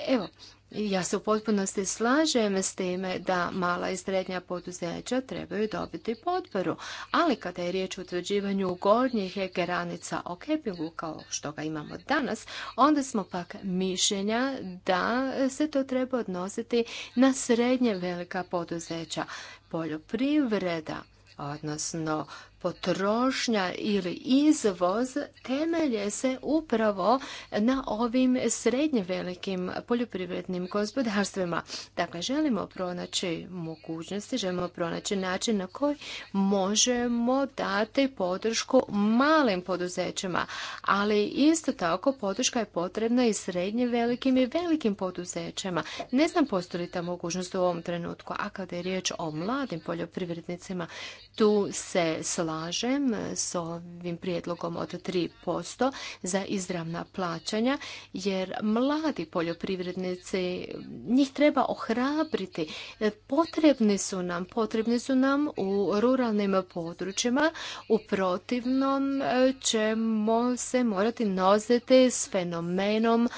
Evo, ja se u potpunosti slažem s time da mala i srednja poduzeća trebaju dobiti potporu, ali kada je riječ o utvrđivanju gornjih granica o kepingu kao što ga imamo danas, onda smo pak mišljenja da se to treba odnositi na srednje velika poduzeća. Poljoprivreda, odnosno potrošnja ili izvoz temelje se upravo na ovim srednje velikim poljoprivrednim gospodarstvima. Dakle, želimo pronaći mogućnosti, želimo pronaći način na koji možemo dati podršku malim poduzećima, ali isto tako podrška je potrebna i srednje velikim i velikim poduzećima. Ne znam postoji li ta mogućnost u ovom trenutku, a kada je riječ o mladim poljoprivrednicima, tu se slažem slažem e, s ovim prijedlogom od 3% za izravna plaćanja jer mladi poljoprivrednici, njih treba ohrabriti. E, potrebni su nam, potrebni su nam u ruralnim područjima, u protivnom e, ćemo se morati nositi s fenomenom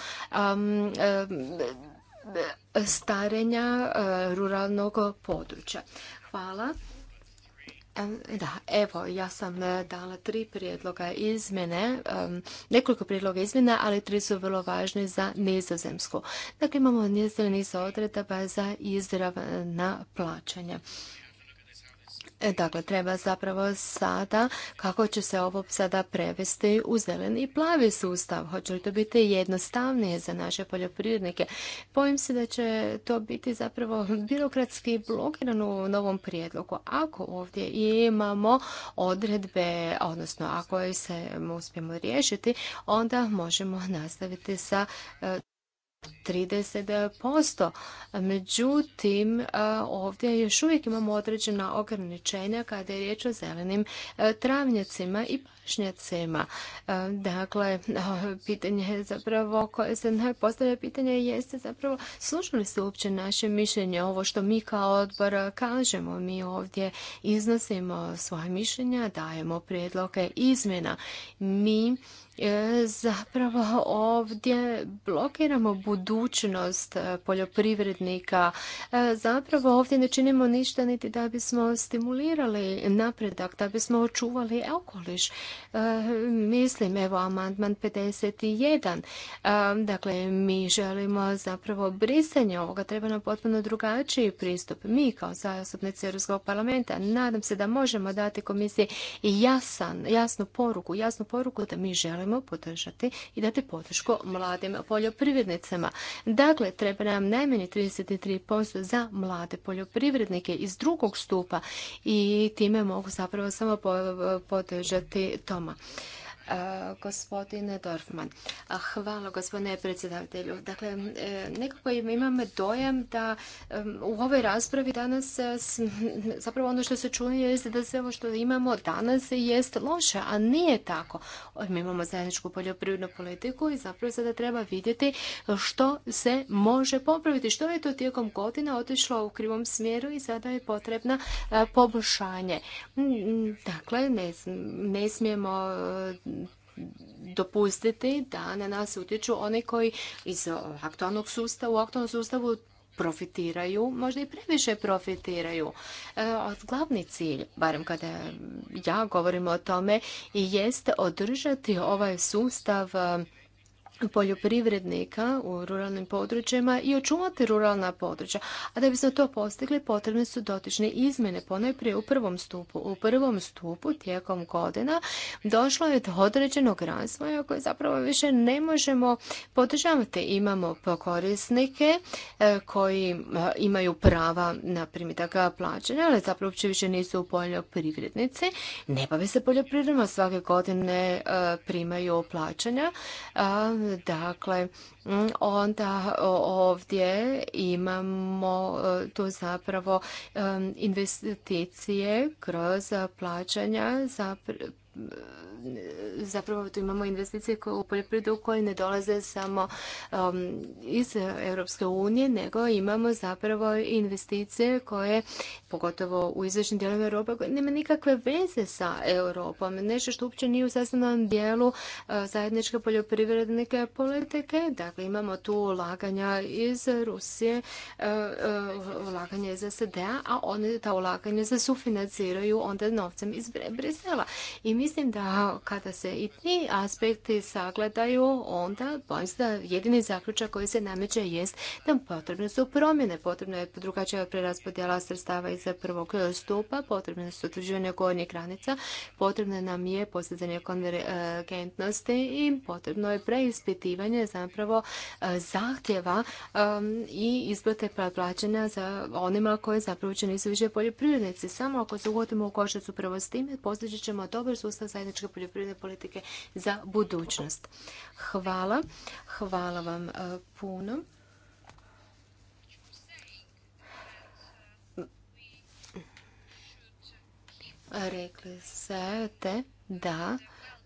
starenja ruralnog područja. Hvala. Da, evo, ja sam e, dala tri prijedloga izmjene, nekoliko prijedloga izmjena, ali tri su vrlo važne za nizozemsku. Dakle, imamo nizozemni niz odredaba za izravna e, plaćanja. E, dakle, treba zapravo sada kako će se ovo sada prevesti u zeleni i plavi sustav. Hoće li to biti jednostavnije za naše poljoprivrednike? Bojim se da će to biti zapravo birokratski blokiran u novom prijedlogu. Ako ovdje imamo odredbe, odnosno ako se uspijemo riješiti, onda možemo nastaviti sa e, 30%. Međutim, e, ovdje još uvijek imamo određena ograničenja kada je riječ o zelenim e, travnjacima i vršnjacima. E, dakle, pitanje zapravo koje se postavlja pitanje jeste zapravo slušali se uopće naše mišljenje, ovo što mi kao odbor kažemo. Mi ovdje iznosimo svoje mišljenja, dajemo prijedloge izmjena. Mi e, zapravo ovdje blokiramo budućnost poljoprivrednika. E, zapravo ovdje ne činimo ništa niti da bismo stimulirali napredak, da bismo očuvali okoliš. E, mislim, evo, amandman 51. E, dakle, mi želimo zapravo brisanje ovoga. Treba nam potpuno drugačiji pristup. Mi kao zastupnici Europskog parlamenta nadam se da možemo dati komisiji jasan, jasnu poruku, jasnu poruku da mi želimo podržati i dati podršku mladim poljoprivrednicama. Dakle, treba nam najmanje 33% za mlade poljoprivrednike iz drugog stupa i time mogu zapravo samo podržati Toma gospodine Dorfman. Hvala gospodine predsjedavatelju. Dakle, e, nekako imam dojam da u ovoj raspravi danas e, zapravo ono što se čuje jest da sve ovo što imamo danas jest loše, a nije tako. Mi imamo zajedničku poljoprivrednu politiku i zapravo sada treba vidjeti što se može popraviti, što je to tijekom godina otišlo u krivom smjeru i sada je potrebna e, poboljšanje. Dakle, ne, ne smijemo dopustiti da na nas utječu oni koji iz aktualnog sustava, u aktualnom sustavu profitiraju, možda i previše profitiraju. E, glavni cilj, barem kada ja govorim o tome, jeste održati ovaj sustav poljoprivrednika u ruralnim područjima i očuvati ruralna područja. A da bismo to postigli potrebne su dotične izmjene. Ponajprije u prvom stupu. U prvom stupu tijekom godina došlo je do određenog razvoja koje zapravo više ne možemo podržavati. Imamo korisnike e, koji e, imaju prava na primitak plaćanja, ali zapravo uopće više nisu poljoprivrednici. Ne bave se poljoprivredom, svake godine e, primaju plaćanja Dakle, mm, onda ovdje imamo e, tu zapravo investicije kroz plaćanja za zapravo tu imamo investicije u poljoprivredu koje ne dolaze samo um, iz Europske unije, nego imamo zapravo investicije koje, pogotovo u izvršnim dijelima Europe, koje nema nikakve veze sa Europom. Nešto što uopće nije u sastavnom dijelu uh, zajedničke poljoprivredne politike. Dakle, imamo tu ulaganja iz Rusije, uh, uh, ulaganja iz sed a a ta ulaganja se sufinanciraju onda novcem iz Brisela. I mi mislim da kada se i ti aspekti sagledaju, onda bojim jedini zaključak koji se nameće jest da potrebne su promjene. Potrebno je drugačija preraspodjela sredstava iz prvog stupa, Potrebno su utvrđivanje gornjih granica, potrebno nam je posljedanje konvergentnosti i potrebno je preispitivanje zapravo e, zahtjeva i isplate plaćanja za onima koji zapravo nisu više poljoprivrednici. Samo ako se uhodimo u košac prvo s time, postići ćemo dobro sustav sustav zajedničke poljoprivredne politike za budućnost. Hvala. Hvala vam e, puno. Rekli ste da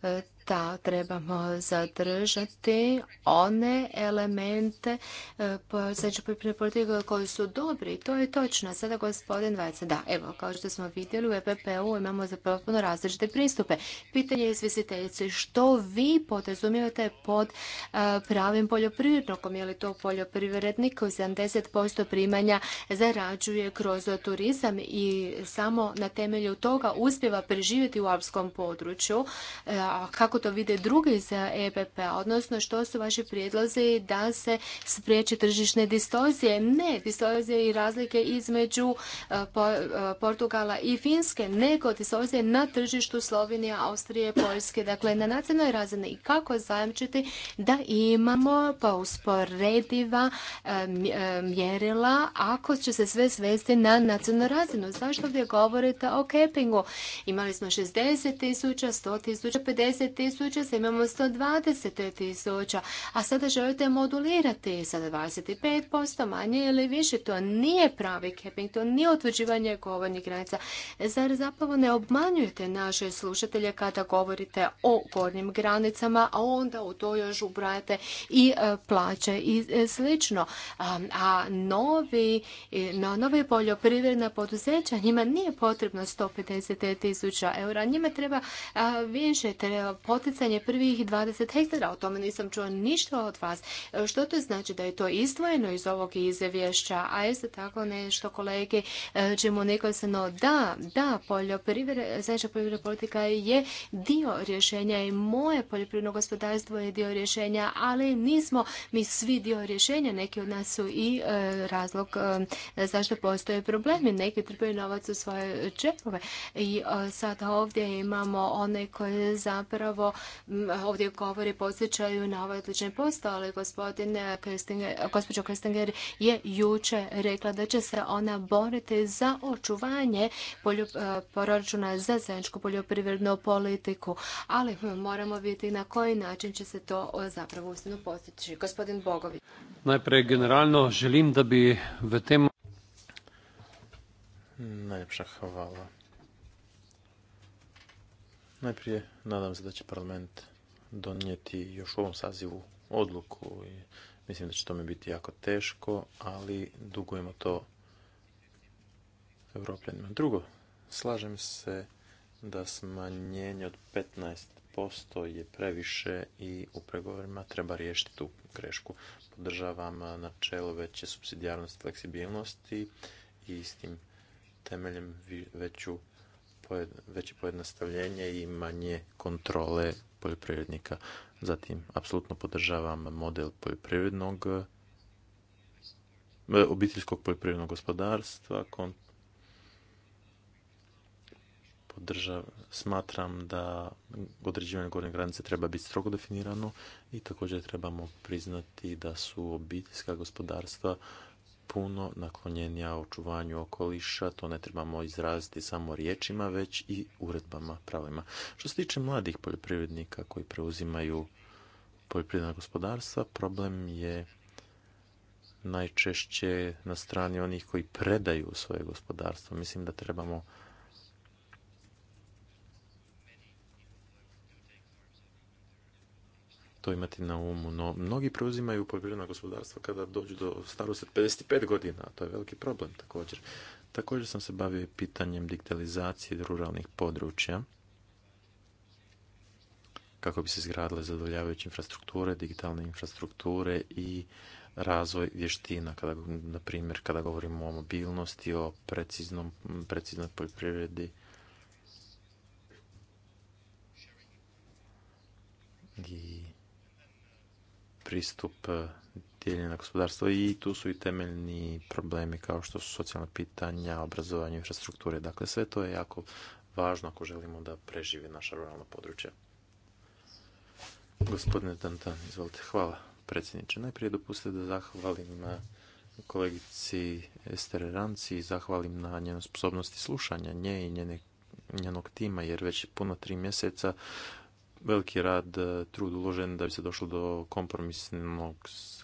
e, da trebamo zadržati one elemente e, znači, koji su dobri. To je točno. Sada gospodin Vajca. Da, evo, kao što smo vidjeli u EPP-u imamo zapravo potpuno različite pristupe. Pitanje je izvjestiteljice što vi podrazumijete pod e, pravim poljoprivrednikom? Je li to poljoprivrednik koji 70% primanja zarađuje kroz turizam i samo na temelju toga uspjeva preživjeti u alpskom području? E, kako to vide drugi iz epp odnosno što su vaši prijedlozi da se spriječi tržišne distorzije? Ne, distorzije i razlike između e, e, Portugala i Finske, nego distorzije na tržištu Slovenije, Austrije, Poljske, dakle na nacionalnoj razini i kako zajamčiti da imamo pa usporediva e, mjerila ako će se sve svesti na nacionalnu razinu. Zašto ovdje govorite o kepingu? Imali smo 60 tisuća, 100 tisuća, 50 tisuća, sad imamo 120 tisuća, a sada želite modulirati sa 25% manje ili više. To nije pravi capping, to nije utvrđivanje govornih granica. Zar zapravo ne obmanjujete naše slušatelje kada govorite o gornjim granicama, a onda u to još ubrajate i e, plaće i e, slično. A novi, e, poljoprivredna poduzeća, njima nije potrebno 150 tisuća eura, njima treba više, treba poticanje prvih 20 hektara. O tome nisam čuo ništa od vas. E, što to znači da je to izdvojeno iz ovog izvješća? A jeste tako nešto kolege se no Da, da, poljoprivredna politika je dio rješenja i moje poljoprivredno gospodarstvo je dio rješenja, ali nismo mi svi dio rješenja. Neki od nas su i e, razlog e, zašto postoje problemi. Neki trpaju novac u svoje čepove I sad ovdje imamo one koje zapravo ovdje govori posjećaju na ovaj odlični post, ali gospođa je juče rekla da će se ona boriti za očuvanje polju, e, proračuna za zajedničku poljoprivrednu politiku, ali hm, moramo vidjeti na koji način će se to e, zapravo ustavno postići. Gospodin Bogović. Najprej generalno želim da bi v temu Najljepša hvala Najprije nadam se da će parlament donijeti još u ovom sazivu odluku i mislim da će tome biti jako teško, ali dugujemo to Evropljanima. Drugo, slažem se da smanjenje od 15% je previše i u pregovorima treba riješiti tu grešku. Podržavam načelo veće subsidijarnost i fleksibilnosti i s tim temeljem veću veće pojednostavljenje i manje kontrole poljoprivrednika. Zatim, apsolutno podržavam model poljoprivrednog e, obiteljskog poljoprivrednog gospodarstva. smatram da određivanje gornje granice treba biti strogo definirano i također trebamo priznati da su obiteljska gospodarstva puno naklonjenija očuvanju okoliša, to ne trebamo izraziti samo riječima, već i uredbama, pravima. Što se tiče mladih poljoprivrednika koji preuzimaju poljoprivredna gospodarstva, problem je najčešće na strani onih koji predaju svoje gospodarstvo. Mislim da trebamo to imati na umu. No, mnogi preuzimaju poljoprivredna gospodarstva kada dođu do starosti 55 godina, to je veliki problem također. Također sam se bavio pitanjem digitalizacije ruralnih područja kako bi se izgradile zadovoljavajuće infrastrukture, digitalne infrastrukture i razvoj vještina, kada, na primjer kada govorimo o mobilnosti, o preciznom, preciznoj poljoprivredi i pristup e, dijeljenja gospodarstva i tu su i temeljni problemi kao što su socijalna pitanja, obrazovanje, infrastrukture. Dakle, sve to je jako važno ako želimo da prežive naša ruralna područja. Gospodine Dantan, izvolite. Hvala, predsjedniče. Najprije dopustite da zahvalim na e, kolegici Ester Ranci i zahvalim na njenoj sposobnosti slušanja nje i njenog tima, jer već puno tri mjeseca veliki rad, e, trud uložen da bi se došlo do kompromisnog,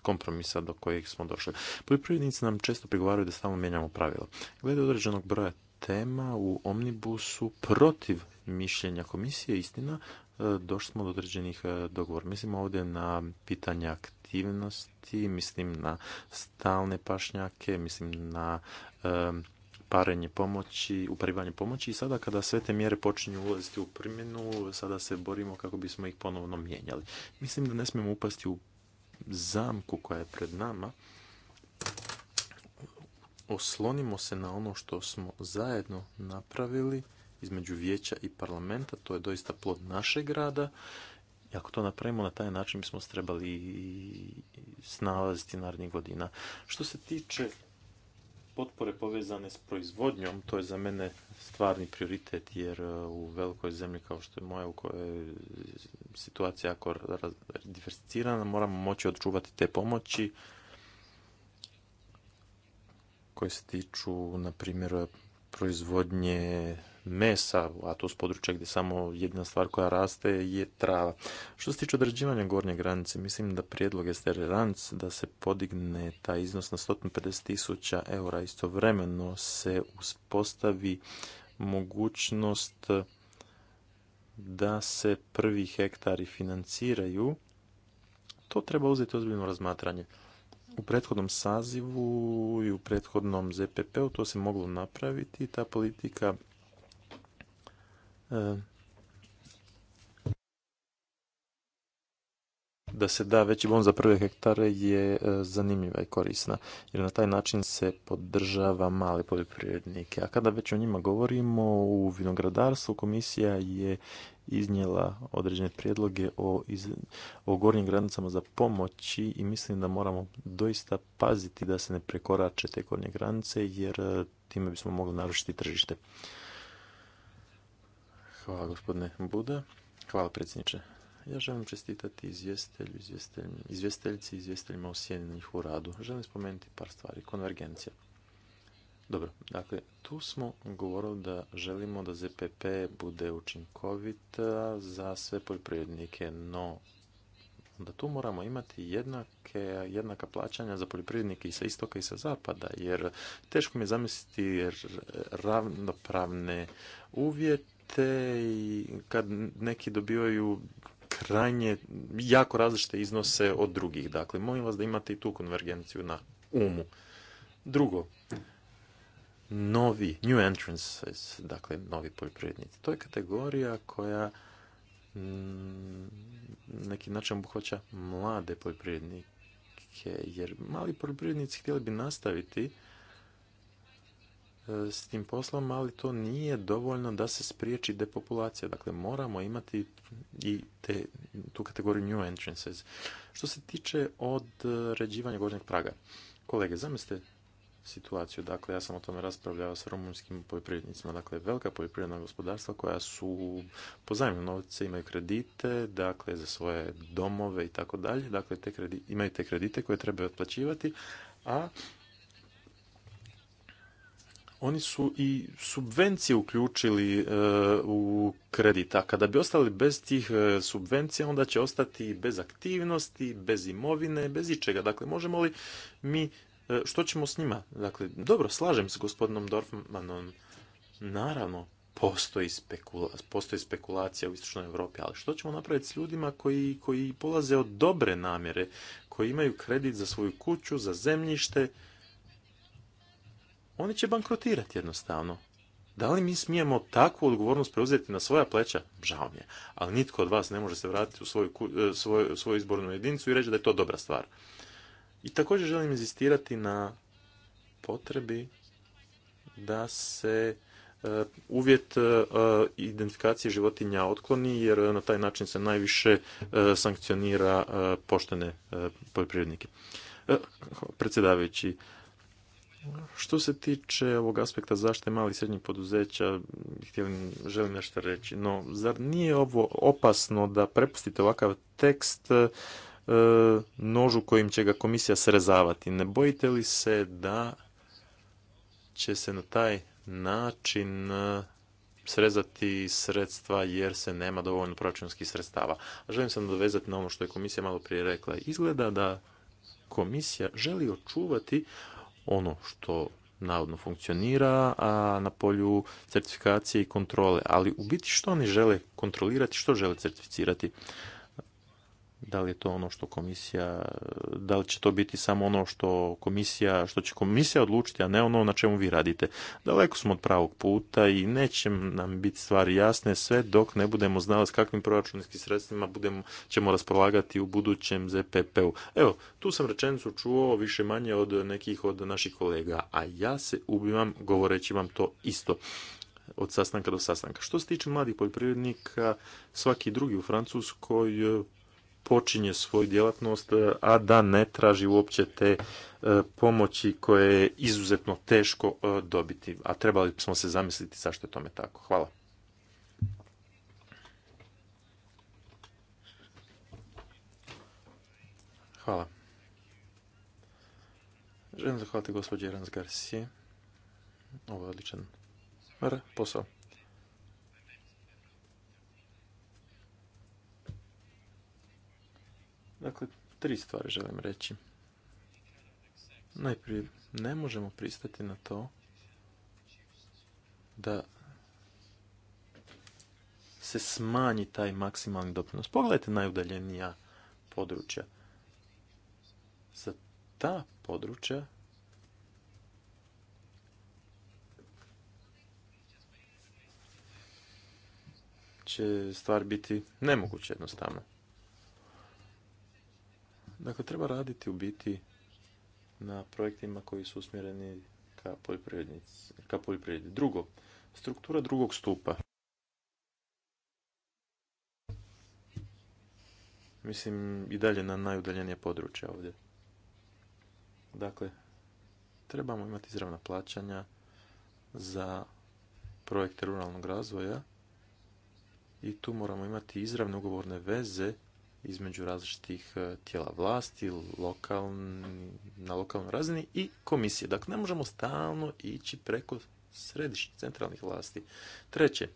kompromisa do kojeg smo došli. Poljoprivrednici nam često prigovaraju da stalno mijenjamo pravila. Glede određenog broja tema u omnibusu protiv mišljenja komisije, istina, e, došli smo do određenih e, dogovora. Mislim ovdje na pitanja aktivnosti, mislim na stalne pašnjake, mislim na parenje pomoći, uparivanje pomoći i sada kada sve te mjere počinju ulaziti u primjenu, sada se borimo kako bismo ih ponovno mijenjali. Mislim da ne smijemo upasti u zamku koja je pred nama. Oslonimo se na ono što smo zajedno napravili između vijeća i parlamenta, to je doista plod našeg rada. I ako to napravimo na taj način bismo se trebali snalaziti narednih godina. Što se tiče potpore povezane s proizvodnjom, to je za mene stvarni prioritet jer e, u velikoj zemlji kao što je moja u kojoj je situacija jako diversicirana moramo moći odčuvati te pomoći koje se tiču na primjer proizvodnje mesa, a to s područja gdje samo jedina stvar koja raste je trava. Što se tiče određivanja gornje granice, mislim da prijedlog je Ranc da se podigne taj iznos na 150.000 tisuća eura istovremeno se uspostavi mogućnost da se prvi hektari financiraju, to treba uzeti ozbiljno razmatranje. U prethodnom sazivu i u prethodnom ZPP-u to se moglo napraviti. Ta politika E, da se da veći bon za prve hektare je e, zanimljiva i korisna, jer na taj način se podržava male poljoprivrednike. A kada već o njima govorimo, u vinogradarstvu komisija je iznijela određene prijedloge o, o gornjim granicama za pomoći i mislim da moramo doista paziti da se ne prekorače te gornje granice, jer e, time bismo mogli narušiti tržište. Hvala gospodine Buda. Hvala predsjedniče. Ja želim čestitati izvjestelju, izvjestiteljici i izvjestiteljima u njihovu radu. Želim spomenuti par stvari. Konvergencija. Dobro, dakle, tu smo govorili da želimo da ZPP bude učinkovit za sve poljoprivrednike, no da tu moramo imati jednaka plaćanja za poljoprivrednike i sa istoka i sa zapada, jer teško mi je zamisliti ravnopravne uvjete te i kad neki dobivaju krajnje, jako različite iznose od drugih. Dakle, molim vas da imate i tu konvergenciju na umu. Drugo, novi, new entrances, dakle, novi poljoprivrednici. To je kategorija koja mm, na neki način obuhvaća mlade poljoprivrednike, jer mali poljoprivrednici htjeli bi nastaviti s tim poslom, ali to nije dovoljno da se spriječi depopulacija. Dakle, moramo imati i te, tu kategoriju new entrances. Što se tiče od ređivanja gornjeg praga, kolege, zamislite situaciju. Dakle, ja sam o tome raspravljao sa rumunjskim poljoprivrednicima. Dakle, velika poljoprivredna gospodarstva koja su pozajemno novce, imaju kredite, dakle, za svoje domove i tako dalje. Dakle, te imaju te kredite koje trebaju otplaćivati, a oni su i subvencije uključili e, u kredit, a kada bi ostali bez tih e, subvencija, onda će ostati bez aktivnosti, bez imovine, bez ičega. Dakle, možemo li mi, e, što ćemo s njima? Dakle, dobro, slažem se gospodinom Dorfmanom, naravno, postoji, postoji spekulacija u Istočnoj Europi, ali što ćemo napraviti s ljudima koji, koji polaze od dobre namjere, koji imaju kredit za svoju kuću, za zemljište, oni će bankrotirati jednostavno. Da li mi smijemo takvu odgovornost preuzeti na svoja pleća? Žao mi je. Ali nitko od vas ne može se vratiti u svoju, e, svoju, svoju izbornu jedinicu i reći da je to dobra stvar. I također želim inzistirati na potrebi da se e, uvjet e, identifikacije životinja otkloni, jer na taj način se najviše sankcionira poštene poljoprivrednike. Predsjedavajući, što se tiče ovog aspekta zaštite malih i srednjih poduzeća, želim nešto reći, no zar nije ovo opasno da prepustite ovakav tekst e, nožu kojim će ga komisija srezavati? Ne bojite li se da će se na taj način e, srezati sredstva jer se nema dovoljno proračunskih sredstava. želim se dovezati na ono što je komisija malo prije rekla. Izgleda da komisija želi očuvati ono što navodno funkcionira, a na polju certifikacije i kontrole. Ali u biti što oni žele kontrolirati, što žele certificirati? da li je to ono što komisija, da li će to biti samo ono što komisija, što će komisija odlučiti, a ne ono na čemu vi radite. Daleko smo od pravog puta i neće nam biti stvari jasne sve dok ne budemo znali s kakvim proračunskim sredstvima budemo, ćemo raspolagati u budućem ZPP-u. Evo, tu sam rečenicu čuo više manje od nekih od naših kolega, a ja se ubivam govoreći vam to isto od sastanka do sastanka. Što se tiče mladih poljoprivrednika, svaki drugi u Francuskoj počinje svoju djelatnost, e, a da ne traži uopće te e, pomoći koje je izuzetno teško e, dobiti. A trebali smo se zamisliti zašto je tome tako. Hvala. Hvala. Želim zahvaliti gospođe Rans Garcije. Ovo je odličan posao. Dakle, tri stvari želim reći. Najprije, ne možemo pristati na to da se smanji taj maksimalni doprinos. Pogledajte najudaljenija područja. Za ta područja će stvar biti nemoguće jednostavno. Dakle, treba raditi u biti na projektima koji su usmjereni ka poljoprivredi. Drugo, struktura drugog stupa. Mislim, i dalje na najudaljenije područje ovdje. Dakle, trebamo imati izravna plaćanja za projekte ruralnog razvoja i tu moramo imati izravne ugovorne veze između različitih e, tijela vlasti, na lokalnoj razini i komisije. Dakle, ne možemo stalno ići preko središnjih centralnih vlasti. Treće,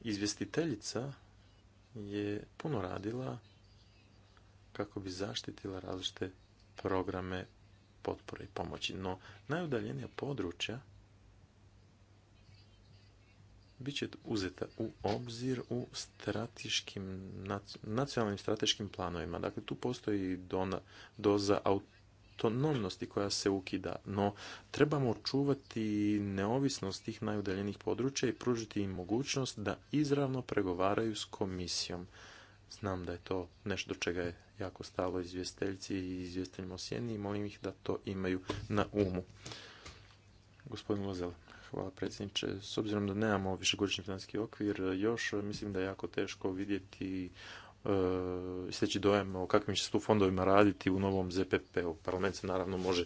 izvjestiteljica je puno radila kako bi zaštitila različite programe potpore i pomoći. No, najudaljenija područja bit će uzeta u obzir u strateškim, nacionalnim strateškim planovima. Dakle, tu postoji dona, doza autonomnosti koja se ukida, no trebamo čuvati neovisnost tih najudaljenih područja i pružiti im mogućnost da izravno pregovaraju s komisijom. Znam da je to nešto do čega je jako stalo izvjesteljci i izvjesteljima o sjeni i molim ih da to imaju na umu. Gospodin Lozela, Hvala predsjedniče. S obzirom da nemamo višegodišnji financijski okvir, još mislim da je jako teško vidjeti e, steći dojam o kakvim će se tu fondovima raditi u novom ZPP-u. Parlament se naravno može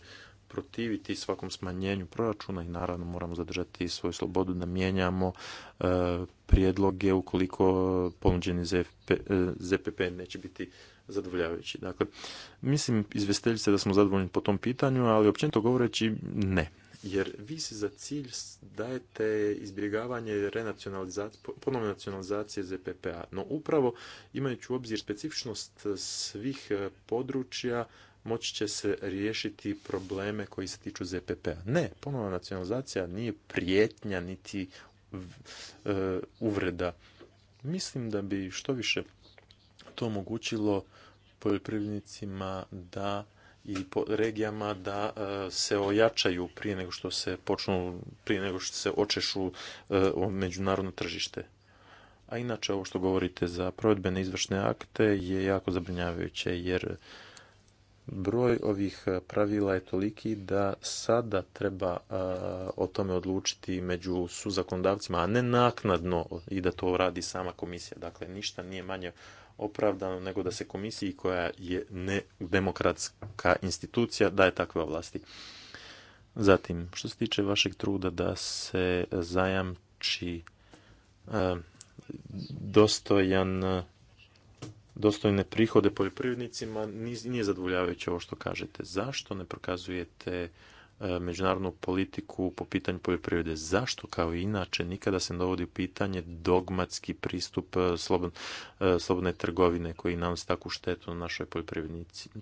protiviti svakom smanjenju proračuna i naravno moramo zadržati svoju slobodu da mijenjamo e, prijedloge ukoliko ponuđeni ZPP e, neće biti zadovoljavajući. Dakle, mislim izvesteljice da smo zadovoljni po tom pitanju, ali općenito govoreći ne jer vi se za cilj dajete izbjegavanje ponovne nacionalizacije ZPP-a. No upravo imajući u obzir specifičnost eh, svih eh, područja, moći će se riješiti probleme koji se tiču ZPP-a. Ne, ponovna nacionalizacija nije prijetnja niti eh, uvreda. Mislim da bi što više to omogućilo poljoprivrednicima da i po regijama da e, se ojačaju prije nego što se počnu, prije nego što se očešu e, o međunarodno tržište. A inače ovo što govorite za provedbene izvršne akte je jako zabrinjavajuće jer broj ovih e, pravila je toliki da sada treba o tome odlučiti među suzakondavcima, a ne naknadno i da to radi sama komisija. Dakle, ništa nije manje opravdano nego da se komisiji koja je demokratska institucija daje takve ovlasti. Zatim, što se tiče vašeg truda da se zajamči e, dostojan dostojne prihode poljoprivrednicima nije zadovoljavajuće ovo što kažete. Zašto ne prokazujete E, međunarodnu politiku po pitanju poljoprivrede. Zašto kao i inače nikada se ne dovodi u pitanje dogmatski pristup e, e, slobodne trgovine koji nam se takvu štetu na našoj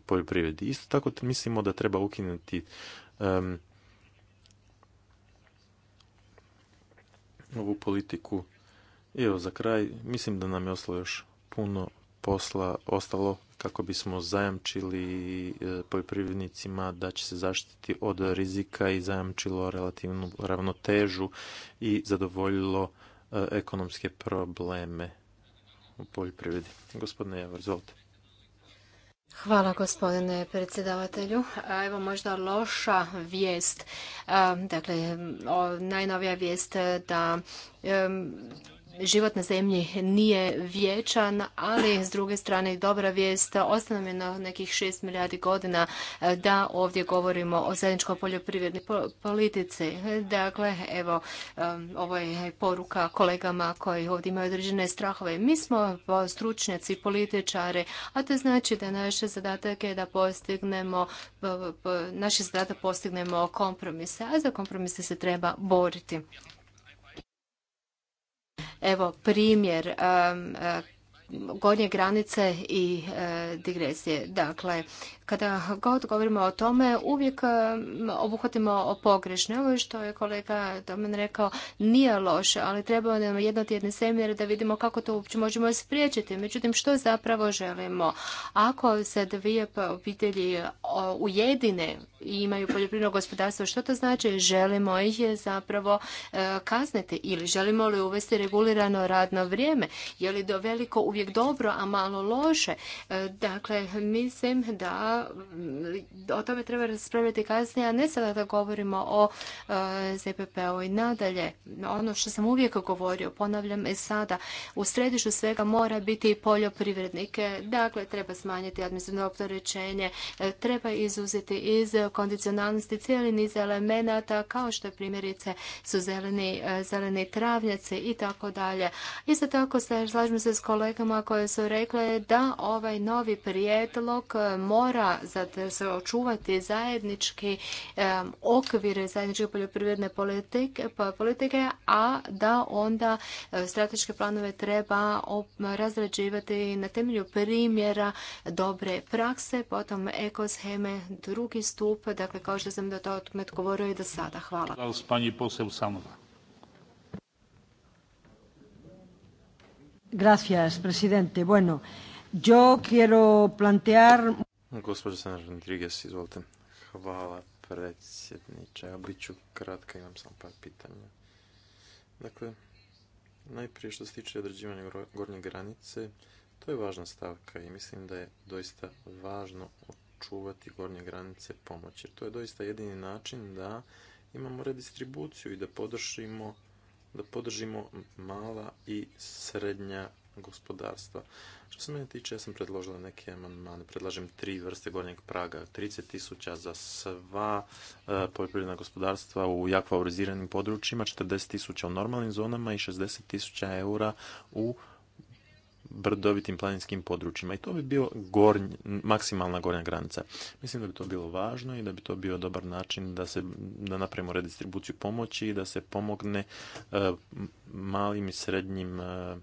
poljoprivredi. Isto tako mislimo da treba ukinuti ovu politiku. I evo za kraj, mislim da nam je ostalo još puno posla ostalo kako bismo zajamčili e, poljoprivrednicima da će se zaštiti od rizika i zajamčilo relativnu ravnotežu i zadovoljilo e, ekonomske probleme u poljoprivredi. Gospodine Javor, Hvala gospodine predsjedavatelju. Evo možda loša vijest. Dakle, najnovija vijest da život na zemlji nije vječan, ali s druge strane i dobra vijest, ostalo je na nekih 6 milijardi godina e, da ovdje govorimo o zajedničkoj poljoprivrednoj politici. Dakle, evo, ovo je poruka kolegama koji ovdje imaju određene strahove. Mi smo stručnjaci, političari, a to znači da naše zadatak je da postignemo, naše zadatak postignemo kompromise, a za kompromise se treba boriti. Evo primjer e, gornje granice i e, digresije. Dakle, kada god govorimo o tome, uvijek e, obuhvatimo pogrešne. Ovo što je kolega Domen rekao nije loše, ali treba nam tjedne seminar da vidimo kako to uopće možemo spriječiti. Međutim, što zapravo želimo? Ako se dvije obitelji e, ujedine i imaju poljoprivredno gospodarstvo, što to znači? Želimo ih je zapravo e, kazniti ili želimo li uvesti regulirano radno vrijeme? Je li do veliko uvijek dobro, a malo loše? Dakle, mislim da o tome treba raspravljati kasnije, a ne sada da govorimo o e, ZPP-u i nadalje. Ono što sam uvijek govorio, ponavljam i e, sada, u središtu svega mora biti poljoprivrednike. Dakle, treba smanjiti administrativno opterećenje, e, treba izuzeti iz kondicionalnosti cijeli niz elemenata kao što primjerice su zeleni, travnjaci i tako dalje. Isto tako slažem se s kolegama koje su rekle da ovaj novi prijedlog mora za se očuvati zajednički okvire zajedničke poljoprivredne politike, a da onda e, strateške planove treba razrađivati na temelju primjera dobre prakse, potom ekosheme, drugi stup, dakle kao što sam da to govorio i do sada. Hvala. Gracias, presidente. Bueno, yo Gospođa senar Rodriguez, izvolite. Hvala predsjedniče. Ja bit ću kratka, imam samo par pitanja. Dakle, najprije što se tiče određivanja gornje granice, to je važna stavka i mislim da je doista važno očuvati gornje granice pomoći. To je doista jedini način da imamo redistribuciju i da podržimo, da podržimo mala i srednja gospodarstva. Što se mene tiče, ja sam predložila neke amandmane. Predlažem tri vrste gornjeg praga. 30 tisuća za sva e, poljoprivredna gospodarstva u jako favoriziranim područjima, 40 tisuća u normalnim zonama i 60 tisuća eura u brdovitim planinskim područjima. I to bi bio maksimalna gornja granica. Mislim da bi to bilo važno i da bi to bio dobar način da se da napravimo redistribuciju pomoći i da se pomogne e, malim i srednjim e,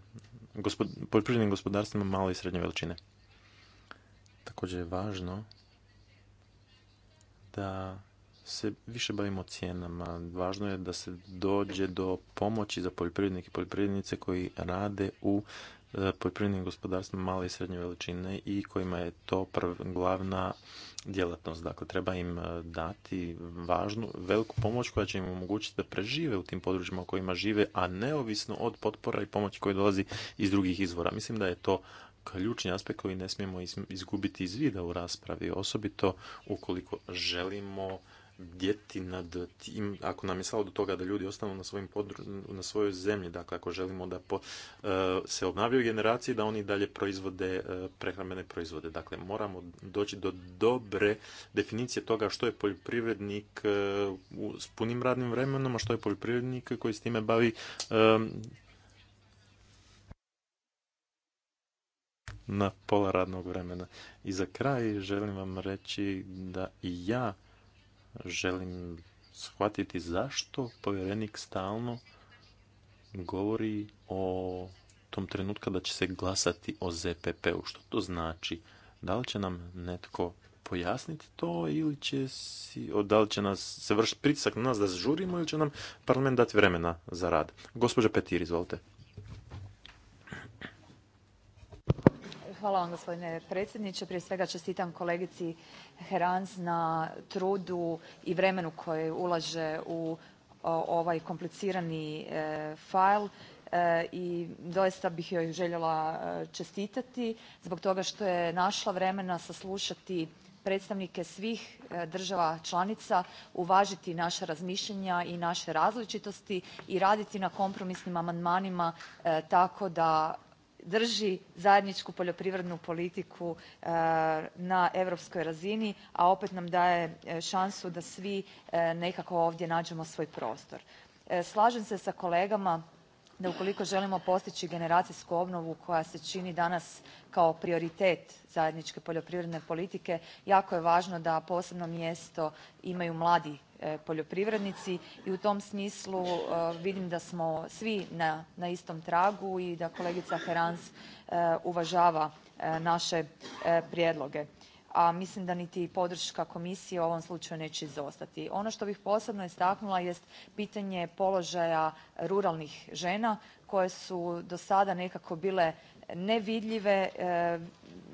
gospod, poljoprivrednim gospodarstvima male i srednje veličine. Također je važno da se više bavimo cijenama. Važno je da se dođe do pomoći za poljoprivrednike i poljoprivrednice koji rade u E, poljoprivrednim gospodarstvima male i srednje veličine i kojima je to prv, glavna djelatnost. Dakle, treba im e, dati važnu, veliku pomoć koja će im omogućiti da prežive u tim područjima u kojima žive, a neovisno od potpora i pomoći koji dolazi iz drugih izvora. Mislim da je to ključni aspekt koji ne smijemo izgubiti iz vida u raspravi, osobito ukoliko želimo djeti nad tim, ako nam je stalo do toga da ljudi ostanu na, svojim na svojoj zemlji, dakle ako želimo da eh, se obnavljaju generacije, da oni dalje proizvode eh, prehrambene proizvode. Dakle, moramo doći do dobre definicije toga što je poljoprivrednik eh, s punim radnim vremenom, a što je poljoprivrednik koji s time bavi na pola radnog vremena. I za kraj želim vam reći da i ja želim shvatiti zašto povjerenik stalno govori o tom trenutku da će se glasati o ZPP-u. Što to znači? Da li će nam netko pojasniti to ili će si, o, da li će nas se vršiti pritisak na nas da žurimo ili će nam parlament dati vremena za rad? Gospođa Petir, izvolite. gospodine predsjedniče. prije svega čestitam kolegici herranz na trudu i vremenu koje ulaže u ovaj komplicirani file e, i doista bih joj željela e, čestitati zbog toga što je našla vremena saslušati predstavnike svih e, država članica uvažiti naša razmišljanja i naše različitosti i raditi na kompromisnim amandmanima tako da drži zajedničku poljoprivrednu politiku e, na europskoj razini a opet nam daje e, šansu da svi e, nekako ovdje nađemo svoj prostor. slažem se s kolegama da ukoliko želimo postići generacijsku obnovu koja se čini danas kao prioritet zajedničke poljoprivredne politike jako je važno da posebno mjesto imaju mladi E, poljoprivrednici i u tom smislu e, vidim da smo svi na istom tragu i da kolegica Herans e, uvažava naše prijedloge. A mislim da niti podrška komisije u ovom slučaju neće izostati. Ono što bih posebno istaknula jest pitanje položaja ruralnih žena koje su do sada nekako bile nevidljive. Eh,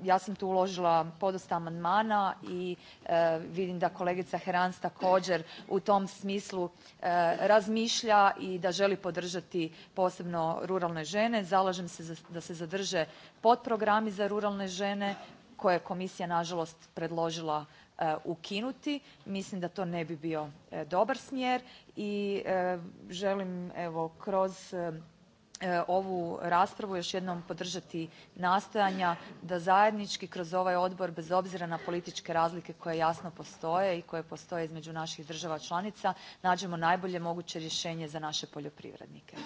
ja sam tu uložila podosta amandmana i eh, vidim da kolegica Herans također u tom smislu eh, razmišlja i da želi podržati posebno ruralne žene. Zalažem se da se zadrže podprogrami za ruralne žene koje je komisija nažalost predložila ukinuti. Mislim da to ne bi bio dobar smjer i želim evo kroz E, ovu raspravu još jednom podržati nastojanja da zajednički kroz ovaj odbor bez obzira na političke razlike koje jasno postoje i koje postoje između naših država članica nađemo najbolje moguće rješenje za naše poljoprivrednike.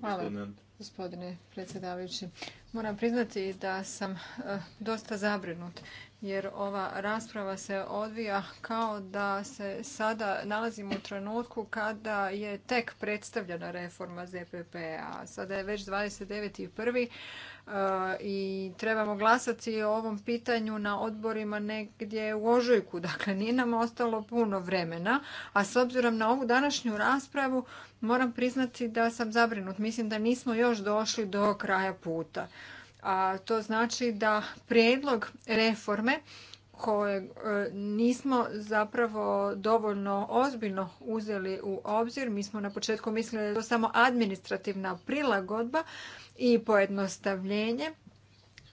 Hvala gospodine predsjedavajući. Moram priznati da sam eh, dosta zabrinut jer ova rasprava se odvija kao da se sada nalazimo u trenutku kada je tek predstavljena reforma ZPP, a sada je već 29.1 i trebamo glasati o ovom pitanju na odborima negdje u ožujku. Dakle, nije nam ostalo puno vremena, a s obzirom na ovu današnju raspravu moram priznati da sam zabrinut. Mislim da nismo još došli do kraja puta. A to znači da prijedlog reforme koje e, nismo zapravo dovoljno ozbiljno uzeli u obzir. Mi smo na početku mislili da je to samo administrativna prilagodba, i pojednostavljenje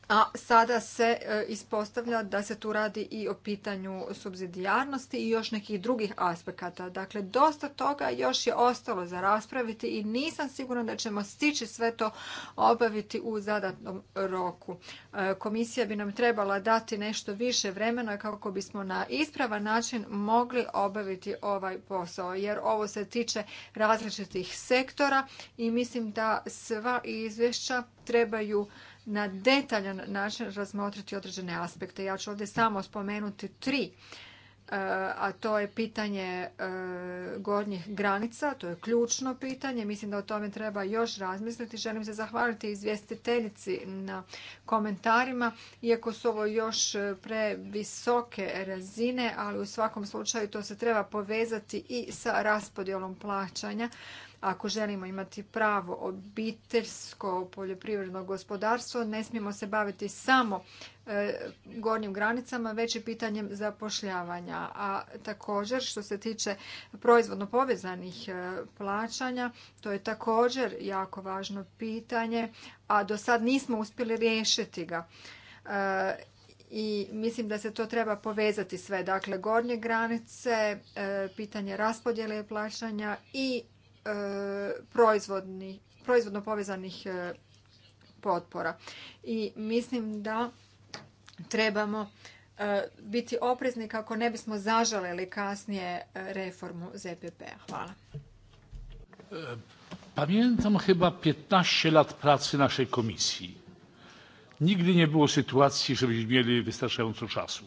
a sada se e, ispostavlja da se tu radi i o pitanju subsidijarnosti i još nekih drugih aspekata. Dakle, dosta toga još je ostalo za raspraviti i nisam sigurna da ćemo stići sve to obaviti u zadatnom roku. E, komisija bi nam trebala dati nešto više vremena kako bismo na ispravan način mogli obaviti ovaj posao, jer ovo se tiče različitih sektora i mislim da sva izvješća trebaju na detaljan način razmotriti određene aspekte. Ja ću ovdje samo spomenuti tri e, a to je pitanje e, gornjih granica, to je ključno pitanje. Mislim da o tome treba još razmisliti. Želim se zahvaliti izvjestiteljici na komentarima, iako su ovo još previsoke razine, ali u svakom slučaju to se treba povezati i sa raspodjelom plaćanja ako želimo imati pravo obiteljsko poljoprivredno gospodarstvo, ne smijemo se baviti samo e, gornjim granicama, već i pitanjem zapošljavanja. A također što se tiče proizvodno povezanih e, plaćanja, to je također jako važno pitanje, a do sad nismo uspjeli riješiti ga e, i mislim da se to treba povezati sve. Dakle, gornje granice, pitanje raspodjele plaćanja i E, proizvodni, proizvodno povezanih e, potpora. I mislim da trebamo e, biti oprezni kako ne bismo zažaleli kasnije reformu ZPP-a. Hvala. Pamiętam chyba 15 lat pracy naszej komisji. Nigdy nie było sytuacji, żebyśmy mieli wystarczająco czasu.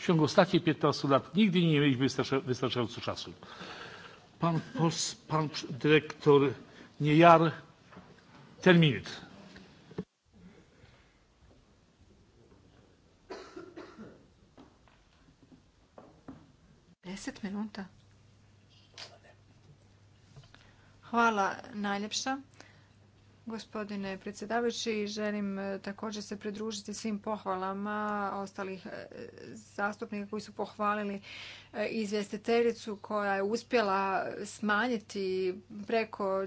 W ciągu ostatnich 15 lat nigdy nie mieliśmy wystarczająco czasu. Pan, pos, pan dyrektor Niejar, ten Deset minuta. Hvala najljepša. Gospodine predsjedavajući, želim e, također se pridružiti svim pohvalama ostalih e, zastupnika koji su pohvalili e, izvjestiteljicu koja je uspjela smanjiti preko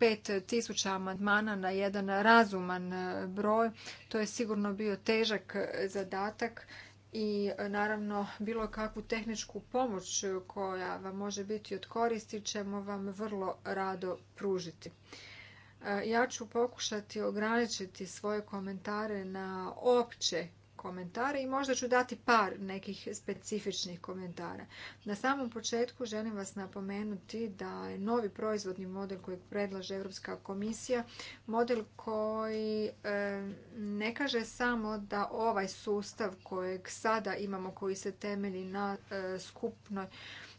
5000 amandmana na jedan razuman broj. To je sigurno bio težak zadatak i naravno bilo kakvu tehničku pomoć koja vam može biti od koristi ćemo vam vrlo rado pružiti. E, ja ću pokušati ograničiti svoje komentare na opće komentare i možda ću dati par nekih specifičnih komentara. Na samom početku želim vas napomenuti da je novi proizvodni model koji predlaže Europska komisija model koji e, ne kaže samo da ovaj sustav kojeg sada imamo koji se temelji na e, skupnoj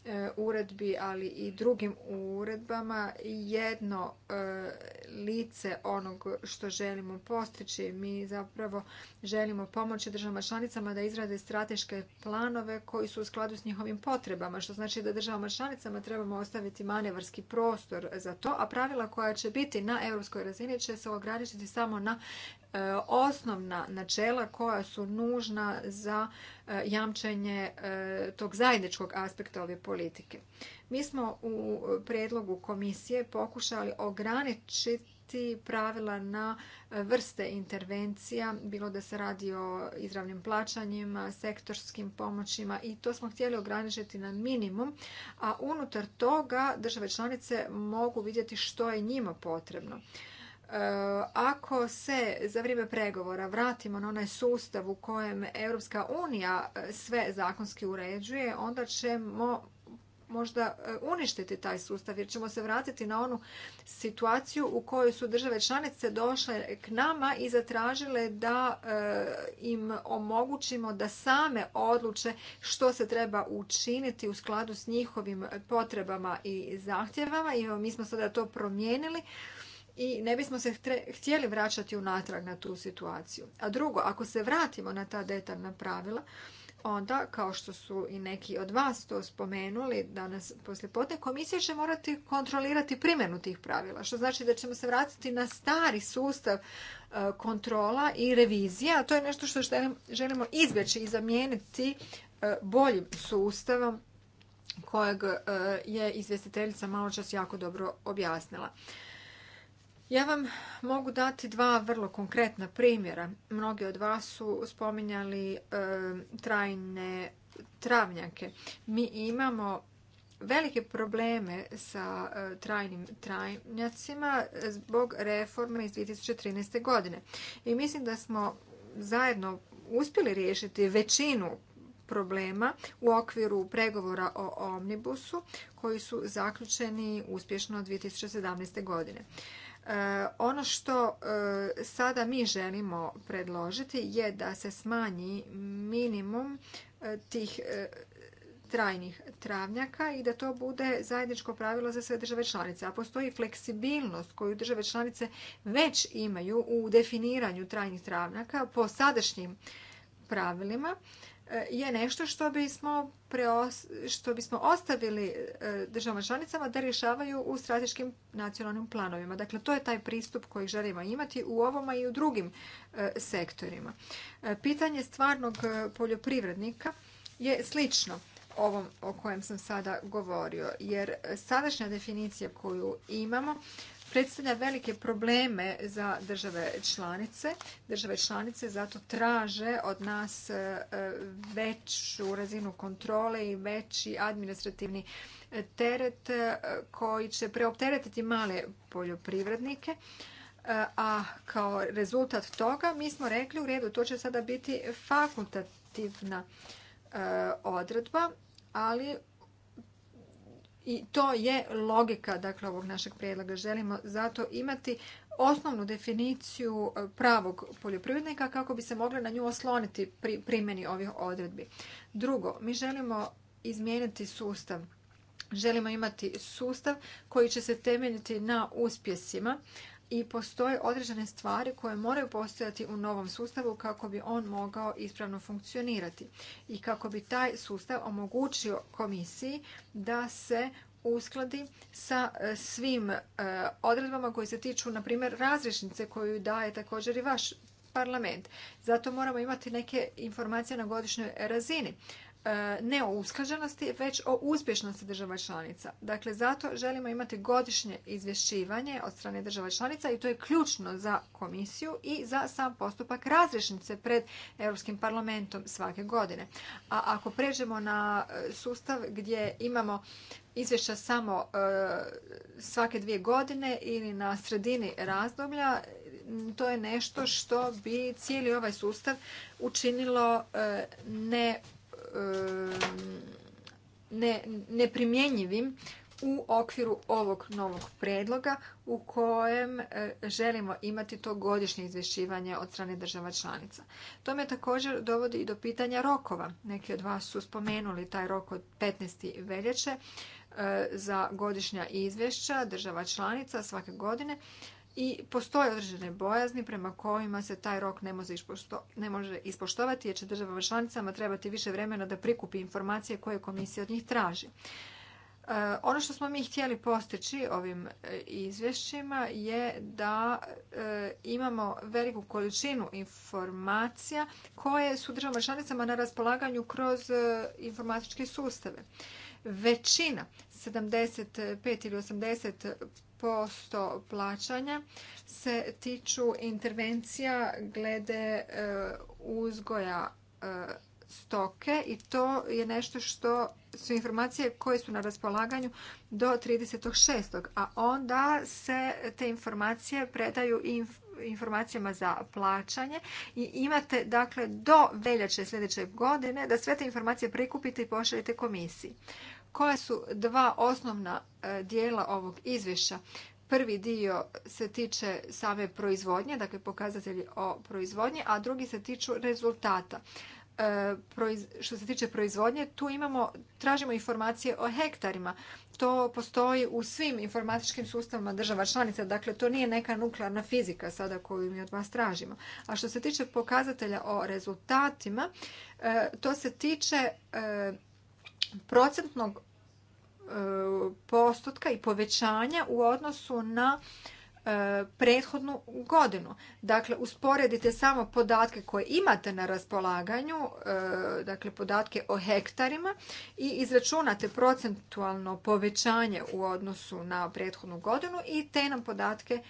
E, uredbi, ali i drugim uredbama jedno e, lice onog što želimo postići. Mi zapravo želimo pomoći državama članicama da izrade strateške planove koji su u skladu s njihovim potrebama, što znači da državama članicama trebamo ostaviti manevarski prostor za to, a pravila koja će biti na europskoj razini će se ograničiti samo na E, osnovna načela koja su nužna za e, jamčenje e, tog zajedničkog aspekta ove politike. Mi smo u predlogu komisije pokušali ograničiti pravila na vrste intervencija, bilo da se radi o izravnim plaćanjima, sektorskim pomoćima i to smo htjeli ograničiti na minimum, a unutar toga države članice mogu vidjeti što je njima potrebno. Eh, ako se za vrijeme pregovora vratimo na onaj sustav u kojem Europska unija eh, sve zakonski uređuje, onda ćemo možda eh, uništiti taj sustav jer ćemo se vratiti na onu situaciju u kojoj su države članice došle k nama i zatražile da im omogućimo da same odluče što se treba učiniti u skladu s njihovim potrebama i zahtjevama mi smo sada to promijenili i ne bismo se htjeli vraćati unatrag na tu situaciju. A drugo, ako se vratimo na ta detaljna pravila, onda, kao što su i neki od vas to spomenuli danas poslijepodne, komisija će morati kontrolirati primjenu tih pravila, što znači da ćemo se vratiti na stari sustav e, kontrola i revizija. To je nešto što želimo izbjeći i zamijeniti e, boljim sustavom kojeg e, je izvjestiteljica malo čas jako dobro objasnila. Ja vam mogu dati dva vrlo konkretna primjera. Mnogi od vas su spominjali e, trajne travnjake. Mi imamo velike probleme sa e, trajnim travnjacima zbog reforme iz 2013. godine. I mislim da smo zajedno uspjeli riješiti većinu problema u okviru pregovora o omnibusu koji su zaključeni uspješno 2017. godine. E, ono što e, sada mi želimo predložiti je da se smanji minimum e, tih trajnih travnjaka i da to bude zajedničko pravilo za sve države članice. A postoji fleksibilnost koju države članice već imaju u definiranju trajnih travnjaka po sadašnjim pravilima je nešto što bismo, što bismo ostavili e, državama članicama da rješavaju u strateškim nacionalnim planovima. Dakle, to je taj pristup koji želimo imati u ovoma i u drugim e, sektorima. E, pitanje stvarnog poljoprivrednika je slično ovom o kojem sam sada govorio, jer sadašnja definicija koju imamo predstavlja velike probleme za države članice. Države članice zato traže od nas e, veću razinu kontrole i veći administrativni e, teret e, koji će preopteretiti male poljoprivrednike a kao rezultat toga mi smo rekli u redu to će sada biti fakultativna odredba, ali i to je logika dakle, ovog našeg prijedloga. Želimo zato imati osnovnu definiciju e, pravog poljoprivrednika kako bi se mogli na nju osloniti pri primjeni ovih odredbi. Drugo, mi želimo izmijeniti sustav. Želimo imati sustav koji će se temeljiti na uspjesima, i postoje određene stvari koje moraju postojati u novom sustavu kako bi on mogao ispravno funkcionirati i kako bi taj sustav omogućio komisiji da se uskladi sa e, svim e, odredbama koje se tiču, na primjer, razrešnice koju daje također i vaš parlament. Zato moramo imati neke informacije na godišnjoj razini. E, ne o uskaženosti, već o uspješnosti država članica. Dakle, zato želimo imati godišnje izvješćivanje od strane država članica i to je ključno za komisiju i za sam postupak razrešnice pred Europskim parlamentom svake godine. A ako pređemo na e, sustav gdje imamo izvješća samo e, svake dvije godine ili na sredini razdoblja, to je nešto što bi cijeli ovaj sustav učinilo ne ne, neprimjenjivim u okviru ovog novog predloga u kojem e, želimo imati to godišnje izvješćivanje od strane država članica. To me također dovodi i do pitanja rokova. Neki od vas su spomenuli taj rok od 15. veljače e, za godišnja izvješća država članica svake godine i postoje određene bojazni prema kojima se taj rok ne može, ne ispoštovati jer će državama članicama trebati više vremena da prikupi informacije koje komisija od njih traži. E, ono što smo mi htjeli postići ovim e, izvješćima je da e, imamo veliku količinu informacija koje su državama članicama na raspolaganju kroz informatičke sustave. Većina, 75 ili 80 posto plaćanja se tiču intervencija glede e, uzgoja e, stoke i to je nešto što su informacije koje su na raspolaganju do 36. A onda se te informacije predaju informacijama za plaćanje i imate dakle do veljače sljedeće godine da sve te informacije prikupite i pošaljete komisiji koja su dva osnovna e, dijela ovog izvješća. Prvi dio se tiče same proizvodnje, dakle pokazatelji o proizvodnji, a drugi se tiču rezultata. E, što se tiče proizvodnje, tu imamo, tražimo informacije o hektarima. To postoji u svim informatičkim sustavima država članica, dakle to nije neka nuklearna fizika sada koju mi od vas tražimo. A što se tiče pokazatelja o rezultatima, e, to se tiče procentnog e, postotka i povećanja u odnosu na e, prethodnu godinu. Dakle, usporedite samo podatke koje imate na raspolaganju, e, dakle podatke o hektarima i izračunate procentualno povećanje u odnosu na prethodnu godinu i te nam podatke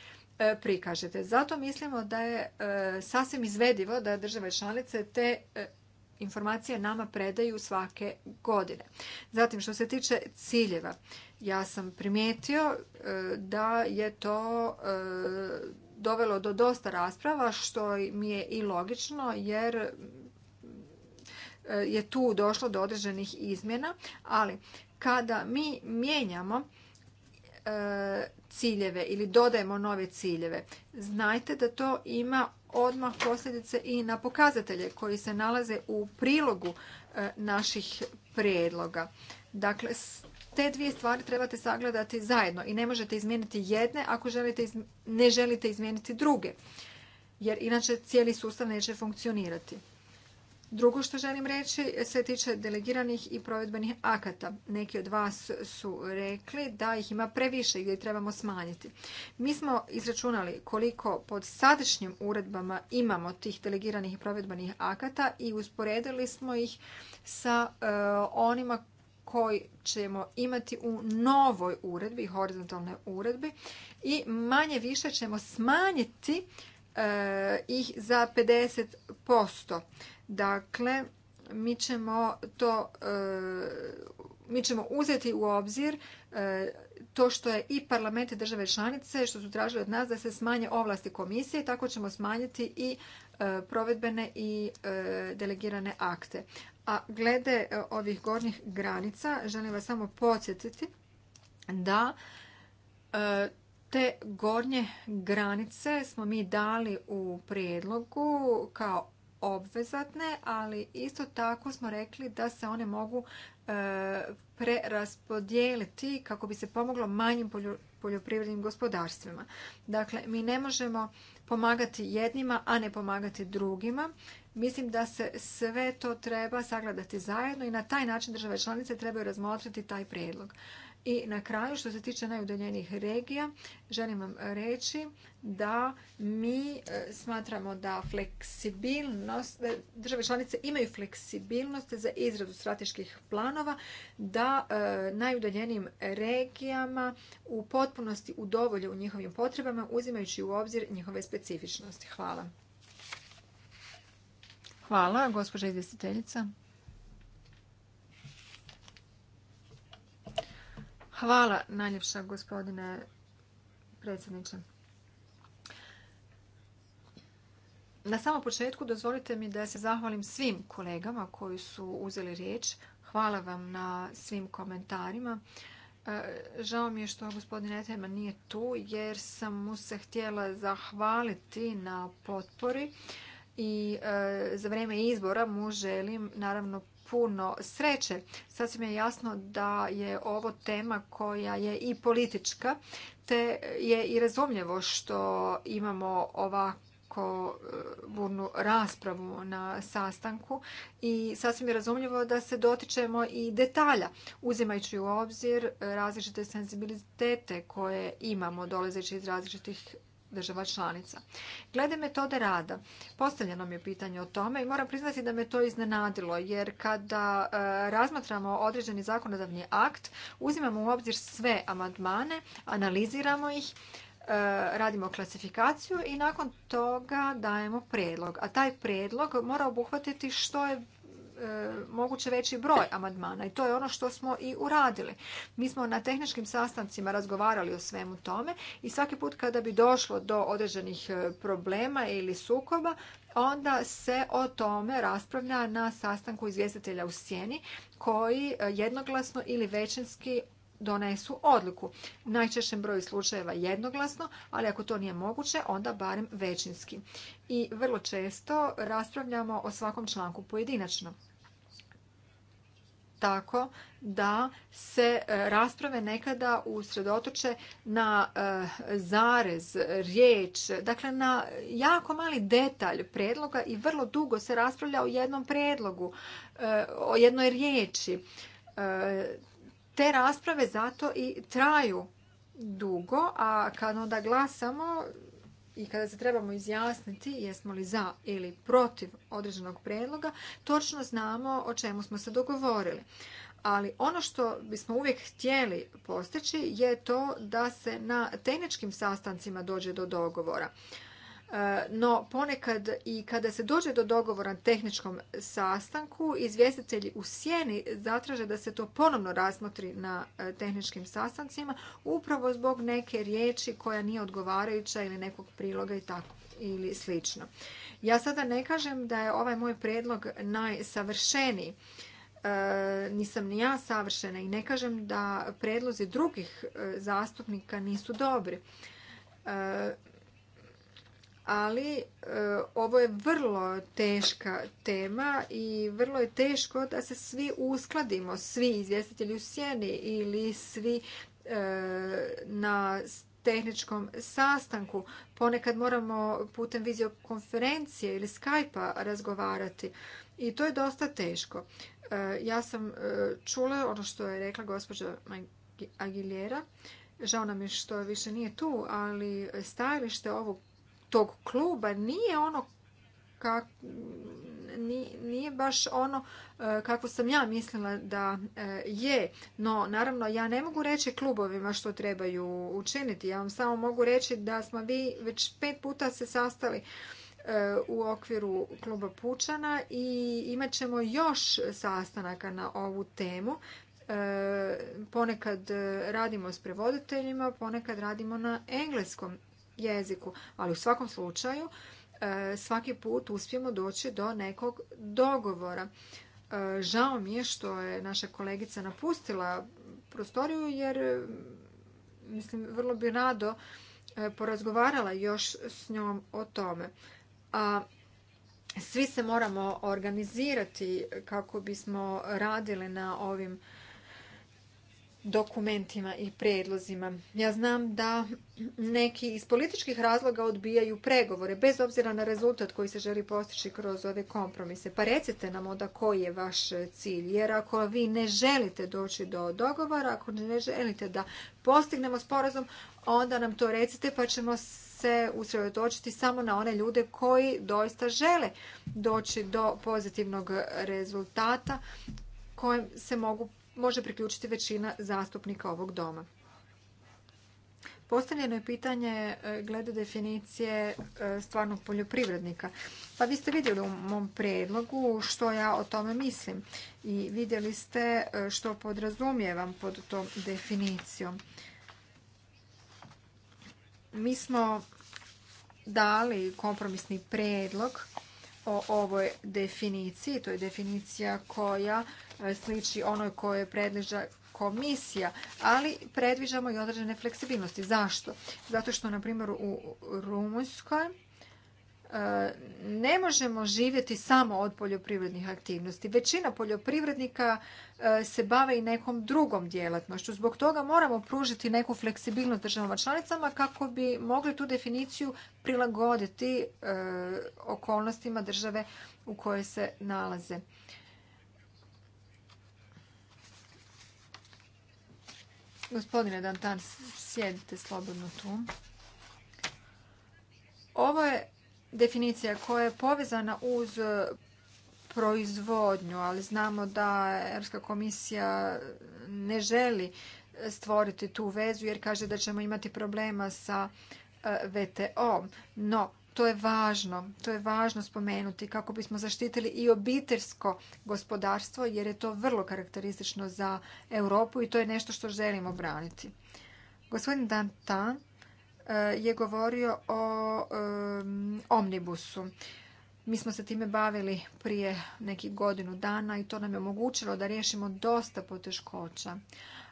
prikažete. Zato mislimo da je sasvim izvedivo da države članice te informacije nama predaju svake godine. Zatim, što se tiče ciljeva, ja sam primijetio e, da je to e, dovelo do dosta rasprava, što mi je i logično, jer e, je tu došlo do određenih izmjena, ali kada mi mijenjamo ciljeve ili dodajemo nove ciljeve, znajte da to ima odmah posljedice i na pokazatelje koji se nalaze u prilogu e, naših prijedloga. Dakle, te dvije stvari trebate sagledati zajedno i ne možete izmijeniti jedne ako želite ne želite izmijeniti druge. Jer inače cijeli sustav neće funkcionirati. Drugo što želim reći se tiče delegiranih i provedbenih akata. Neki od vas su rekli da ih ima previše i gdje trebamo smanjiti. Mi smo izračunali koliko pod sadašnjim uredbama imamo tih delegiranih i provedbenih akata i usporedili smo ih sa e, onima koji ćemo imati u novoj uredbi, horizontalnoj uredbi i manje više ćemo smanjiti e, ih za 50%. Dakle, mi ćemo to e, mi ćemo uzeti u obzir e, to što je i parlament i države članice što su tražili od nas da se smanje ovlasti komisije, tako ćemo smanjiti i e, provedbene i delegirane akte. A glede ovih gornjih granica, želim vas samo podsjetiti da te gornje granice smo mi dali u prijedlogu kao obvezatne, ali isto tako smo rekli da se one mogu e, preraspodijeliti kako bi se pomoglo manjim poljoprivrednim gospodarstvima. Dakle, mi ne možemo pomagati jednima, a ne pomagati drugima. Mislim da se sve to treba sagledati zajedno i na taj način države članice trebaju razmotriti taj prijedlog. I na kraju, što se tiče najudaljenijih regija, želim vam reći da mi e, smatramo da fleksibilnost, države članice imaju fleksibilnost za izradu strateških planova, da e, najudaljenijim regijama u potpunosti udovolje u njihovim potrebama, uzimajući u obzir njihove specifičnosti. Hvala. Hvala, gospođa izvjestiteljica. Hvala najljepša gospodine predsjedniče. Na samom početku dozvolite mi da se zahvalim svim kolegama koji su uzeli riječ. Hvala vam na svim komentarima. E, žao mi je što gospodin Etema nije tu jer sam mu se htjela zahvaliti na potpori i e, za vrijeme izbora mu želim naravno puno sreće. Sasvim je jasno da je ovo tema koja je i politička, te je i razumljivo što imamo ovako e, burnu raspravu na sastanku i sasvim je razumljivo da se dotičemo i detalja, uzimajući u obzir različite senzibilitete koje imamo, dolazeći iz različitih država članica. Glede metode rada, postavljeno mi je pitanje o tome i moram priznati da me to iznenadilo, jer kada e, razmatramo određeni zakonodavni akt, uzimamo u obzir sve amandmane, analiziramo ih, e, radimo klasifikaciju i nakon toga dajemo predlog. A taj predlog mora obuhvatiti što je E, moguće veći broj amandmana i to je ono što smo i uradili. Mi smo na tehničkim sastancima razgovarali o svemu tome i svaki put kada bi došlo do određenih e, problema ili sukoba, onda se o tome raspravlja na sastanku izvjestitelja u sjeni koji e, jednoglasno ili većinski donesu odluku. U najčešćem broju slučajeva jednoglasno, ali ako to nije moguće, onda barem većinski. I vrlo često raspravljamo o svakom članku pojedinačno tako da se e, rasprave nekada usredotoče na e, zarez, riječ, dakle na jako mali detalj predloga i vrlo dugo se raspravlja o jednom predlogu, e, o jednoj riječi. Te rasprave zato i traju dugo, a kad onda glasamo i kada se trebamo izjasniti jesmo li za ili protiv određenog predloga, točno znamo o čemu smo se dogovorili. Ali ono što bismo uvijek htjeli postići je to da se na tehničkim sastancima dođe do dogovora. No, ponekad i kada se dođe do dogovora na tehničkom sastanku, izvjestitelji u sjeni zatraže da se to ponovno razmotri na e, tehničkim sastancima, upravo zbog neke riječi koja nije odgovarajuća ili nekog priloga i tako ili slično. Ja sada ne kažem da je ovaj moj prijedlog najsavršeniji. E, nisam ni ja savršena i ne kažem da predlozi drugih e, zastupnika nisu dobri ali e, ovo je vrlo teška tema i vrlo je teško da se svi uskladimo, svi izvjestitelji u sjeni ili svi e, na tehničkom sastanku. Ponekad moramo putem videokonferencije ili skype razgovarati i to je dosta teško. E, ja sam čula ono što je rekla gospođa Agiljera. Žao nam je što više nije tu, ali stajalište ovog tog kluba nije ono kako nije baš ono e, kako sam ja mislila da e, je. No, naravno, ja ne mogu reći klubovima što trebaju učiniti. Ja vam samo mogu reći da smo vi već pet puta se sastali e, u okviru kluba Pučana i imat ćemo još sastanaka na ovu temu. Ponekad radimo s prevoditeljima, ponekad radimo na engleskom jeziku. Ali u svakom slučaju e, svaki put uspijemo doći do nekog dogovora. E, žao mi je što je naša kolegica napustila prostoriju jer mm, mislim vrlo bi rado e, porazgovarala još s njom o tome. A svi se moramo organizirati kako bismo radili na ovim dokumentima i predlozima. Ja znam da neki iz političkih razloga odbijaju pregovore, bez obzira na rezultat koji se želi postići kroz ove kompromise. Pa recite nam onda koji je vaš cilj, jer ako vi ne želite doći do dogovora, ako ne želite da postignemo sporazum, onda nam to recite pa ćemo se usredotočiti samo na one ljude koji doista žele doći do pozitivnog rezultata kojem se mogu može priključiti većina zastupnika ovog doma. Postavljeno je pitanje e, glede definicije e, stvarnog poljoprivrednika. Pa vi ste vidjeli u mom predlogu što ja o tome mislim i vidjeli ste e, što podrazumijevam pod tom definicijom. Mi smo dali kompromisni predlog o ovoj definiciji. To je definicija koja e, sliči onoj koju predliža komisija, ali predviđamo i određene fleksibilnosti. Zašto? Zato što, na primjer, u Rumunjskoj ne možemo živjeti samo od poljoprivrednih aktivnosti. Većina poljoprivrednika e, se bave i nekom drugom djelatnošću. Zbog toga moramo pružiti neku fleksibilnost državama članicama kako bi mogli tu definiciju prilagoditi e, okolnostima države u kojoj se nalaze. Gospodine Dantan, sjedite slobodno tu. Ovo je definicija koja je povezana uz e, proizvodnju, ali znamo da Europska komisija ne želi stvoriti tu vezu jer kaže da ćemo imati problema sa e, VTO. No, to je važno, to je važno spomenuti kako bismo zaštitili i obiteljsko gospodarstvo jer je to vrlo karakteristično za Europu i to je nešto što želimo braniti. Gospodin Dantan Eh, je govorio o omnibusu. Mi smo se time bavili prije nekih godinu dana i to nam je omogućilo da riješimo dosta poteškoća.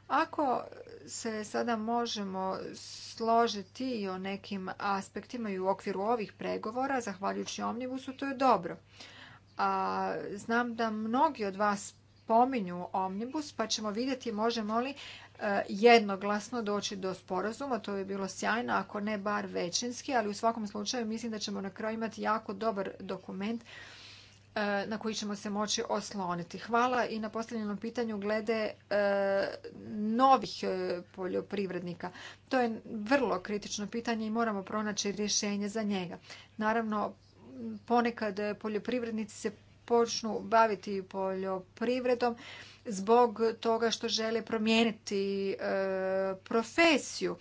Ako se sada možemo složiti i o nekim aspektima i u okviru ovih pregovora, zahvaljujući Omnibusu, to je dobro. A, znam da mnogi od vas pominju Omnibus, pa ćemo vidjeti možemo li E, jednoglasno doći do sporazuma, to bi bilo sjajno, ako ne bar većinski, ali u svakom slučaju mislim da ćemo na kraju imati jako dobar dokument e, na koji ćemo se moći osloniti. Hvala i na postavljenom pitanju glede e, novih poljoprivrednika. To je vrlo kritično pitanje i moramo pronaći rješenje za njega. Naravno, ponekad poljoprivrednici se počnu baviti poljoprivredom zbog toga što žele promijeniti e, profesiju.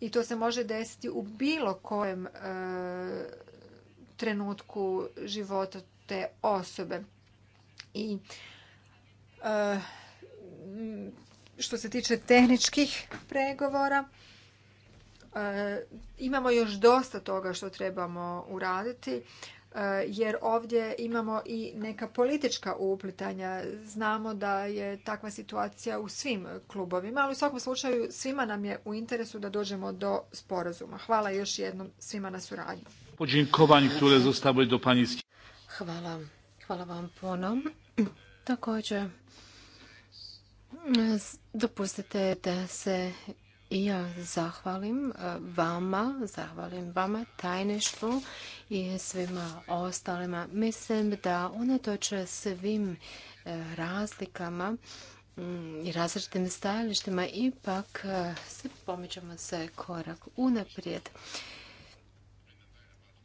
I to se može desiti u bilo kojem e, trenutku života te osobe. I e, što se tiče tehničkih pregovora, imamo još dosta toga što trebamo uraditi, E, jer ovdje imamo i neka politička uplitanja. Znamo da je takva situacija u svim klubovima, ali u svakom slučaju svima nam je u interesu da dođemo do sporazuma. Hvala još jednom svima na suradnju. Hvala. Hvala vam puno. Također, dopustite da se i ja zahvalim e, vama, zahvalim vama, tajništvu i svima ostalima. Mislim da unatoč svim e, razlikama mm, i različitim stajalištima ipak se pomičemo se korak unaprijed.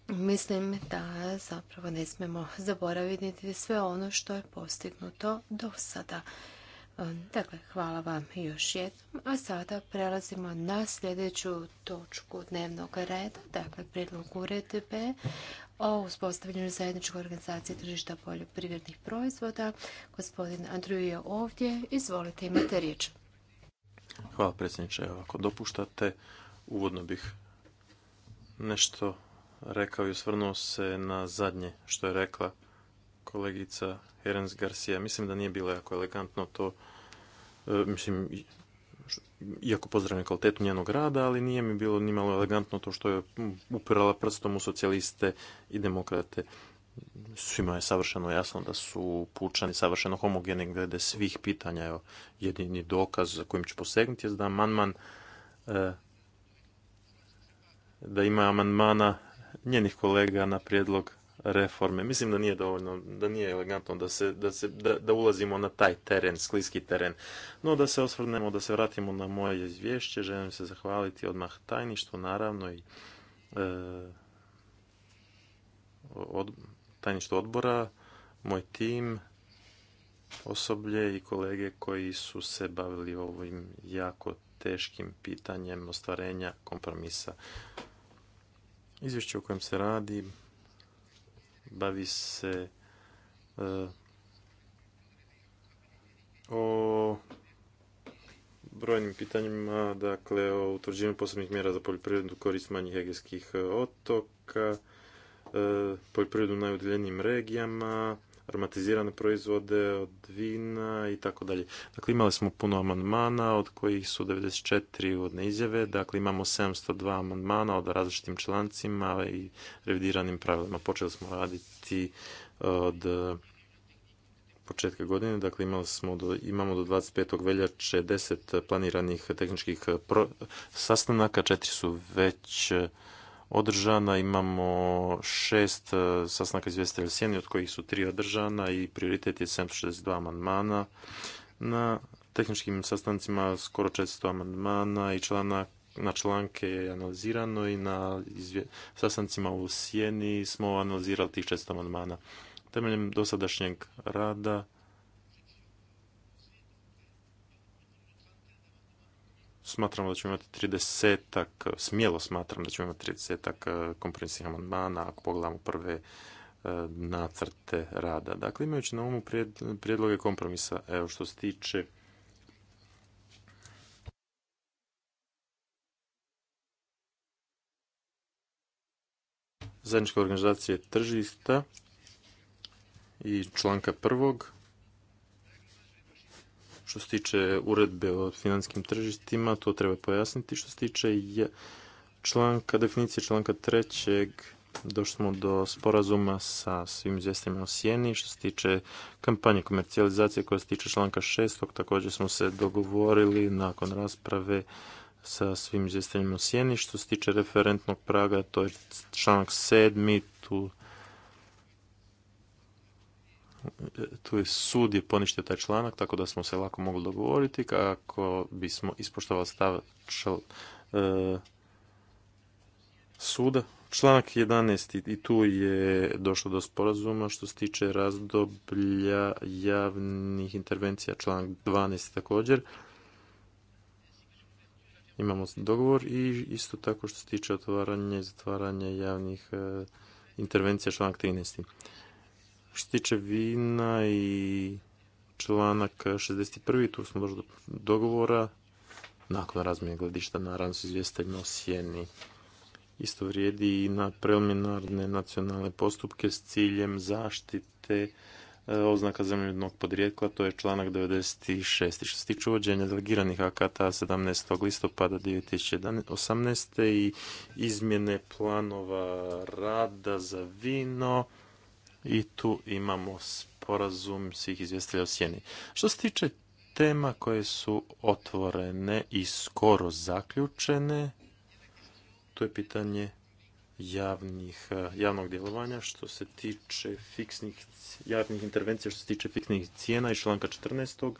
Mislim da zapravo ne smemo zaboraviti sve ono što je postignuto do sada. Dakle, hvala vam još jednom. A sada prelazimo na sljedeću točku dnevnog reda, dakle, prijedlog uredbe o uspostavljanju zajedničke organizacije tržišta poljoprivrednih proizvoda. Gospodin Andriju je ovdje. Izvolite, imate riječ. Hvala predsjedniče. Ako dopuštate, uvodno bih nešto rekao i osvrnuo se na zadnje što je rekla kolegica Herens Garcia. Mislim da nije bilo jako elegantno to, e, mislim, iako pozdravljam kvalitetu njenog rada, ali nije mi bilo nimalo malo elegantno to što je upirala prstom u socijaliste i demokrate. Svima je savršeno jasno da su pučani savršeno homogeni glede svih pitanja. Evo, jedini dokaz za kojim ću posegnuti je da amandman e, da ima amandmana njenih kolega na prijedlog reforme. Mislim da nije dovoljno, da nije elegantno da, se, da, se, da, da ulazimo na taj teren, skliski teren. No da se osvrnemo, da se vratimo na moje izvješće, želim se zahvaliti odmah tajništvu, naravno i e, od, tajništvo odbora, moj tim, osoblje i kolege koji su se bavili ovim jako teškim pitanjem ostvarenja kompromisa. Izvješće o kojem se radi bavi se e, o brojnim pitanjima, dakle o utvrđivanju posebnih mjera za poljoprivredu korist manjih egejskih e, otoka, e, poljoprivredu najudeljenijim regijama, aromatizirane proizvode, od vina i tako dalje. Dakle, imali smo puno amandmana, od kojih su 94 uvodne izjave, dakle imamo 702 amandmana od različitim člancima i revidiranim pravilima. Počeli smo raditi od početka godine, dakle imali smo do, imamo do 25. veljače 10 planiranih tehničkih sastanaka, četiri su već održana, imamo šest e, sastanaka izvjestitelja sjeni, od kojih su tri održana i prioritet je 762 amandmana. Na tehničkim sastancima skoro 400 amandmana i na članke je analizirano i na sastancima u Sjeni smo analizirali tih 400 amandmana. Temeljem dosadašnjeg rada smatramo da ćemo imati 30 smjelo smatram da ćemo imati 30 e, kompromisnih amandmana ako pogledamo prve e, nacrte rada. Dakle, imajući na umu prijedloge kompromisa, evo što se tiče zajedničke organizacije tržišta i članka prvog, što se tiče uredbe o finanskim tržištima, to treba pojasniti. Što se tiče članka, definicije članka trećeg, došli smo do sporazuma sa svim izvjestima o Sijeni. Što se tiče kampanje komercijalizacije koja se tiče članka šestog, također smo se dogovorili nakon rasprave sa svim izvjestiteljima u sjeni. Što se tiče referentnog praga, to je članak sedmi, tu tu je sud je poništio taj članak, tako da smo se lako mogli dogovoriti kako bismo ispoštovali stav e, suda. Članak 11. i tu je došlo do sporazuma što se tiče razdoblja javnih intervencija. Članak 12. također. Imamo dogovor i isto tako što se tiče otvaranja i zatvaranja javnih e, intervencija. Članak 13. Što se tiče vina i članak 61. tu smo došli do dogovora nakon razmjene gledišta naravno su izvjestiteljima sjeni. Isto vrijedi i na preliminarne nacionalne postupke s ciljem zaštite e, oznaka zemljivnog podrijetla to je članak 96. Što se tiče uvođenja delegiranih akata 17. listopada 2018. i izmjene planova rada za vino, i tu imamo sporazum svih izvjestitelja o sjeni. Što se tiče tema koje su otvorene i skoro zaključene, to je pitanje javnih, eh, javnog djelovanja što se tiče fiksnih, javnih intervencija što se tiče fiksnih cijena i članka 14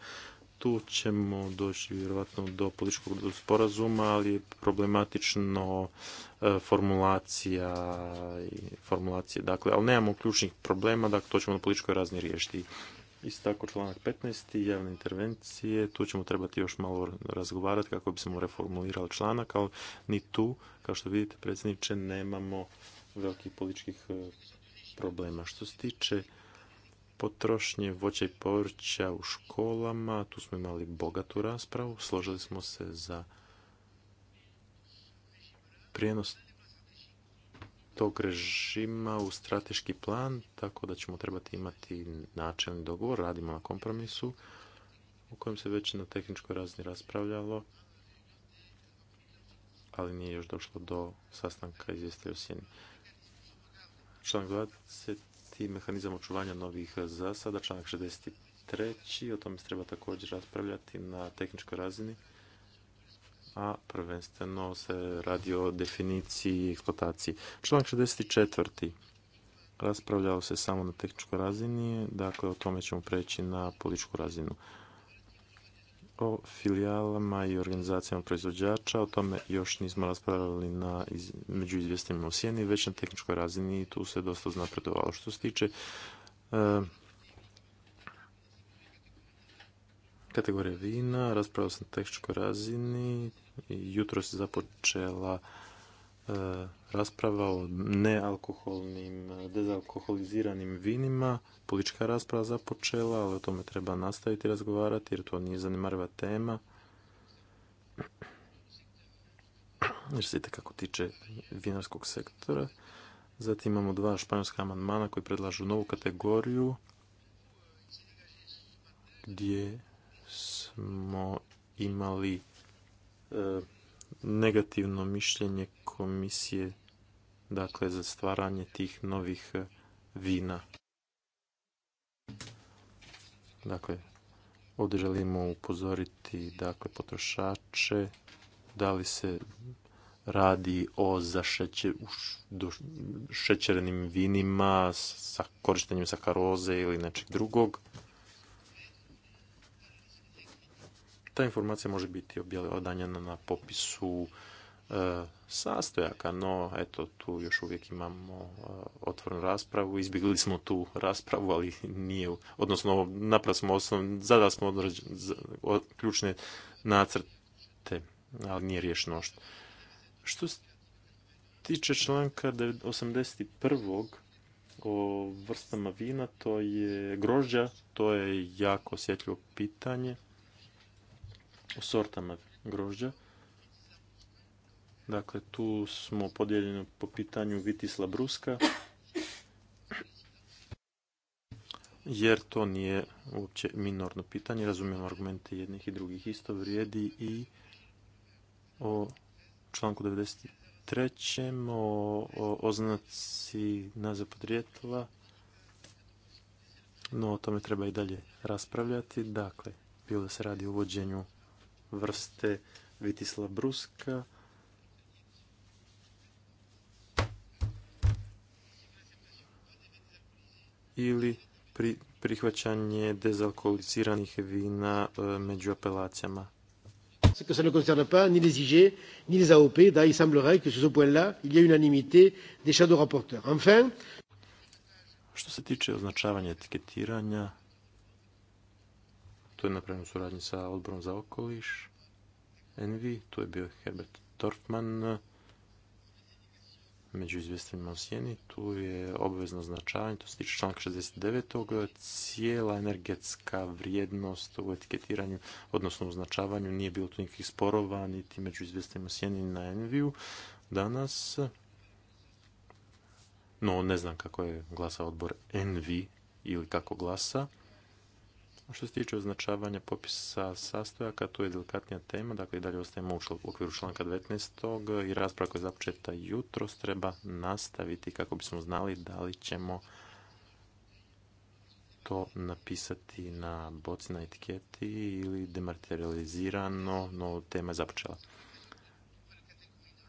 tu ćemo doći vjerojatno do političkog sporazuma, ali je problematično e, formulacija i formulacije. Dakle, ali nemamo ključnih problema, dakle to ćemo na političkoj razini riješiti. Isto tako članak 15. javne intervencije, tu ćemo trebati još malo razgovarati kako bismo reformulirali članak, ali ni tu, kao što vidite predsjedniče, nemamo velikih političkih e, problema. Što se tiče potrošnje voća i povrća u školama. Tu smo imali bogatu raspravu. Složili smo se za prijenos tog režima u strateški plan, tako da ćemo trebati imati načelni dogovor. Radimo na kompromisu u kojem se već na tehničkoj razini raspravljalo, ali nije još došlo do sastanka izvjestitelja u Sjeni. Članak i mehanizam očuvanja novih zasada, članak 63. O tome se treba također raspravljati na tehničkoj razini, a prvenstveno se radi o definiciji i eksploataciji. Članak 64. Raspravljao se samo na tehničkoj razini, dakle o tome ćemo preći na političku razinu o filijalama i organizacijama proizvođača, o tome još nismo raspravljali na, među izvjestima u Sjeni, već na tehničkoj razini i tu se dosta znapredovalo. Što se tiče e, kategorije vina, raspravljao sam na tehničkoj razini i jutro se započela e, rasprava o nealkoholnim, dezalkoholiziranim vinima, politička rasprava započela, ali o tome treba nastaviti razgovarati jer to nije zanimariva tema. Jer se kako tiče vinarskog sektora. Zatim imamo dva španjolska amandmana koji predlažu novu kategoriju gdje smo imali e, negativno mišljenje komisije dakle za stvaranje tih novih e, vina. Dakle, ovdje želimo upozoriti dakle, potrošače da li se radi o zašeće, šećerenim vinima sa korištenjem sakaroze ili nečeg drugog. Ta informacija može biti objavljena na popisu E, sastojaka, no eto tu još uvijek imamo e, otvorenu raspravu, izbjegli smo tu raspravu, ali nije, odnosno naprav smo osnovno, zadali smo ključne nacrte, ali nije riješeno što. Što se tiče članka 81 o vrstama vina, to je grožđa, to je jako osjetljivo pitanje o sortama grožđa. Dakle, tu smo podijeljeni po pitanju Vitisla Bruska, jer to nije uopće minorno pitanje. razumijemo, argumente jednih i drugih. Isto vrijedi i o članku 93. o, o oznaci naziv podrijetla. No, o tome treba i dalje raspravljati. Dakle, bilo da se radi o uvođenju vrste Vitisla Bruska, ili pri, prihvaćanje dezalkoholiziranih vina e, među apelacijama. Ce que ça ne concerne pas ni les IG, ni les AOP, da il semblerait que sur ce point-là, il y a unanimité des shadow rapporteurs. Enfin, što se tiče označavanja etiketiranja, to je napravljeno u suradnji sa odborom za okoliš, Envi, to je bio Herbert Dorfman, među izvjestiteljima u sjeni, tu je obvezno označavanje, to se tiče članka 69. Cijela energetska vrijednost u etiketiranju, odnosno označavanju, nije bilo tu nikakvih sporova, niti među izvjestiteljima u sjeni na Enviju. Danas, no ne znam kako je glasa odbor Envi ili kako glasa, što se tiče označavanja popisa sastojaka, to je delikatnija tema, dakle i dalje ostajemo u okviru članka 19. i rasprava koja je započeta jutros treba nastaviti kako bismo znali da li ćemo to napisati na boci na etiketi ili dematerializirano, no tema je započela.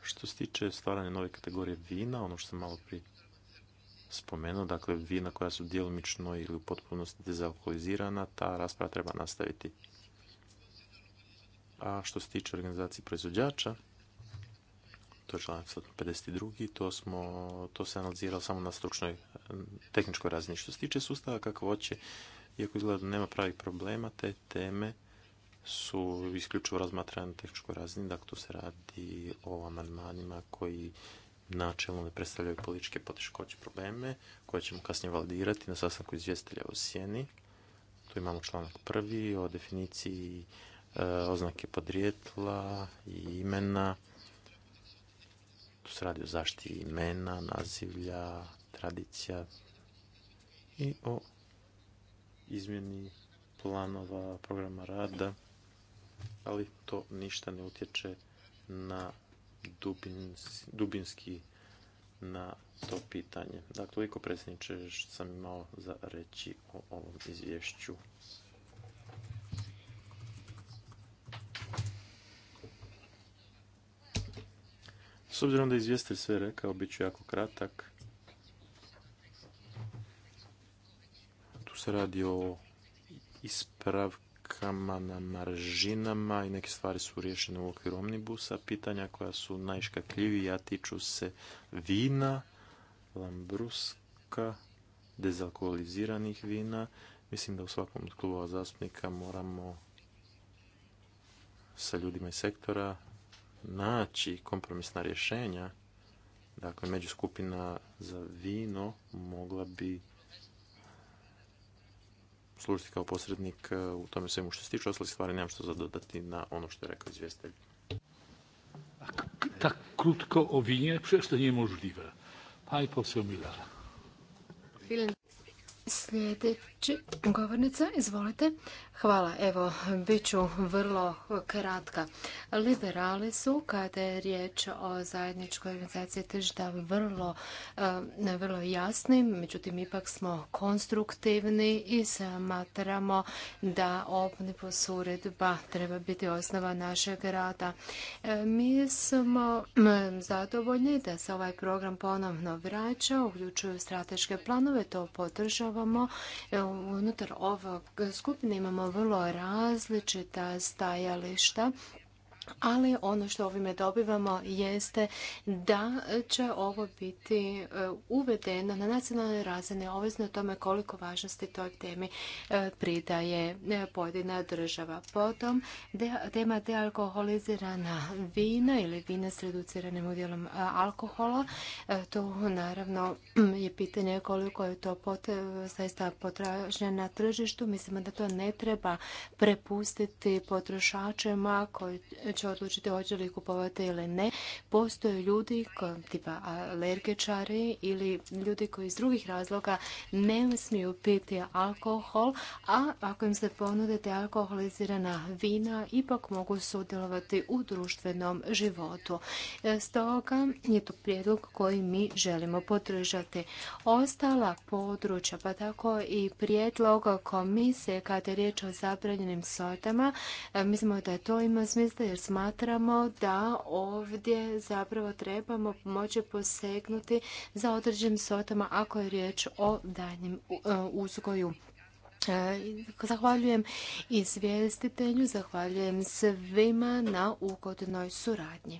Što se tiče stvaranja nove kategorije vina, ono što sam malo prije spomenuo, dakle vina koja su djelomično ili u potpunosti dezalkoholizirana, ta rasprava treba nastaviti. A što se tiče organizacije proizvođača, to je članak 52. To, smo, to se analiziralo samo na stručnoj tehničkoj razini. Što se tiče sustava kako hoće, iako izgleda nema pravih problema, te teme su isključivo razmatrane na tehničkoj razini, dakle tu se radi o amandmanima koji načelno ne predstavljaju političke poteškoće probleme koje ćemo kasnije validirati na sastanku izvjestitelja u Sjeni. Tu imamo članak prvi o definiciji e, oznake podrijetla i imena. Tu se radi o zaštiti imena, nazivlja, tradicija i o izmjeni planova, programa rada, ali to ništa ne utječe na dubinski na to pitanje. Dakle, toliko predsjedniče što sam imao za reći o ovom izvješću. S obzirom da je sve rekao, bit ću jako kratak. Tu se radi o ispravku na maržinama i neke stvari su riješene u okviru omnibusa. Pitanja koja su najškakljivija tiču se vina, lambruska, dezalkoholiziranih vina. Mislim da u svakom od klubova zastupnika moramo sa ljudima iz sektora naći kompromisna rješenja. Dakle, međuskupina za vino mogla bi služiti kao posrednik e, u tome svemu što se tiče ostalih stvari, nemam što zadodati na ono što je rekao izvjestitelj. Tak o govornica, izvolite. Hvala, evo, bit ću vrlo kratka. Liberali su, kada je riječ o zajedničkoj organizaciji tržišta, vrlo, eh, vrlo jasni, međutim, ipak smo konstruktivni i smatramo da omnibus uredba treba biti osnova našeg rada. Eh, mi smo mm, zadovoljni da se ovaj program ponovno vraća, uključuju strateške planove, to podržavamo eh, unutar ovog skupine imamo vrlo različita stajališta ali ono što ovime dobivamo jeste da će ovo biti e, uvedeno na nacionalne razine ovisno o tome koliko važnosti toj temi e, pridaje e, pojedina država. Potom tema dealkoholizirana vina ili vina s reduciranim udjelom alkohola. To naravno je pitanje koliko je to zaista potražnja na tržištu. Mislimo da to ne treba prepustiti potrošačima koji će odlučiti hoće li kupovati ili ne. Postoje ljudi koji, tipa alergičari ili ljudi koji iz drugih razloga ne smiju piti alkohol, a ako im se ponudite alkoholizirana vina, ipak mogu sudjelovati u društvenom životu. Stoga je to prijedlog koji mi želimo podržati. Ostala područja, pa tako i prijedlog komisije kada je riječ o zabranjenim sortama, mislimo da to ima smisla jer smatramo da ovdje zapravo trebamo moći posegnuti za određenim sotama ako je riječ o danjem e, uzgoju. E, zahvaljujem izvjestitelju, zahvaljujem svima na ugodnoj suradnji.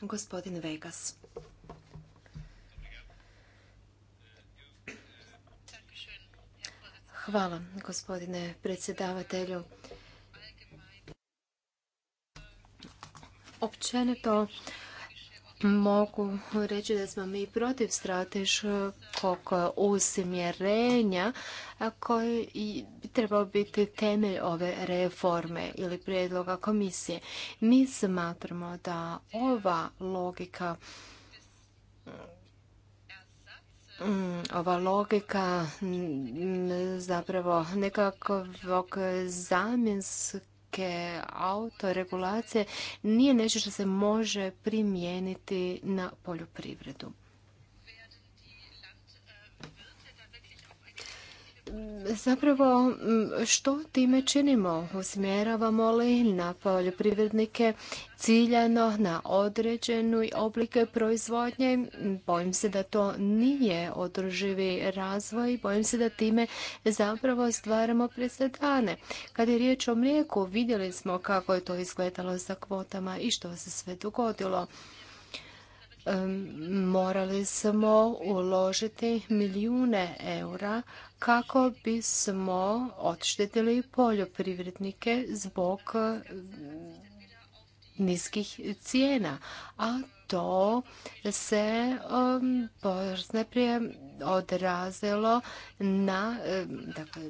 Gospodin Vegas. Hvala, gospodine predsjedavatelju. Općenito mogu reći da smo mi protiv strateškog usmjerenja koji bi trebao biti temelj ove reforme ili prijedloga komisije. Mi smatramo da ova logika mm, ova logika mm, zapravo nekakvog zamjenskog neke autoregulacije nije nešto što se može primijeniti na poljoprivredu. Zapravo, mm, što time činimo? Usmjeravamo li na poljoprivrednike ciljano na određenu oblike proizvodnje? Bojim se da to nije održivi razvoj. Bojim se da time zapravo stvaramo presedane. Kad je riječ o mlijeku, vidjeli smo kako je to izgledalo sa kvotama i što se sve dogodilo morali smo uložiti milijune eura kako bismo odštetili poljoprivrednike zbog mm, niskih cijena, a to se um, prije odrazilo na, um, dakle,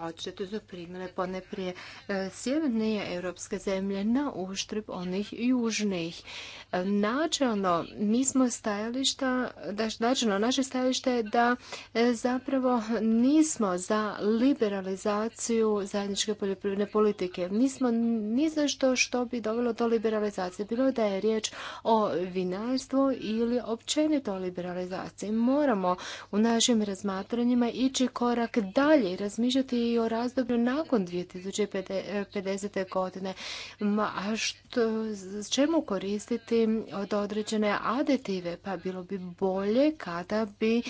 odštetu su primjene pone prije uh, sjeverne europske zemlje na uštrb onih južnih. Um, načelno, mi smo stajališta, da, načelno, naše stajalište je da uh, zapravo nismo za liberalizaciju zajedničke poljoprivredne politike. Nismo ni za što što bi dovelo do liberalizacije. Bilo da je riječ o veterinarstvu ili općenito o liberalizaciji. Moramo u našim razmatranjima ići korak dalje i razmišljati i o razdoblju nakon 2050. godine. Ma, a što, čemu koristiti od određene aditive? Pa bilo bi bolje kada bi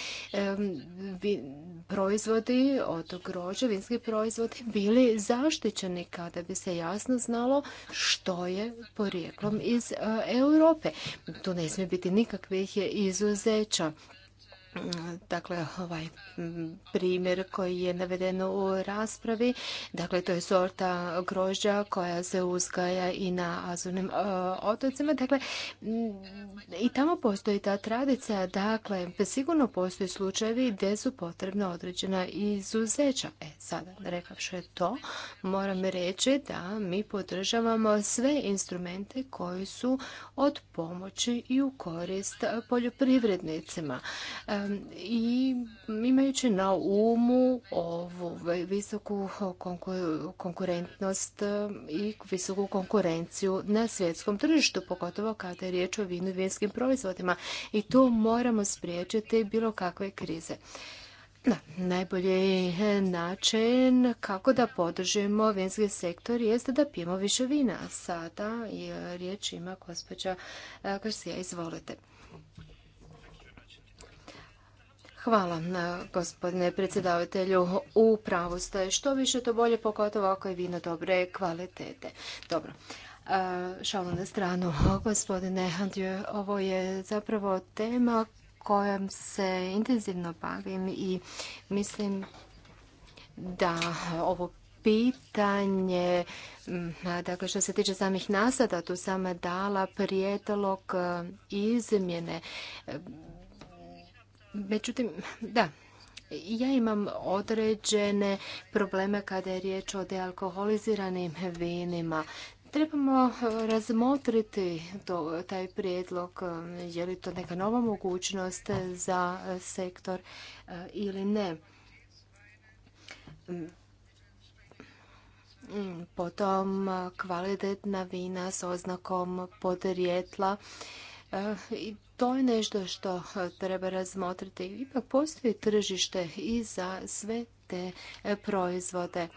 proizvodi od grože, vinski proizvodi bili zaštićeni kada bi se jasno znalo što je porijeklom iz e, Europe. Tu ne smije biti nikakvih izuzeća dakle ovaj primjer koji je naveden u raspravi. Dakle, to je sorta grožđa koja se uzgaja i na Azurnim e, otocima. Dakle, i tamo postoji ta tradicija. Dakle, sigurno postoji slučajevi gdje su potrebna određena izuzeća. E, sada, rekavši to, moram reći da mi podržavamo sve instrumente koji su od pomoći i u korist poljoprivrednicima. E, i imajući na umu ovu visoku konkurentnost i visoku konkurenciju na svjetskom tržištu, pogotovo kada je riječ o vinu i vinskim proizvodima. I tu moramo spriječiti bilo kakve krize. Na, najbolji e, način kako da podržimo vinski sektor jeste da pijemo više vina. Sada riječ ima gospođa e, Garcia, izvolite. Hvala, e, gospodine predsjedavatelju. U pravu ste. Što više, to bolje, pogotovo ako je vino dobre kvalitete. Dobro. E, šalu na stranu, gospodine ovo je zapravo tema kojom se intenzivno bavim i mislim da ovo pitanje, dakle što se tiče samih nasada, tu sam dala prijedlog e, izmjene Međutim, da, ja imam određene probleme kada je riječ o dealkoholiziranim vinima. Trebamo eh, razmotriti to, taj prijedlog, eh, je li to neka nova mogućnost eh, za sektor ili ne. Mm. Mm, potom kvalitetna vina s oznakom podrijetla i to je nešto što e, treba razmotriti. Ipak postoji tržište i za sve te e, proizvode.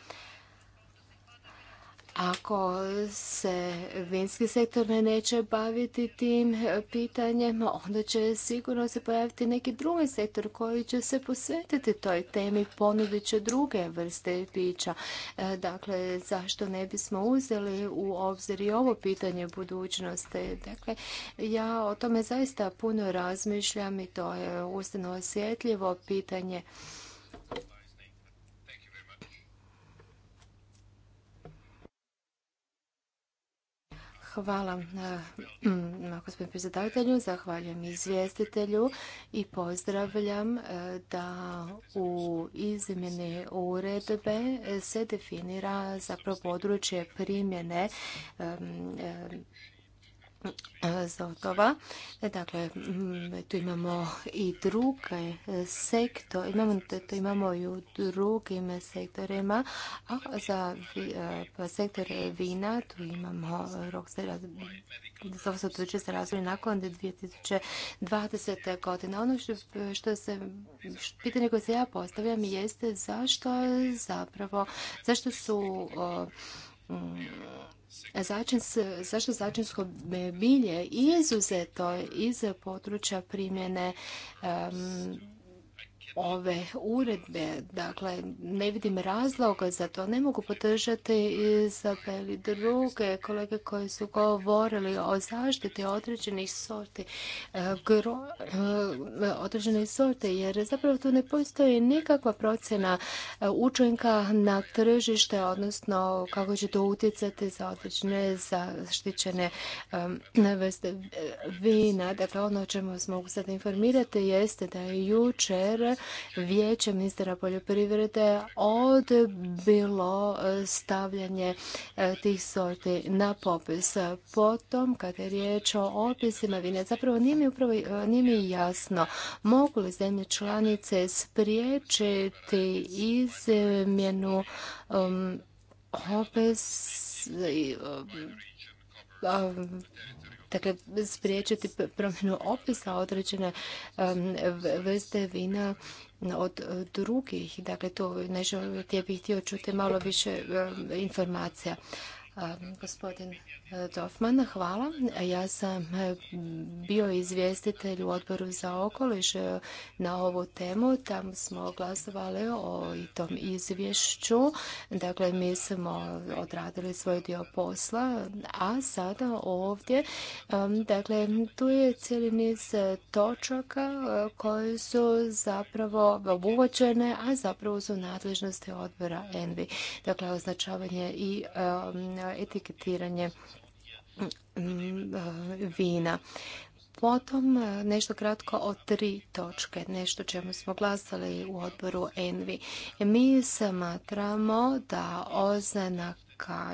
Ako se vinski sektor neće baviti tim pitanjem, onda će sigurno se pojaviti neki drugi sektor koji će se posvetiti toj temi, ponudit će druge vrste pića. E, dakle, zašto ne bismo uzeli u obzir i ovo pitanje budućnosti? Dakle, ja o tome zaista puno razmišljam i to je ustano osjetljivo pitanje. Hvala e, mm, gospodinu predsjedatelju, zahvaljujem izvjestitelju i pozdravljam e, da u izmjeni uredbe se definira zapravo područje primjene e, E, zotova. E, dakle, tu imamo i druge sektore, imamo, tu imamo i u drugim sektorima, a za e, pa sektor vina tu imamo rok se to se za razvoj nakon 2020. godine. Ono što, se, pitanje koje se ja postavljam jeste zašto zapravo, zašto su zašto začinsko bilje izuzeto iz područja primjene ove uredbe. Dakle, ne vidim razloga za to. Ne mogu podržati za i druge kolege koji su govorili o zaštiti određenih sorti, e, gro, e, određene sorte, jer zapravo tu ne postoji nikakva procjena e, učinka na tržište, odnosno kako će to utjecati za određene zaštićene vrste vina. Dakle, ono o čemu smo mogu sad informirati jeste da je jučer vijeće ministra poljoprivrede odbilo e, stavljanje e, tih sorti na popis. Potom, kada je riječ o opisima vina, zapravo e, nije mi, jasno mogu li zemlje članice spriječiti izmjenu um, um dakle spriječiti promjenu opisa određene vrste vina od e, drugih. Dakle, to nešto gdje bih htio čuti malo više informacija. Gospodin Dofman, hvala. Ja sam bio izvjestitelj u odboru za okoliš na ovu temu. Tam smo glasovali o tom izvješću. Dakle, mi smo odradili svoj dio posla, a sada ovdje, um, dakle, tu je cijeli niz točaka uh, koje su zapravo obuvođene, a zapravo su nadležnosti odbora ENVI. Dakle, označavanje i um, etiketiranje Mm, e, vina. Potom e, nešto kratko o tri točke, nešto čemu smo glasali u odboru Envi. Mi smatramo da oznak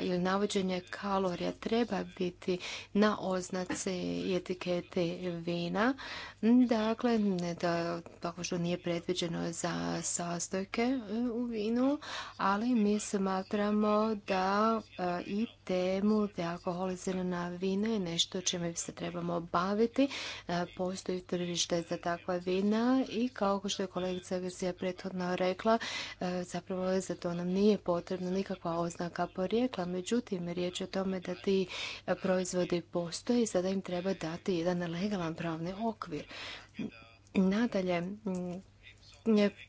ili navođenje kalorija treba biti na oznaci etikete vina. Dakle, da, tako što nije predviđeno za sastojke e, u vinu, ali mi smatramo da i temu te alkoholizirana vina je nešto čime se trebamo baviti. E, postoji tržište za takva vina i kao što je kolegica Grzija prethodno rekla, e, zapravo za to nam nije potrebna nikakva oznaka porijekla. Međutim, riječ je o tome da ti proizvodi postoje i sada im treba dati jedan legalan pravni okvir. Nadalje,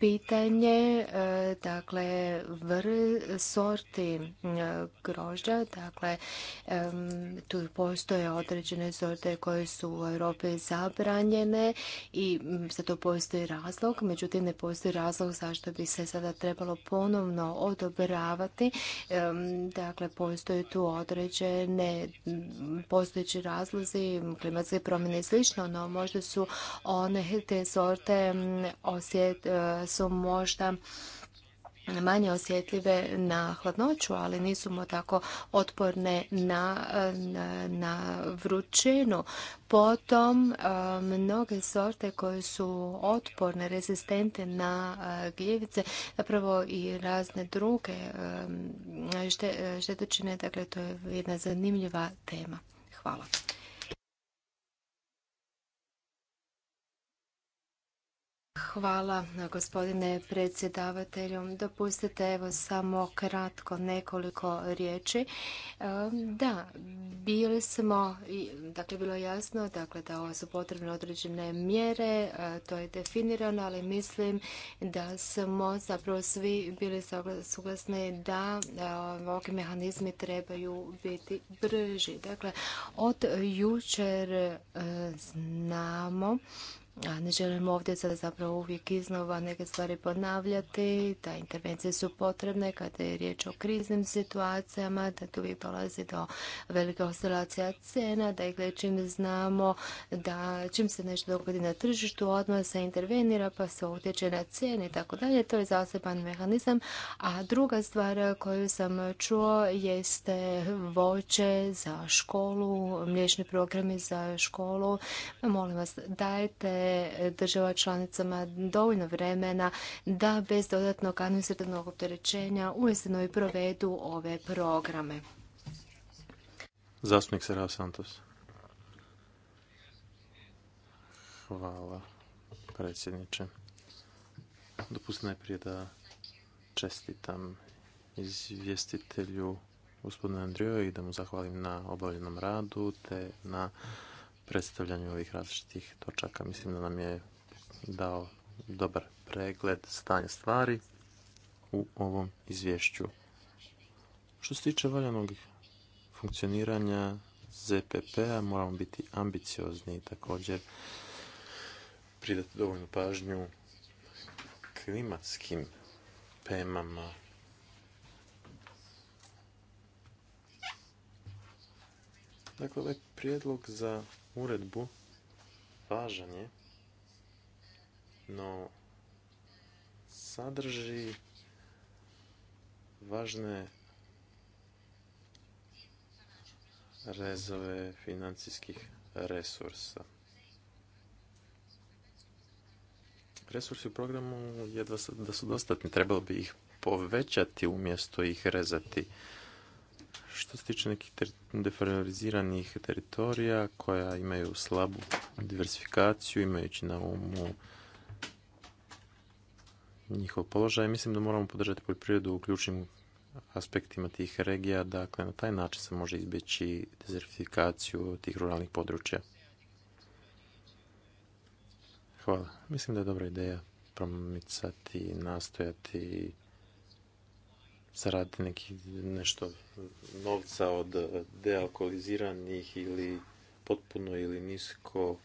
pitanje e, dakle vr sorti e, grožđa dakle tu postoje određene sorte koje su u Europi zabranjene i za to postoji razlog međutim ne postoji razlog zašto bi se sada trebalo ponovno odobravati dakle postoje tu određene postojeći razlozi klimatske promjene i slično no možda su one te sorte osjet E, su možda manje osjetljive na hladnoću, ali nisu tako otporne na, na, na vrućinu. Potom e, mnoge sorte koje su otporne, rezistente na e, gljivice, zapravo i razne druge štetočine, dakle to je jedna zanimljiva tema. Hvala. Hvala gospodine predsjedavatelju. Dopustite evo samo kratko nekoliko riječi. E, da, bili smo, dakle bilo je jasno dakle, da su potrebne određene mjere, e, to je definirano, ali mislim da smo zapravo svi bili suglasni da e, ovi mehanizmi trebaju biti brži. Dakle, od jučer znamo a ne želimo ovdje sada zapravo uvijek iznova neke stvari ponavljati, da intervencije su potrebne kada je riječ o kriznim situacijama, da tu uvijek dolazi do velike oscilacija cena, da ih čim znamo da čim se nešto dogodi na tržištu, odmah se intervenira pa se utječe na cijene i tako dalje. To je zaseban mehanizam. A druga stvar koju sam čuo jeste voće za školu, mliječni programi za školu. Molim vas, dajte država članicama dovoljno vremena da bez dodatnog administrativnog opterećenja uistinu i provedu ove programe. Zastupnik Santos. Hvala, predsjedniče. Dopustite najprije da čestitam izvjestitelju gospodinu Andriju i da mu zahvalim na obavljenom radu te na predstavljanju ovih različitih točaka. Mislim da nam je dao dobar pregled stanja stvari u ovom izvješću. Što se tiče valjanog funkcioniranja ZPP-a, moramo biti ambiciozni i također pridati dovoljnu pažnju klimatskim temama. Dakle, ovaj prijedlog za uredbu važan je, no sadrži važne rezove financijskih resursa. Resursi u programu jedva da su dostatni, trebalo bi ih povećati umjesto ih rezati. Što se tiče nekih ter teritorija koja imaju slabu diversifikaciju, imajući na umu njihov položaj, mislim da moramo podržati poljoprivredu u ključnim aspektima tih regija, dakle na taj način se može izbjeći dezertifikaciju tih ruralnih područja. Hvala. Mislim da je dobra ideja promicati, nastojati zaradi neki nešto novca od eh, dealkoliziranih ili potpuno ili nisko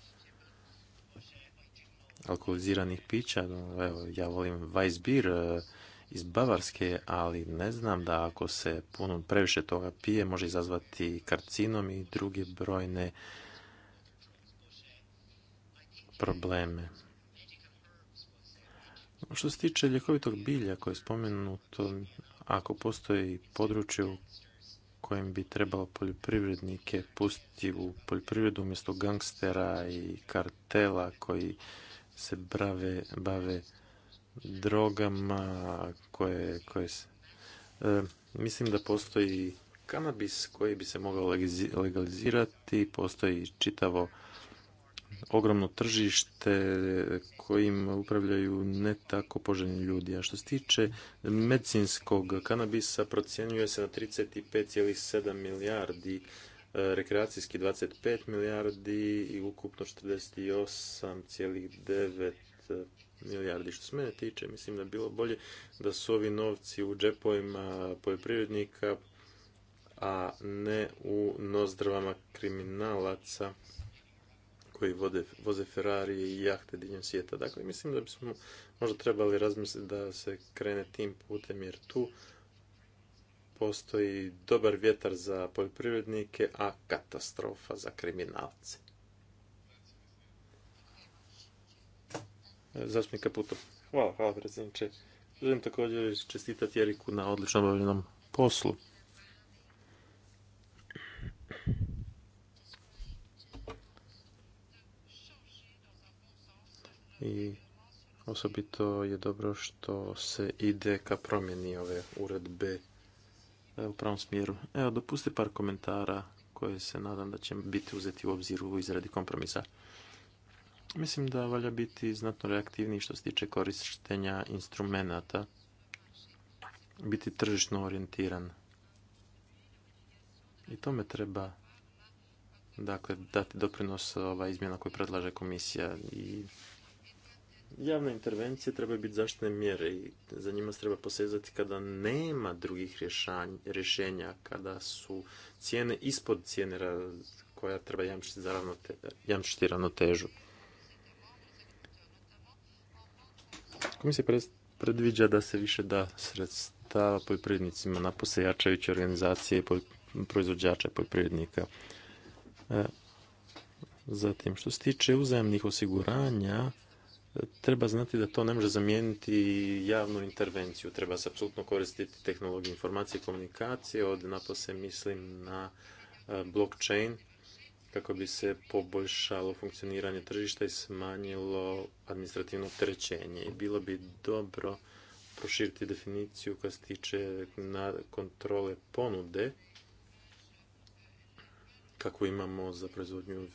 alkoholiziranih pića. Evo, ja volim Weissbier eh, iz Bavarske, ali ne znam da ako se puno previše toga pije, može izazvati karcinom i druge brojne probleme. Što se tiče ljekovitog bilja koje je spomenuto, ako postoji područje u kojem bi trebalo poljoprivrednike pustiti u poljoprivredu umjesto gangstera i kartela koji se bave drogama koje, koje se... E, mislim da postoji kanabis koji bi se mogao legalizirati, postoji čitavo ogromno tržište kojim upravljaju ne tako poželjni ljudi. A što se tiče medicinskog kanabisa, procjenjuje se na 35,7 milijardi, e, rekreacijski 25 milijardi i ukupno 48,9 milijardi. Što se mene tiče, mislim da bi bilo bolje da su ovi novci u džepovima poljoprivrednika, a ne u nozdravama kriminalaca koji vode, voze Ferrari i jahte diljem svijeta. Dakle, mislim da bismo možda trebali razmisliti da se krene tim putem, jer tu postoji dobar vjetar za poljoprivrednike, a katastrofa za kriminalce. Zastupnik Kaputo. Hvala, hvala predsjedniče. Želim također čestitati Jeriku na odličnom obavljenom poslu. i osobito je dobro što se ide ka promjeni ove uredbe e, u pravom smjeru. Evo, dopusti par komentara koje se nadam da će biti uzeti u obzir u izradi kompromisa. Mislim da valja biti znatno reaktivniji što se tiče korištenja instrumenata, biti tržišno orijentiran. I tome treba dakle, dati doprinos ova izmjena koju predlaže komisija i Javne intervencije trebaju biti zaštne mjere i za njima se treba posezati kada nema drugih rješenja, kada su cijene ispod cijene koja treba jamčiti, za ravnote, ravnotežu. Komisija predviđa da se više da sredstava poljoprivrednicima na posejačajuće organizacije proizvođača poljoprivrednika. E, zatim, što se tiče uzajemnih osiguranja, treba znati da to ne može zamijeniti javnu intervenciju. Treba se apsolutno koristiti tehnologiju informacije i komunikacije, od napose mislim na e, blockchain, kako bi se poboljšalo funkcioniranje tržišta i smanjilo administrativno trećenje. bilo bi dobro proširiti definiciju koja se tiče na kontrole ponude, kako imamo za proizvodnju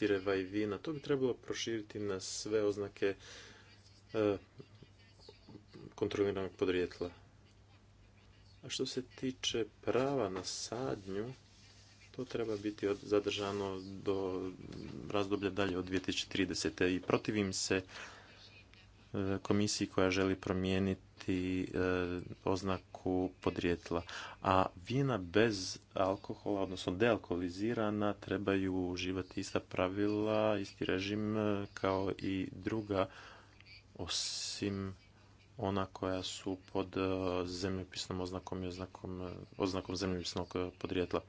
sireva i vina. To bi trebalo proširiti na sve oznake e, kontroliranog podrijetla. A što se tiče prava na sadnju, to treba biti zadržano do razdoblja dalje od 2030. I protivim se komisiji koja želi promijeniti e, oznaku podrijetla. A vina bez alkohola, odnosno dealkoholizirana, trebaju uživati ista pravila, isti režim e, kao i druga, osim ona koja su pod e, zemljopisnom oznakom i oznakom, oznakom zemljopisnog podrijetla.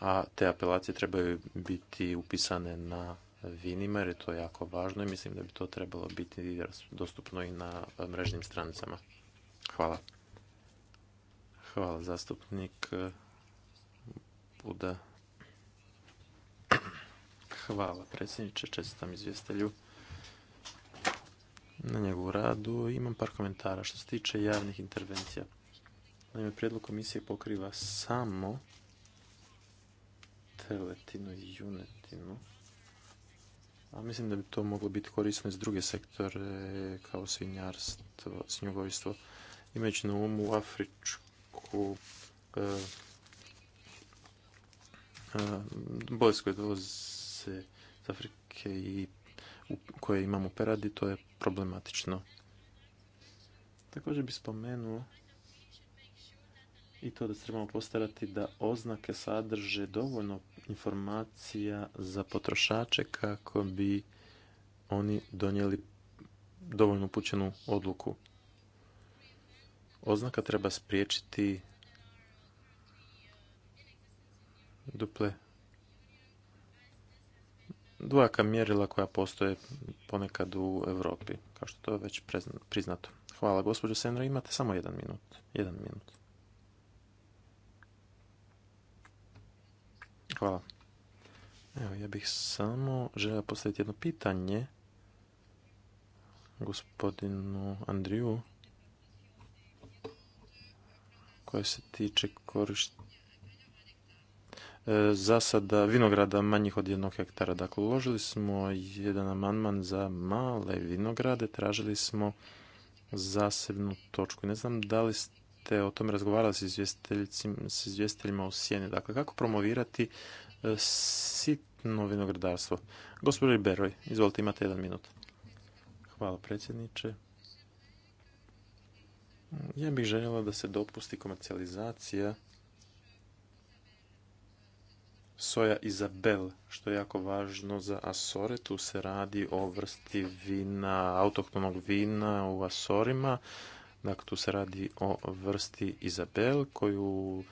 A te apelacije trebaju biti upisane na vinima jer je to jako važno i mislim da bi to trebalo biti dostupno i na mrežnim stranicama. Hvala. Hvala zastupnik eh, Buda. Hvala predsjedniče, čestitam izvjestelju na njegovu radu. Imam par komentara što se tiče javnih intervencija. Naime, prijedlog komisije pokriva samo teletinu i junetinu. A mislim da bi to moglo biti korisno iz druge sektore kao svinjarstvo, svinjogojstvo. Imajući na umu Afričku e, e, bolest koja dolaze iz Afrike i koje imamo peradi, to je problematično. Također bi spomenuo i to da se trebamo postarati da oznake sadrže dovoljno informacija za potrošače kako bi oni donijeli dovoljno upućenu odluku. Oznaka treba spriječiti duple dvojaka mjerila koja postoje ponekad u Europi, kao što to je već priznato. Hvala, gospođo Senra, imate samo jedan minut. Jedan minut. Hvala. Evo, ja bih samo želio postaviti jedno pitanje gospodinu Andriju koje se tiče za e, zasada vinograda manjih od jednog hektara. Dakle, uložili smo jedan amandman za male vinograde, tražili smo zasebnu točku. Ne znam da li ste ste o tome razgovarali s, s izvjestiteljima u sjeni. Dakle, kako promovirati e, sitno vinogradarstvo? Gospodin beroj izvolite, imate jedan minut. Hvala predsjedniče. Ja bih željela da se dopusti komercijalizacija soja Izabel, što je jako važno za Asore. Tu se radi o vrsti vina, autohtonog vina u Asorima. Dakle, tu se radi o vrsti Izabel koju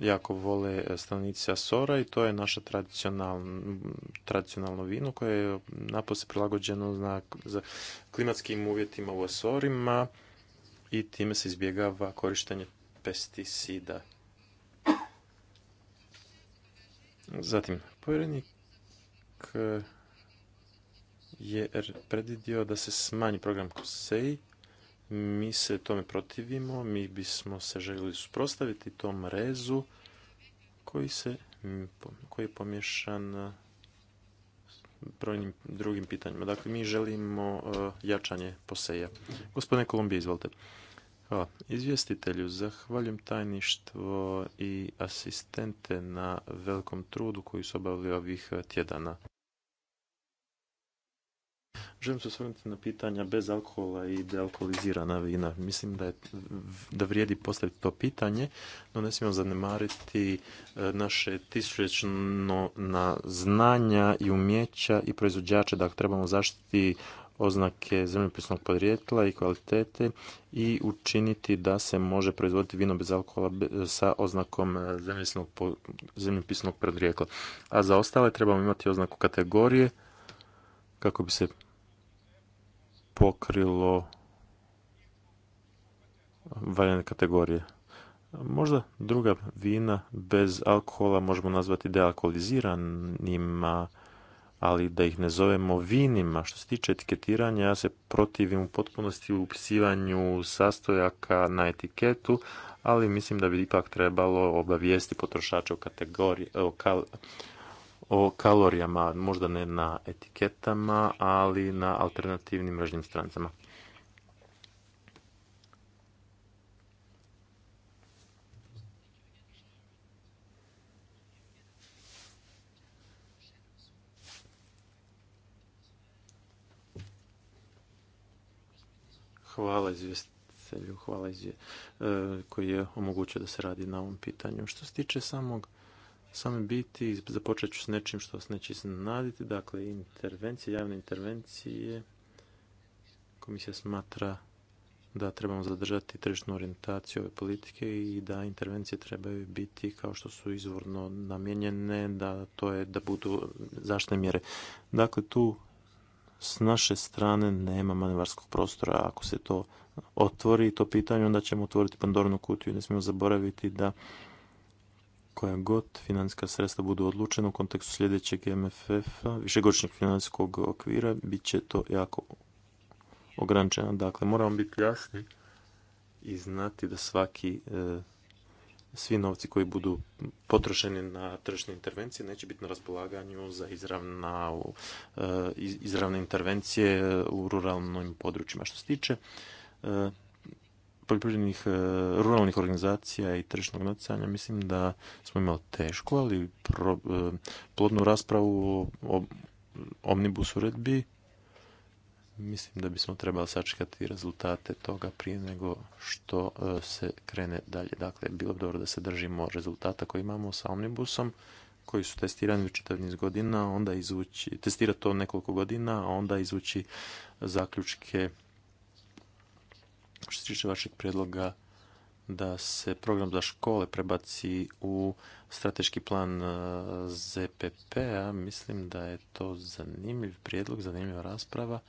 jako vole stanovnici Asora i to je naša tradicionalno, vino koje je naposle prilagođeno za klimatskim uvjetima u Asorima i time se izbjegava korištenje pesticida. Zatim, povjerenik eh, je predvidio da se smanji program Kosej mi se tome protivimo, mi bismo se željeli suprostaviti tom rezu koji se koji je pomješan e, brojnim drugim pitanjima. Dakle, mi želimo e, jačanje poseja. Gospodine Kolumbije, izvolite. Hvala. Izvjestitelju, zahvaljujem tajništvo i asistente na velikom trudu koji su obavili ovih tjedana. Želim se osvrnuti na pitanja bez alkohola i dealkoholizirana vina. Mislim da, je, da vrijedi postaviti to pitanje, no ne smijemo zanemariti e, naše tisućečno na znanja i umjeća i proizvođače, da trebamo zaštiti oznake zemljopisnog podrijetla i kvalitete i učiniti da se može proizvoditi vino bez alkohola sa oznakom e, zemljopisnog podrijetla. A za ostale trebamo imati oznaku kategorije kako bi se pokrilo valjane kategorije. Možda druga vina bez alkohola možemo nazvati dealkoholiziranima, ali da ih ne zovemo vinima. Što se tiče etiketiranja, ja se protivim u potpunosti upisivanju sastojaka na etiketu, ali mislim da bi ipak trebalo obavijesti potrošače o, kategoriji, o kalorijama, možda ne na etiketama, ali na alternativnim mrežnim stranicama. Hvala izvjestitelju, hvala e, koji je omogućio da se radi na ovom pitanju. Što se tiče samog same biti, započet ću s nečim što vas neće iznenaditi, dakle intervencije, javne intervencije. Komisija smatra da trebamo zadržati tržišnu orijentaciju ove politike i da intervencije trebaju biti kao što su izvorno namijenjene, da to je da budu zaštne mjere. Dakle, tu s naše strane nema manevarskog prostora. Ako se to otvori, to pitanje, onda ćemo otvoriti Pandornu kutiju. Ne smijemo zaboraviti da koja god financijska sredstva budu odlučena u kontekstu sljedećeg MFF-a, višegodišnjeg financijskog okvira, bit će to jako ograničeno. Dakle, moramo biti jasni i znati da svaki e, svi novci koji budu potrošeni na tržišne intervencije neće biti na raspolaganju za izravna, e, izravne intervencije u ruralnim područjima. Što se tiče e, poljoprivrednih e, ruralnih organizacija i tržišnog natjecanja mislim da smo imali tešku, ali e, plodnu raspravu o omnibus uredbi. Mislim da bismo trebali sačekati rezultate toga prije nego što e, se krene dalje. Dakle, bilo bi dobro da se držimo rezultata koje imamo sa omnibusom koji su testirani u čitav godina, onda izvući, testirati to nekoliko godina, a onda izvući zaključke što se tiče vašeg prijedloga da se program za škole prebaci u strateški plan e, ZPP-a, mislim da je to zanimljiv prijedlog, zanimljiva rasprava.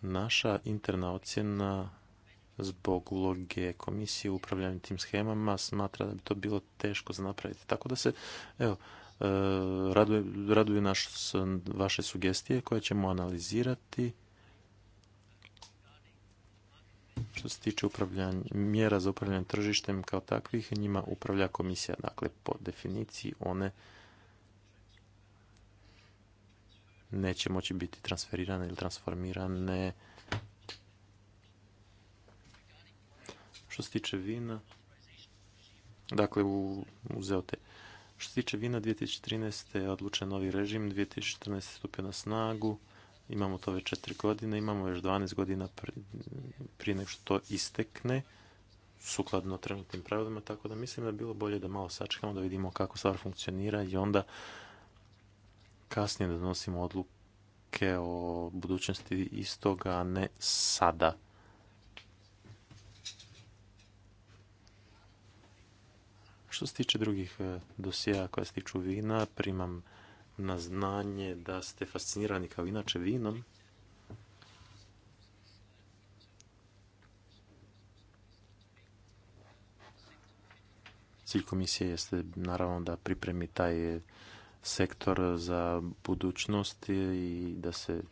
Naša interna ocjena zbog uloge komisije u upravljanju tim schemama smatra da bi to bilo teško za napraviti. Tako da se, evo, e, raduje, vaše sugestije koje ćemo analizirati Što se tiče upravljanja, mjera za upravljanje tržištem kao takvih, njima upravlja komisija. Dakle, po definiciji one neće moći biti transferirane ili transformirane. Što se tiče vina, dakle, u, uzeo te. Što se tiče vina, 2013. je odlučen novi režim, 2014. je stupio na snagu imamo to već četiri godine, imamo još 12 godina prije nego što to istekne, sukladno trenutnim pravilima, tako da mislim da je bilo bolje da malo sačekamo, da vidimo kako stvar funkcionira i onda kasnije da donosimo odluke o budućnosti istoga, a ne sada. Što se tiče drugih e, dosija koja se tiču vina, primam na znanje da ste fascinirani kao inače vinom. Cilj komisije jeste naravno da pripremi taj sektor za budućnost i da se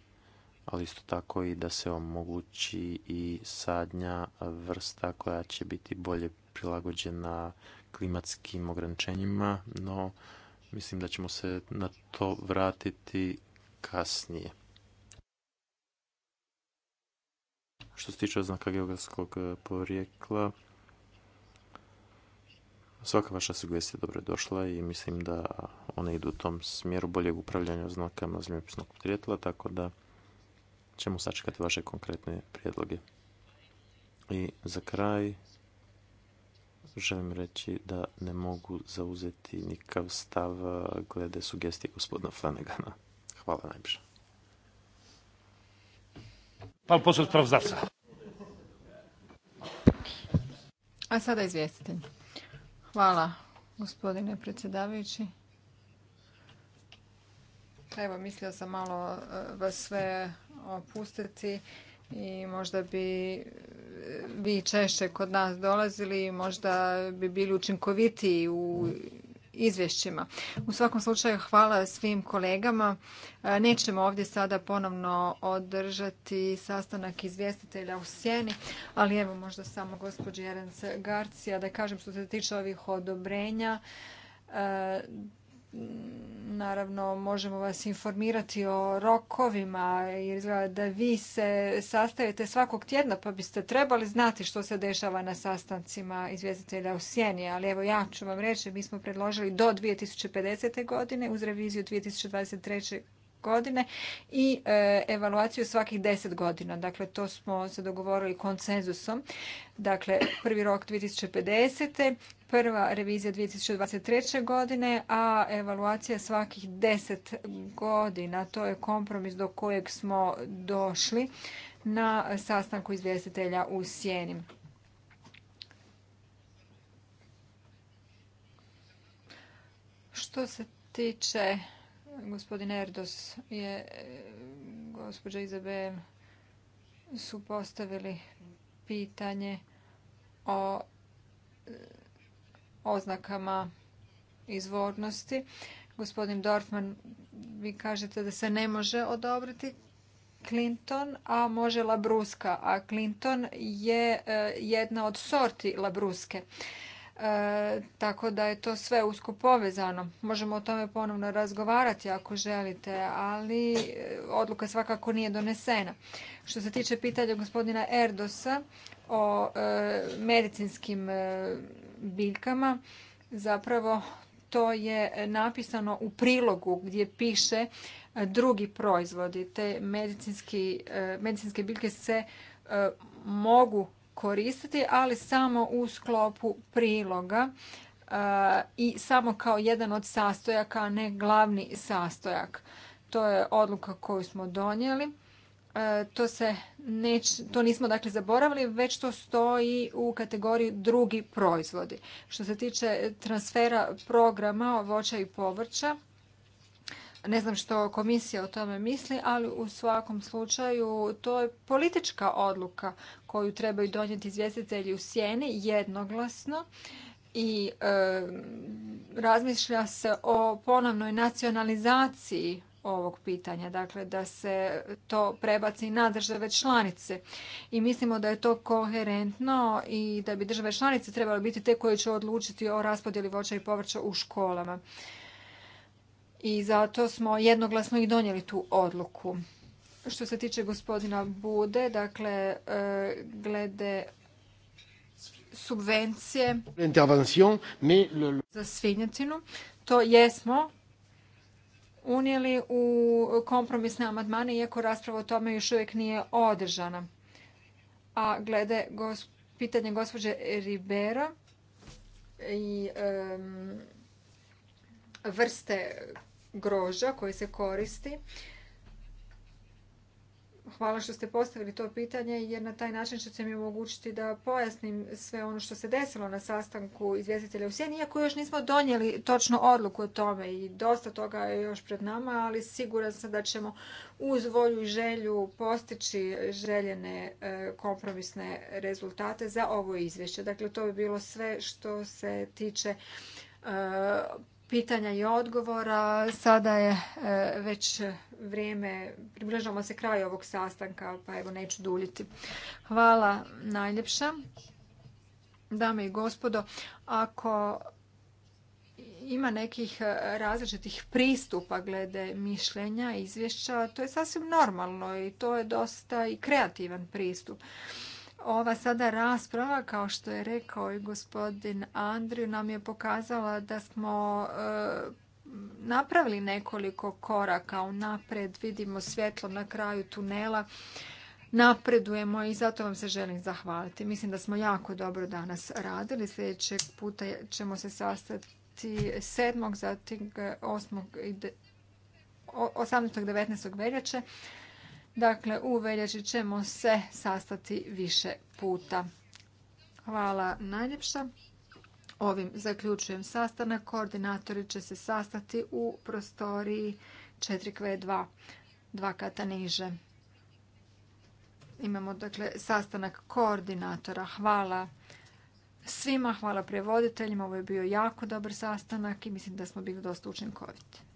ali isto tako i da se omogući i sadnja vrsta koja će biti bolje prilagođena klimatskim ograničenjima, no Mislim da ćemo se na to vratiti kasnije. Što se tiče oznaka geografskog e, porijekla, svaka vaša sugestija dobro je došla i mislim da one idu u tom smjeru boljeg upravljanja oznakama zemljopisnog prijetla, tako da ćemo sačekati vaše konkretne prijedloge. I za kraj želim reći da ne mogu zauzeti nikav stav eh, glede sugestije gospodina Flanagana. Hvala najviše. A sada izvjestitelj. Hvala, gospodine predsjedavajući. Pa evo, mislio sam malo eh, vas sve opustiti i možda bi e, vi češće kod nas dolazili i možda bi bili učinkovitiji u izvješćima. U svakom slučaju hvala svim kolegama. E, nećemo ovdje sada ponovno održati sastanak izvjestitelja u sjeni, ali evo možda samo gospođi Jerence Garcija da kažem što se tiče ovih odobrenja e, Naravno, možemo vas informirati o rokovima, jer izgleda da vi se sastajete svakog tjedna, pa biste trebali znati što se dešava na sastancima izvjestitelja u Sjeni. Ali evo, ja ću vam reći, mi smo predložili do 2050. godine uz reviziju 2023 godine i e, evaluaciju svakih deset godina. Dakle, to smo se dogovorili konsenzusom. Dakle, prvi rok 2050. Prva revizija 2023. godine, a evaluacija svakih deset godina. To je kompromis do kojeg smo došli na sastanku izvjestitelja u Sjeni. Što se tiče gospodin Erdos je gospođa Izabel su postavili pitanje o e, oznakama izvornosti. Gospodin Dorfman, vi kažete da se ne može odobriti Clinton, a može labruska, a Clinton je e, jedna od sorti labruske. E, tako da je to sve usko povezano. Možemo o tome ponovno razgovarati ako želite, ali e, odluka svakako nije donesena. Što se tiče pitanja gospodina Erdosa o e, medicinskim biljkama, zapravo to je napisano u prilogu gdje piše drugi proizvodi. Te medicinske biljke se mogu koristiti, ali samo u sklopu priloga e, i samo kao jedan od sastojaka, a ne glavni sastojak. To je odluka koju smo donijeli. E, to, se to nismo dakle zaboravili, već to stoji u kategoriji drugi proizvodi. Što se tiče transfera programa voća i povrća, ne znam što komisija o tome misli, ali u svakom slučaju to je politička odluka koju trebaju donijeti izvjestitelji u sjeni jednoglasno i e, razmišlja se o ponovnoj nacionalizaciji ovog pitanja, dakle da se to prebaci na države članice. I mislimo da je to koherentno i da bi države članice trebale biti te koje će odlučiti o raspodjeli voća i povrća u školama i zato smo jednoglasno i donijeli tu odluku. Što se tiče gospodina Bude, dakle, e, glede subvencije za svinjacinu. to jesmo unijeli u kompromisne amandmane, iako rasprava o tome još uvijek nije održana. A glede pitanje gospođe Ribera i vrste groža koji se koristi. Hvala što ste postavili to pitanje jer na taj način ćete mi omogućiti da pojasnim sve ono što se desilo na sastanku izvjestitelja u Sjeni, iako još nismo donijeli točno odluku o tome i dosta toga je još pred nama, ali siguran sam da ćemo uz volju i želju postići željene e, kompromisne rezultate za ovo izvješće. Dakle, to bi bilo sve što se tiče e, pitanja i odgovora. Sada je e, već vrijeme, približamo se kraju ovog sastanka, pa evo neću duljiti. Hvala najljepša. Dame i gospodo, ako ima nekih različitih pristupa glede mišljenja, izvješća, to je sasvim normalno i to je dosta i kreativan pristup. Ova sada rasprava, kao što je rekao i gospodin Andriju, nam je pokazala da smo e, napravili nekoliko koraka u napred, vidimo svjetlo na kraju tunela, napredujemo i zato vam se želim zahvaliti. Mislim da smo jako dobro danas radili. Sljedećeg puta ćemo se sastati 7. zatim 8. i 18. 19. veljače. Dakle, u veljači ćemo se sastati više puta. Hvala najljepša. Ovim zaključujem sastanak. Koordinatori će se sastati u prostoriji 4Q2, dva kata niže. Imamo dakle sastanak koordinatora. Hvala svima, hvala prevoditeljima. Ovo je bio jako dobar sastanak i mislim da smo bili dosta učinkoviti.